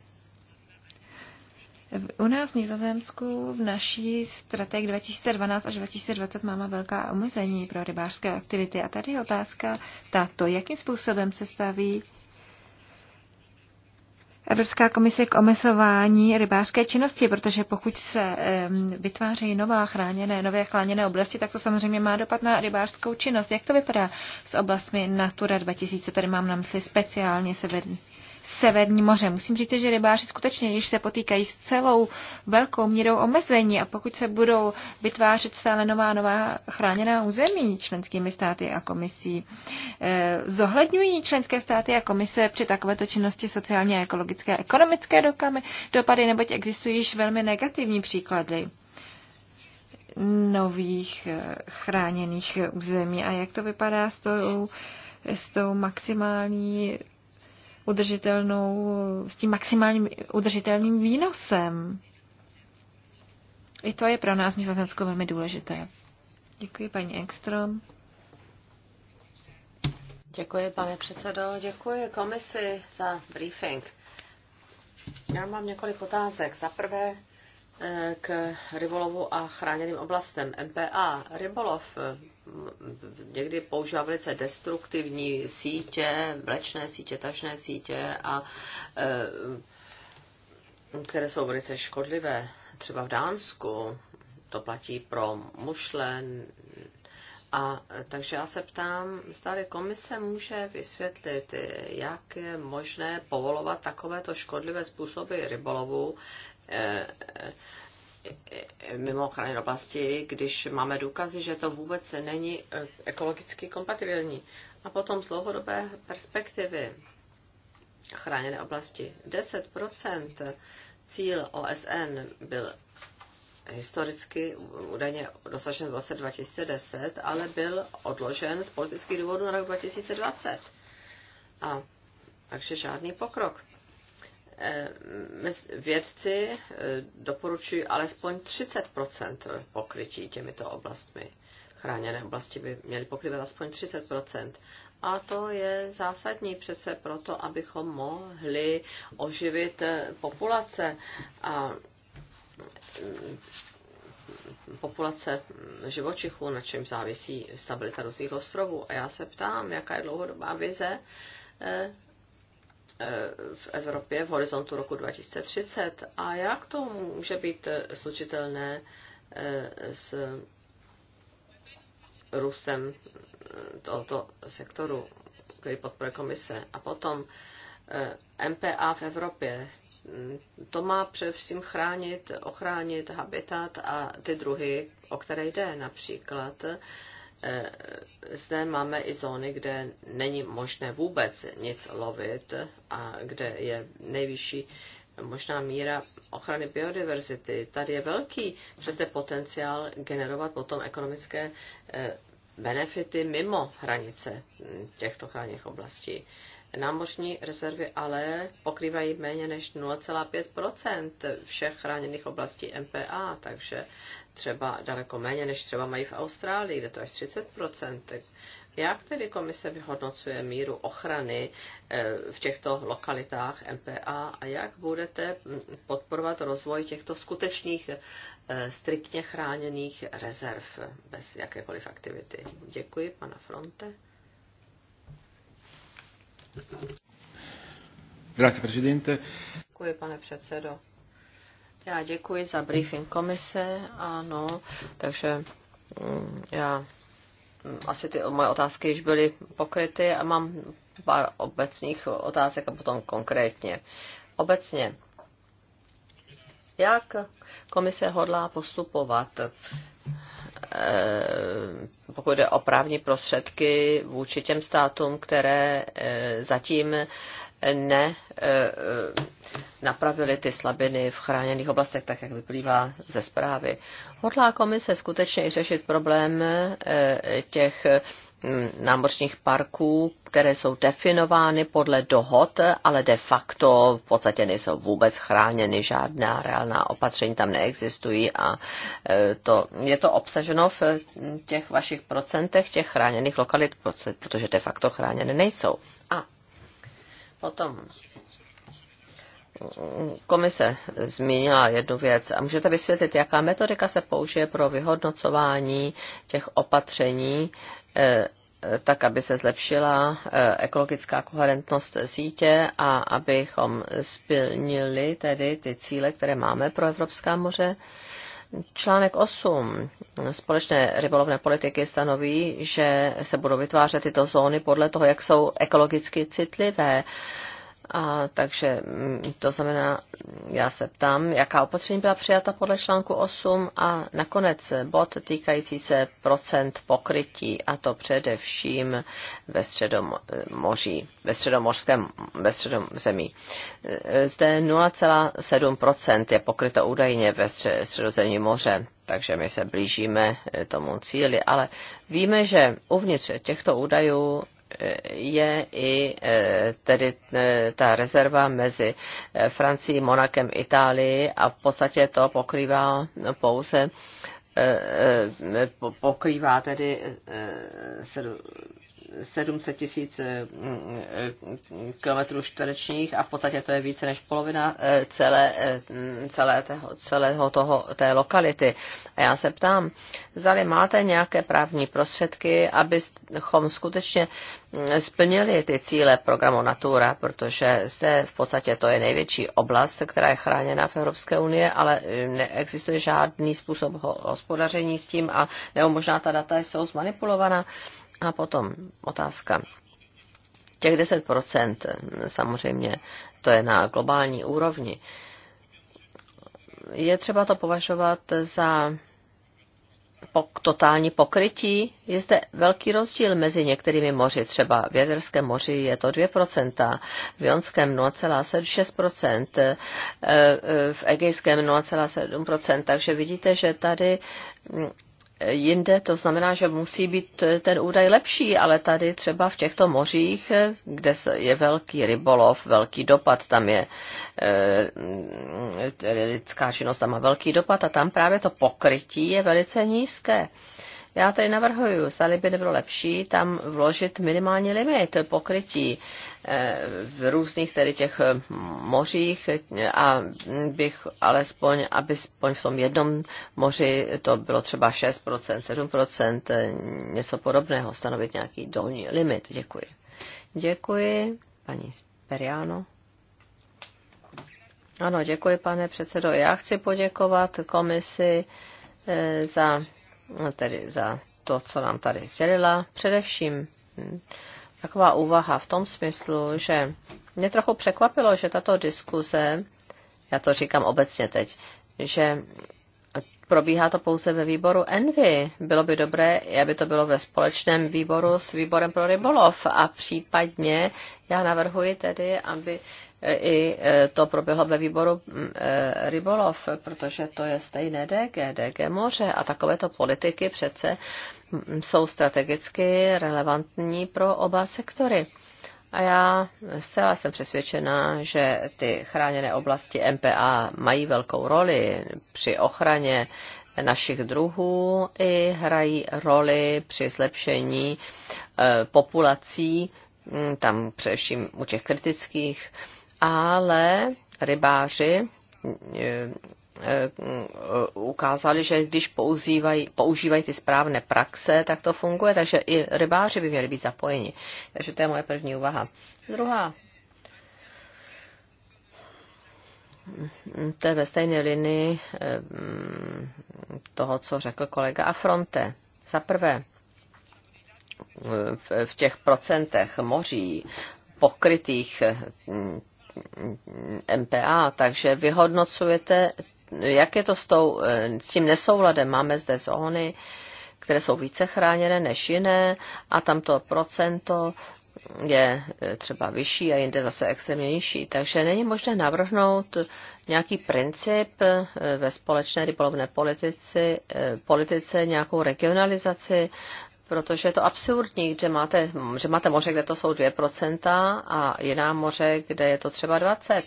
u nás v Nizozemsku v naší strategii 2012 až 2020 máme velká omezení pro rybářské aktivity. A tady je otázka tato, jakým způsobem se staví Evropská komise k omezování rybářské činnosti, protože pokud se vytvářejí nová chráněné, nové chráněné oblasti, tak to samozřejmě má dopad na rybářskou činnost. Jak to vypadá s oblastmi Natura 2000? Tady mám na mysli speciálně severní Severní moře. Musím říct, že rybáři skutečně, když se potýkají s celou velkou mírou omezení a pokud se budou vytvářet stále nová nová chráněná území členskými státy a komisí, eh, zohledňují členské státy a komise při takovéto činnosti sociálně, ekologické a ekonomické dokamy, dopady, neboť existují již velmi negativní příklady nových eh, chráněných území a jak to vypadá s tou, s tou maximální udržitelnou, s tím maximálním udržitelným výnosem. I to je pro nás v velmi důležité. Děkuji, paní Engstrom. Děkuji, pane předsedo. Děkuji komisi za briefing. Já mám několik otázek. Za prvé, k rybolovu a chráněným oblastem. MPA rybolov někdy používá velice destruktivní sítě, vlečné sítě, tažné sítě, a, eh, které jsou velice škodlivé. Třeba v Dánsku to platí pro mušle. A takže já se ptám, zda komise může vysvětlit, jak je možné povolovat takovéto škodlivé způsoby rybolovu, Eh, mimo ochrany oblasti, když máme důkazy, že to vůbec není eh, ekologicky kompatibilní. A potom z dlouhodobé perspektivy chráněné oblasti 10 cíl OSN byl historicky údajně dosažen v roce 2010, ale byl odložen z politických důvodů na rok 2020. A takže žádný pokrok. Eh, vědci eh, doporučují alespoň 30 pokrytí těmito oblastmi. Chráněné oblasti by měly pokrývat aspoň 30 a to je zásadní přece proto, abychom mohli oživit eh, populace a mm, populace mm, živočichů, na čem závisí stabilita různých ostrovů. A já se ptám, jaká je dlouhodobá vize Eh, v Evropě v horizontu roku 2030 a jak to může být eh, slučitelné eh, s růstem tohoto sektoru, který podporuje komise. A potom MPA v Evropě, hm, to má především chránit, ochránit habitat a ty druhy, o které jde například Eh, zde máme i zóny, kde není možné vůbec nic lovit a kde je nejvyšší možná míra ochrany biodiverzity. Tady je velký přece potenciál generovat potom ekonomické eh, benefity mimo hranice hm, těchto chráněných oblastí námořní rezervy ale pokrývají méně než 0,5 všech chráněných oblastí MPA, takže třeba daleko méně než třeba mají v Austrálii, kde to až 30 Jak tedy komise vyhodnocuje míru ochrany eh, v těchto lokalitách MPA a jak budete podporovat rozvoj těchto skutečných eh, striktně chráněných rezerv bez jakékoliv aktivity? Děkuji, pana Fronte. Děkuji, pane předsedo. Já děkuji za briefing komise, ano, takže mm, já mm, asi ty moje otázky již byly pokryty a mám pár obecných otázek a potom konkrétně. Obecně, jak komise hodlá postupovat Eh, pokud jde o právní prostředky vůči těm státům, které eh, zatím ne eh, napravili ty slabiny v chráněných oblastech, tak jak vyplývá ze zprávy. Hodlá komise skutečně i řešit problém těch námořních parků, které jsou definovány podle dohod, ale de facto v podstatě nejsou vůbec chráněny, žádná reálná opatření tam neexistují a e, to, je to obsaženo v těch vašich procentech těch chráněných lokalit, protože de facto chráněny nejsou. A potom komise zmínila jednu věc a můžete vysvětlit, jaká metodika se použije pro vyhodnocování těch opatření, eh, tak aby se zlepšila eh, ekologická koherentnost sítě a abychom splnili tedy ty cíle, které máme pro Evropská moře. Článek 8 společné rybolovné politiky stanoví, že se budou vytvářet tyto zóny podle toho, jak jsou ekologicky citlivé a takže mm, to znamená, já se ptám, jaká opatření byla přijata podle článku 8 a nakonec bod týkající se procent pokrytí, a to především ve středomoří, ve středomořském, ve středozemí. Zde 0,7% je pokryto údajně ve středozemní moře, takže my se blížíme tomu cíli, ale víme, že uvnitř těchto údajů je i e, tedy e, ta rezerva mezi e, Francií, Monakem, Itálií a v podstatě to pokrývá pouze pokrývá tedy 700 tisíc eh, eh, kilometrů čtverečních a v podstatě to je více než polovina eh, celé, celé toho, celého toho, té lokality. A já se ptám, zali máte nějaké právní prostředky, abychom skutečně mm, splnili ty cíle programu Natura, protože zde v podstatě to je největší oblast, která je chráněna v Evropské unii, ale neexistuje žádný způsob hospodaření s tím a nebo možná ta data jsou zmanipulovaná. A potom otázka. Těch 10% samozřejmě to je na globální úrovni. Je třeba to považovat za totální pokrytí. Je zde velký rozdíl mezi některými moři. Třeba v Jaderském moři je to 2%, v Jonském 0,6%, eh, eh, v Egejském 0,7%. Takže vidíte, že tady hm, jinde, to znamená, že musí být ten údaj lepší, ale tady třeba v těchto mořích, kde je velký rybolov, velký dopad, tam je eh, lidská činnost, tam má velký dopad a tam právě to pokrytí je velice nízké. Já tady navrhuji, zdali by nebylo lepší tam vložit minimální limit pokrytí eh, v různých tedy těch hm, mořích a bych alespoň, aby v tom jednom moři to bylo třeba 6%, 7%, eh, něco podobného, stanovit nějaký dolní limit. Děkuji. Děkuji, paní Periano. Ano, děkuji, pane předsedo. Já chci poděkovat komisi eh, za tedy za to, co nám tady sdělila. Především taková úvaha v tom smyslu, že mě trochu překvapilo, že tato diskuze, já to říkám obecně teď, že Probíhá to pouze ve výboru Envy. Bylo by dobré, aby to bylo ve společném výboru s výborem pro rybolov a případně já navrhuji tedy, aby e, i e, to proběhlo ve výboru mm, e, rybolov, protože to je stejné DG, DG moře a takovéto politiky přece mm, jsou strategicky relevantní pro oba sektory. A já zcela jsem přesvědčena, že ty chráněné oblasti MPA mají velkou roli při ochraně našich druhů i hrají roli při zlepšení e, populací, tam především u těch kritických, ale rybáři e, Eh, ukázali, že když používají, používají ty správné praxe, tak to funguje, takže i rybáři by měli být zapojeni. Takže to je moje první úvaha. Druhá. To je ve stejné linii eh, toho, co řekl kolega Afronte. Za prvé, v těch procentech moří pokrytých MPA, mm, mm, mm, takže vyhodnocujete jak je to s, tou, eh, s tím nesouladem? Máme zde zóny, které jsou více chráněné než jiné a tam to procento je eh, třeba vyšší a jinde zase extrémně nižší. Takže není možné navrhnout nějaký princip eh, ve společné rybolovné politici, politice, nějakou regionalizaci, protože je to absurdní, že máte, že máte moře, kde to jsou 2% a jiná moře, kde je to třeba 20%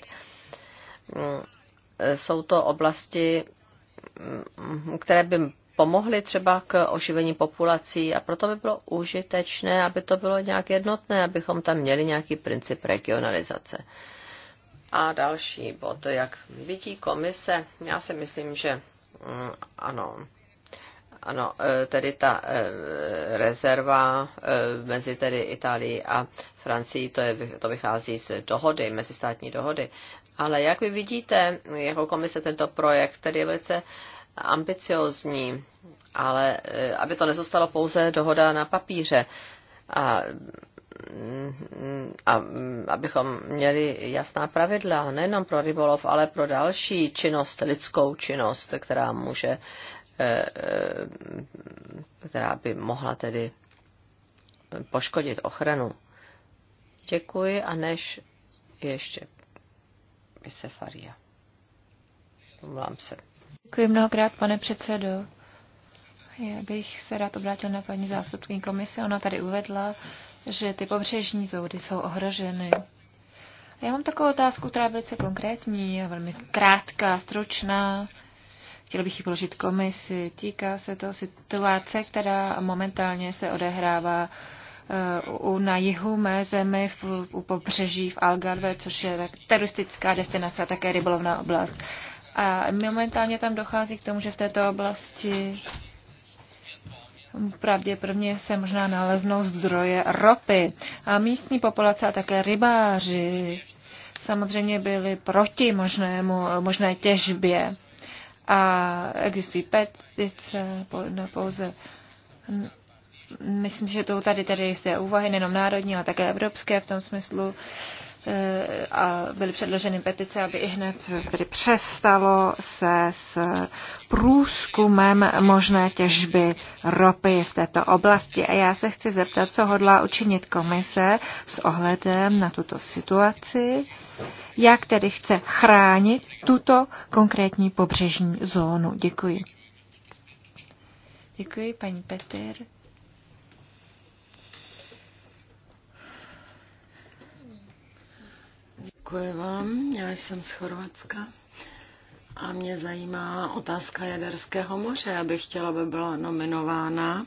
jsou to oblasti, mm, které by pomohly třeba k oživení populací a proto by bylo užitečné, aby to bylo nějak jednotné, abychom tam měli nějaký princip regionalizace. A další bod, jak vidí komise, já si myslím, že mm, ano, ano, e, tedy ta e, rezerva e, mezi tedy Itálií a Francií, to, je, to vychází z dohody, mezistátní dohody. Ale jak vy vidíte, jako komise tento projekt, který je velice ambiciozní, ale eh, aby to nezůstalo pouze dohoda na papíře a, mm, a mm, abychom měli jasná pravidla, nejenom pro rybolov, ale pro další činnost, lidskou činnost, která může, eh, eh, která by mohla tedy poškodit ochranu. Děkuji a než ještě Mise Faria. Omlám se. Děkuji mnohokrát, pane předsedo. Já bych se rád obrátil na paní zástupkyni komise. Ona tady uvedla, že ty pobřežní zóny jsou ohroženy. A já mám takovou otázku, která je velice konkrétní a velmi krátká, stručná. Chtěla bych ji položit komisi. Týká se to situace, která momentálně se odehrává na jihu mé zemi v, u pobřeží v Algarve, což je tak teroristická destinace a také rybolovná oblast. A momentálně tam dochází k tomu, že v této oblasti pravděpodobně se možná naleznou zdroje ropy. A místní populace a také rybáři samozřejmě byli proti možnému, možné těžbě. A existují petice, ne pouze Myslím, že to tady tady jisté úvahy, nejenom národní, ale také evropské v tom smyslu, eh, a byly předloženy petice, aby i hned tedy přestalo se s průzkumem možné těžby ropy v této oblasti. A já se chci zeptat, co hodlá učinit komise s ohledem na tuto situaci, jak tedy chce chránit tuto konkrétní pobřežní zónu. Děkuji. Děkuji, paní Petr. Děkuji vám. Já jsem z Chorvatska a mě zajímá otázka Jaderského moře. Já bych chtěla, aby byla nominována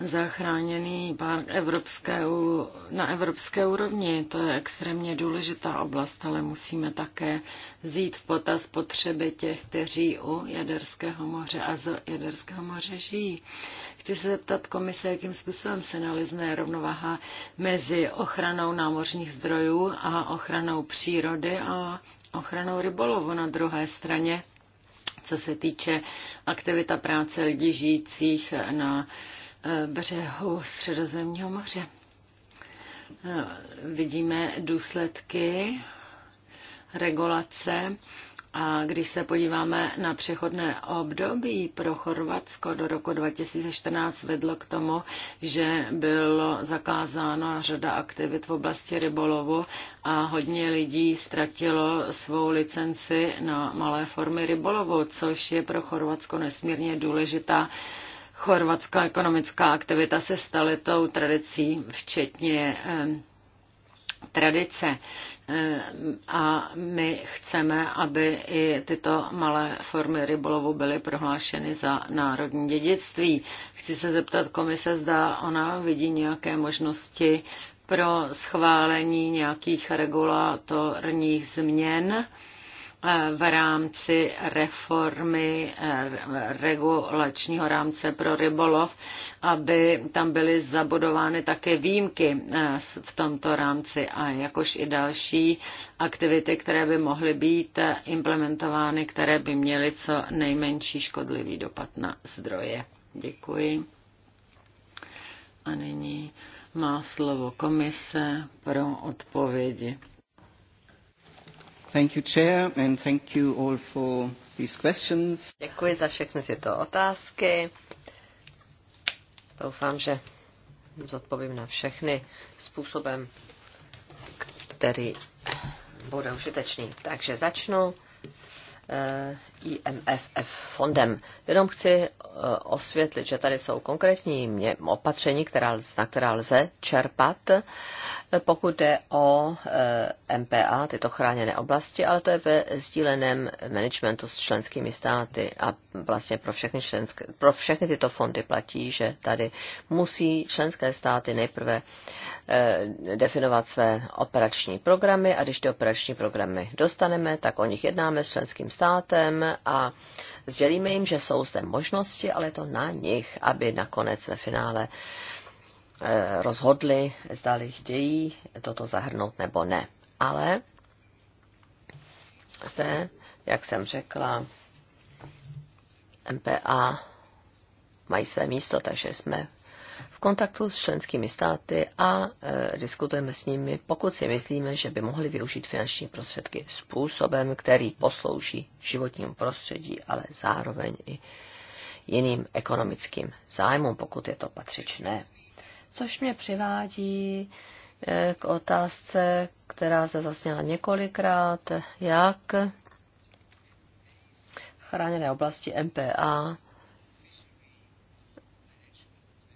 zachráněný park evropské, na evropské úrovni. To je extrémně důležitá oblast, ale musíme také vzít v potaz potřeby těch, kteří u Jaderského moře a z Jaderského moře žijí. Chci se zeptat komise, jakým způsobem se nalizne rovnováha mezi ochranou námořních zdrojů a ochranou přírody a ochranou rybolovu na druhé straně co se týče aktivita práce lidí žijících na břehu Středozemního moře. Eh, vidíme důsledky regulace a když se podíváme na přechodné období pro Chorvatsko do roku 2014 vedlo k tomu, že bylo zakázána řada aktivit v oblasti rybolovu a hodně lidí ztratilo svou licenci na malé formy rybolovu, což je pro Chorvatsko nesmírně důležitá Chorvatská ekonomická aktivita se staly tou tradicí, včetně tradice. A my chceme, aby i tyto malé formy rybolovu byly prohlášeny za národní dědictví. Chci se zeptat komise, zda ona vidí nějaké možnosti pro schválení nějakých regulatorních změn Eh, v rámci reformy eh, regulačního rámce pro rybolov, aby tam byly zabudovány také výjimky eh, v tomto rámci a jakož i další aktivity, které by mohly být implementovány, které by měly co nejmenší škodlivý dopad na zdroje. Děkuji. A nyní má slovo komise pro odpovědi. Děkuji za všechny tyto otázky. Doufám, že zodpovím na všechny způsobem, který bude užitečný. Takže začnu Eh, IMFF fondem. Jenom chci eh, osvětlit, že tady jsou konkrétní opatření, která, na která lze čerpat, eh, pokud jde o MPA, tyto chráněné oblasti, ale to je ve sdíleném managementu s členskými státy a vlastně pro všechny, členské, pro všechny tyto fondy platí, že tady musí členské státy nejprve definovat své operační programy a když ty operační programy dostaneme, tak o nich jednáme s členským státem a sdělíme jim, že jsou zde možnosti, ale je to na nich, aby nakonec ve finále eh, rozhodli, zdali chtějí toto zahrnout nebo ne. Ale zde, jak jsem řekla, MPA mají své místo, takže jsme kontaktu s členskými státy a e, diskutujeme s nimi, pokud si myslíme, že by mohli využít finanční prostředky způsobem, který poslouží životnímu prostředí, ale zároveň i jiným ekonomickým zájmům, pokud je to patřičné. Což mě přivádí e, k otázce, která se zasněla několikrát, jak chráněné oblasti MPA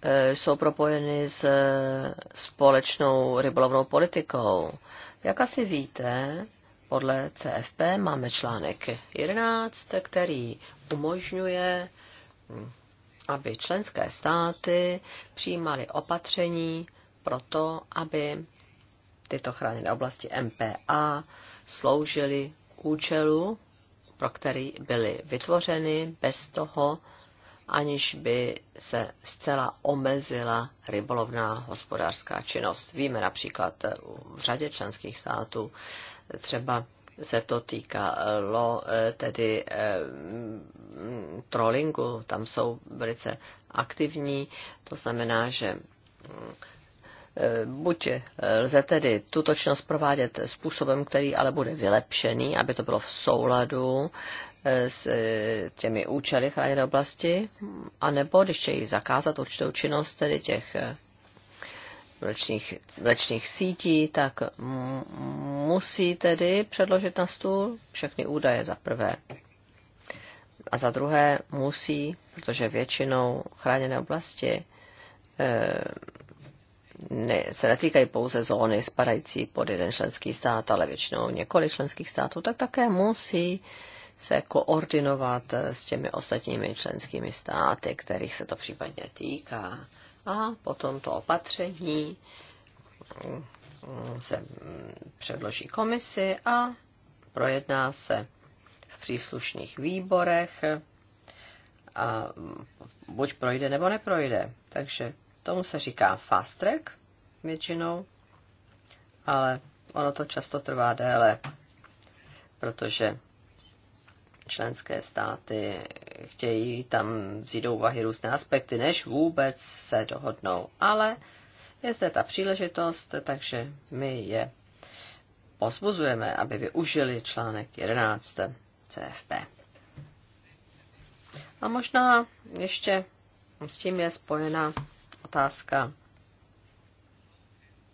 Eh, jsou propojeny s eh, společnou rybolovnou politikou. Jak asi víte, podle CFP máme článek 11, který umožňuje, hm, aby členské státy přijímaly opatření pro to, aby tyto chráněné oblasti MPA sloužily účelu, pro který byly vytvořeny bez toho, aniž by se zcela omezila rybolovná hospodářská činnost. Víme například eh, v řadě členských států třeba se to lo, eh, tedy eh, trollingu, tam jsou velice aktivní, to znamená, že mm, Buď lze tedy tuto činnost provádět způsobem, který ale bude vylepšený, aby to bylo v souladu s eh, těmi účely chráněné oblasti, anebo když chtějí zakázat určitou činnost tedy těch eh, mlečných, mlečných sítí, tak musí tedy předložit na stůl všechny údaje za prvé. A za druhé musí, protože většinou chráněné oblasti eh, ne, se netýkají pouze zóny spadající pod jeden členský stát, ale většinou několik členských států, tak také musí se koordinovat eh, s těmi ostatními členskými státy, kterých se to případně týká. A potom to opatření mm, mm, se mm, předloží komisi a projedná se v příslušných výborech a buď projde nebo neprojde. Takže Tomu se říká fast track většinou, ale ono to často trvá déle, protože členské státy chtějí tam vzít do úvahy různé aspekty, než vůbec se dohodnou. Ale je zde ta příležitost, takže my je pozbuzujeme, aby využili článek 11 CFP. A možná ještě s tím je spojena otázka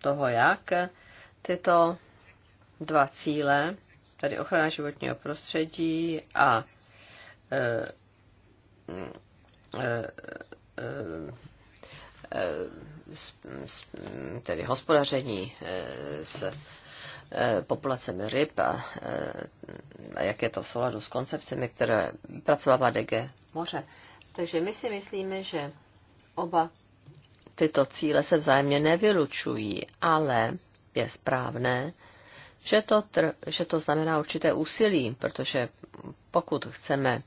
toho, jak tyto dva cíle, tedy ochrana životního prostředí a e, e, e tedy hospodaření e, s populacemi ryb a, a jak je to v souladu s koncepcemi, které pracovává DG Moře. Takže my si myslíme, že oba tyto cíle se vzájemně nevylučují, ale je správné, že to, tr- že to znamená určité úsilí, protože pokud chceme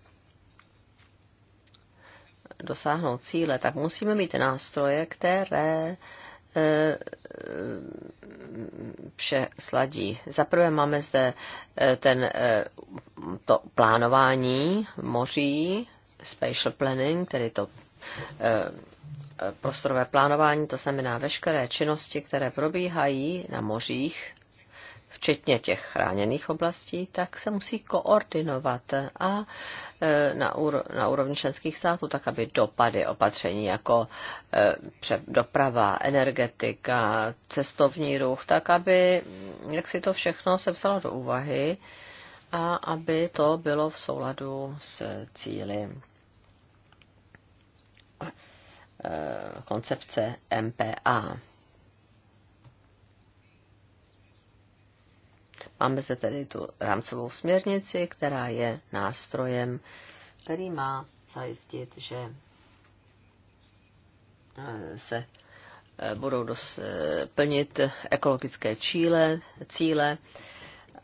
dosáhnout cíle, tak musíme mít nástroje, které e, vše sladí. Zaprvé máme zde e, ten, e, to plánování moří, spatial planning, tedy to Eh, prostorové plánování, to znamená veškeré činnosti, které probíhají na mořích, včetně těch chráněných oblastí, tak se musí koordinovat a eh, na, na úrovni členských států, tak aby dopady opatření jako eh, doprava, energetika, cestovní ruch, tak aby jak si to všechno se vzalo do úvahy a aby to bylo v souladu s cíly Eh, koncepce MPA. Máme zde tedy tu rámcovou směrnici, která je nástrojem, který má zajistit, že eh, se eh, budou dos, plnit ekologické cíle, cíle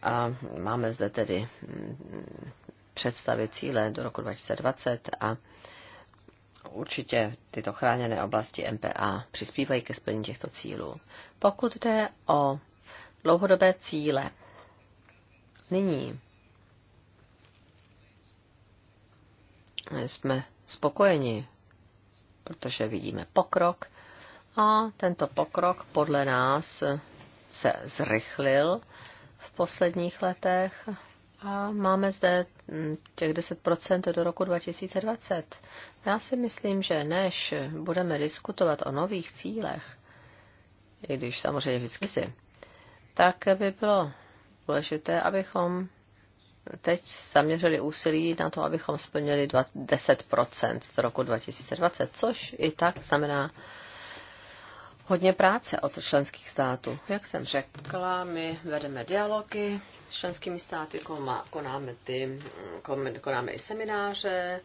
a máme zde tedy mm, představy cíle do roku 2020 a Určitě tyto chráněné oblasti MPA přispívají ke splnění těchto cílů. Pokud jde o dlouhodobé cíle, nyní jsme spokojeni, protože vidíme pokrok a tento pokrok podle nás se zrychlil v posledních letech a máme zde mm, těch 10% do roku 2020. Já si myslím, že než budeme diskutovat o nových cílech, i když samozřejmě vždycky si, tak by bylo důležité, abychom teď zaměřili úsilí na to, abychom splnili 10% do roku 2020, což i tak znamená hodně práce od členských států. Jak jsem řekla, my vedeme dialogy s členskými státy, konáme, ty, konáme i semináře,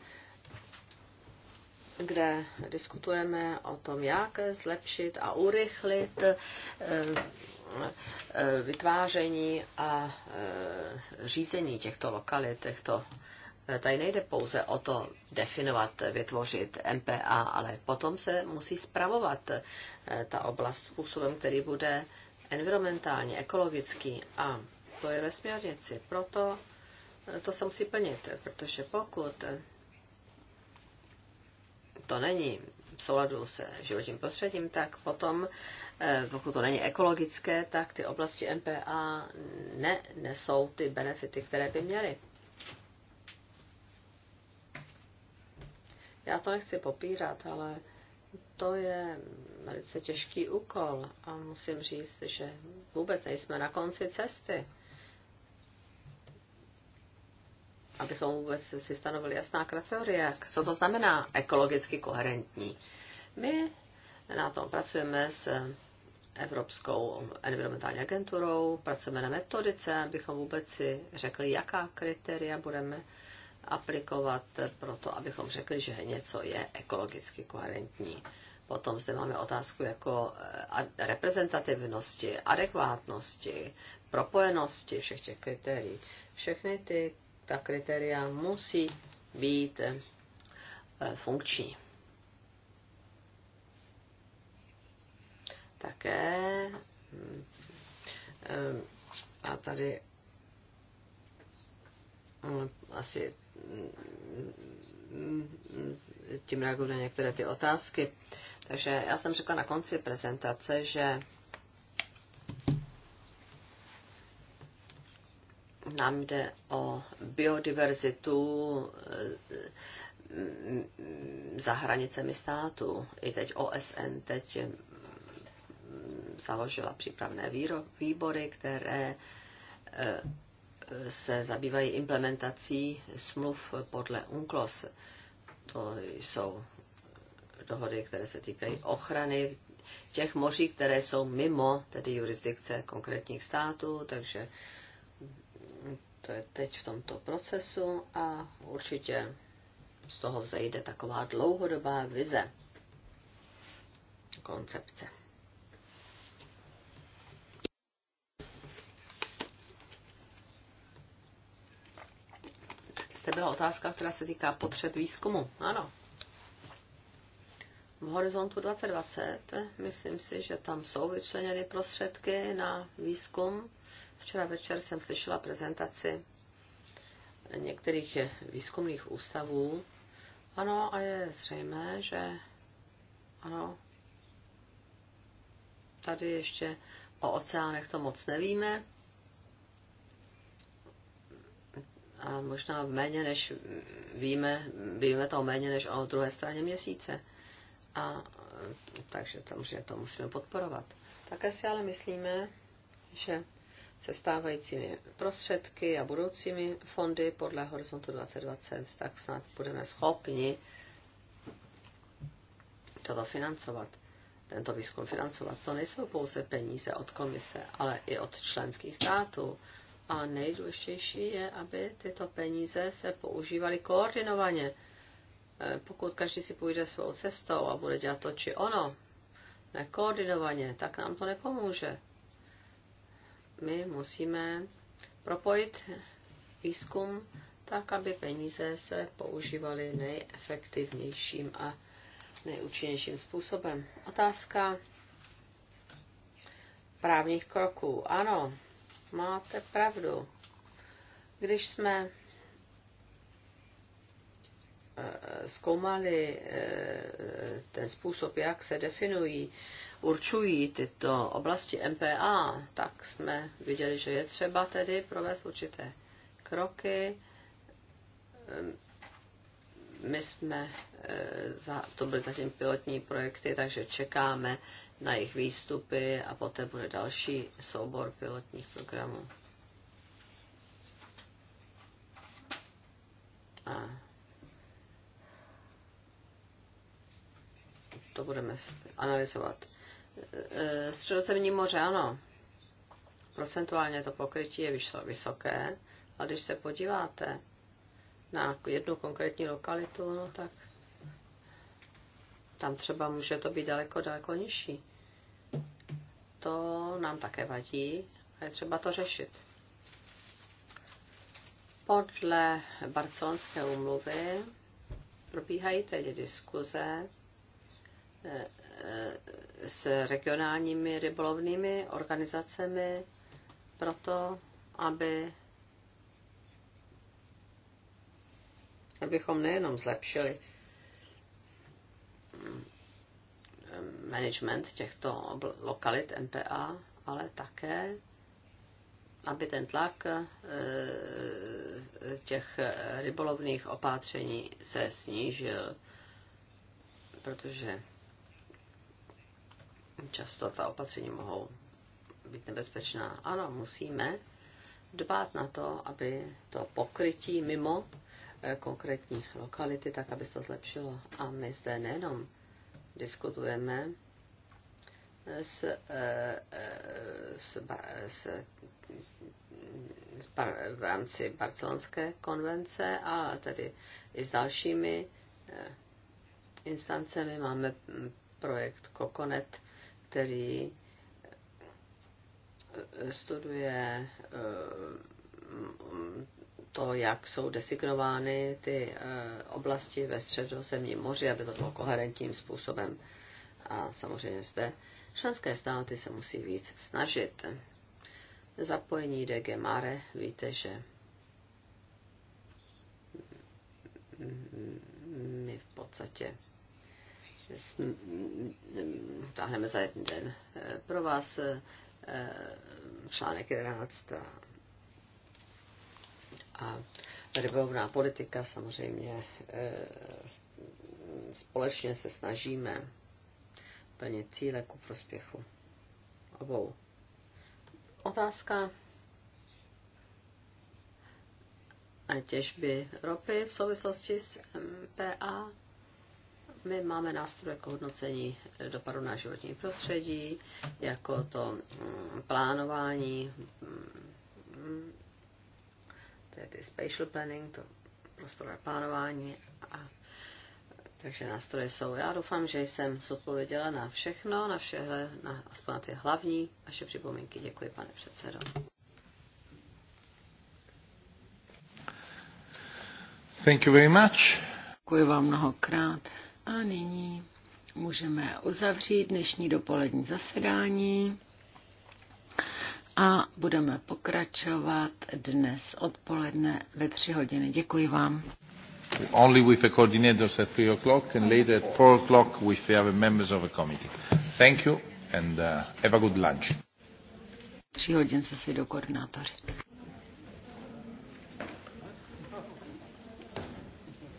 kde diskutujeme o tom, jak zlepšit a urychlit eh, eh, vytváření a eh, řízení těchto lokalit, těchto Eh, tady nejde pouze o to definovat, vytvořit MPA, ale potom se musí spravovat eh, ta oblast způsobem, který bude environmentální, ekologický a to je ve směrnici. Proto eh, to se musí plnit, protože pokud to není v souladu se životním prostředím, tak potom, pokud to není ekologické, tak ty oblasti MPA ne, nesou ty benefity, které by měly. Já to nechci popírat, ale to je velice těžký úkol a musím říct, že vůbec nejsme na konci cesty. Abychom vůbec si stanovili jasná kritéria, co to znamená ekologicky koherentní. My na tom pracujeme s Evropskou environmentální agenturou, pracujeme na metodice, abychom vůbec si řekli, jaká kritéria budeme aplikovat proto, abychom řekli, že něco je ekologicky koherentní. Potom zde máme otázku jako eh, reprezentativnosti, adekvátnosti, propojenosti všech těch kritérií. Všechny ty, ta kritéria musí být eh, funkční. Také hm, eh, a tady hm, asi tím reaguju na některé ty otázky. Takže já jsem řekla na konci prezentace, že nám jde o biodiverzitu eh, za hranicemi státu. I teď OSN teď založila přípravné výbory, které eh, se zabývají implementací smluv podle UNCLOS. To jsou dohody, které se týkají ochrany těch moří, které jsou mimo tedy jurisdikce konkrétních států, takže to je teď v tomto procesu a určitě z toho vzejde taková dlouhodobá vize koncepce. jste byla otázka, která se týká potřeb výzkumu. Ano. V horizontu 2020 myslím si, že tam jsou vyčleněny prostředky na výzkum. Včera večer jsem slyšela prezentaci některých výzkumných ústavů. Ano, a je zřejmé, že ano, tady ještě o oceánech to moc nevíme, a možná méně než víme, víme to méně než o druhé straně měsíce. A takže samozřejmě to musíme podporovat. Také si ale myslíme, že se stávajícími prostředky a budoucími fondy podle Horizontu 2020, tak snad budeme schopni toto financovat, tento výzkum financovat. To nejsou pouze peníze od komise, ale i od členských států, a nejdůležitější je, aby tyto peníze se používaly koordinovaně. E, pokud každý si půjde svou cestou a bude dělat to či ono, nekoordinovaně, tak nám to nepomůže. My musíme propojit výzkum tak, aby peníze se používaly nejefektivnějším a nejúčinnějším způsobem. Otázka právních kroků. Ano, máte pravdu. Když jsme eh, zkoumali eh, ten způsob, jak se definují, určují tyto oblasti MPA, tak jsme viděli, že je třeba tedy provést určité kroky my jsme, e, za, to byly zatím pilotní projekty, takže čekáme na jejich výstupy a poté bude další soubor pilotních programů. A to budeme analyzovat. E, Středozemní moře, ano. Procentuálně to pokrytí je vysoké, ale když se podíváte, na jednu konkrétní lokalitu, no tak tam třeba může to být daleko, daleko nižší. To nám také vadí a je třeba to řešit. Podle barcelonské úmluvy probíhají teď diskuze eh, eh, s regionálními rybolovnými organizacemi proto, aby abychom nejenom zlepšili mm, management těchto lokalit MPA, ale také, aby ten tlak eh, těch rybolovných opatření se snížil, protože často ta opatření mohou být nebezpečná. Ano, musíme dbát na to, aby to pokrytí mimo Eh, konkrétní lokality, tak aby se to zlepšilo. A my zde nejenom diskutujeme s, eh, eh, s, s, s v rámci barcelonské konvence a tedy i s dalšími instancemi máme hm, projekt Kokonet, který studuje to, jak jsou designovány ty eh, oblasti ve středozemním moři, aby to bylo koherentním způsobem. A samozřejmě zde členské státy se musí víc snažit. Zapojení DG Mare, víte, že my v podstatě táhneme za jeden den. Eh, pro vás eh, článek 11 a rybolovná politika samozřejmě e, společně se snažíme plnit cíle ku prospěchu obou. Otázka a těžby ropy v souvislosti s MPA. My máme nástroj jako hodnocení dopadu na životní prostředí, jako to mm, plánování mm, tedy spatial planning, to prostorové plánování a takže nástroje jsou. Já doufám, že jsem zodpověděla na všechno, na všechno, na aspoň na ty hlavní vaše připomínky. Děkuji, pane předsedo. Thank you very much. Děkuji vám mnohokrát. A nyní můžeme uzavřít dnešní dopolední zasedání a budeme pokračovat dnes odpoledne ve tři hodiny. Děkuji vám. Only with the coordinators at 3 o'clock and later at 4 o'clock with the other members of the committee. Thank you and uh, have a good lunch. Tři hodin se si do koordinátoři.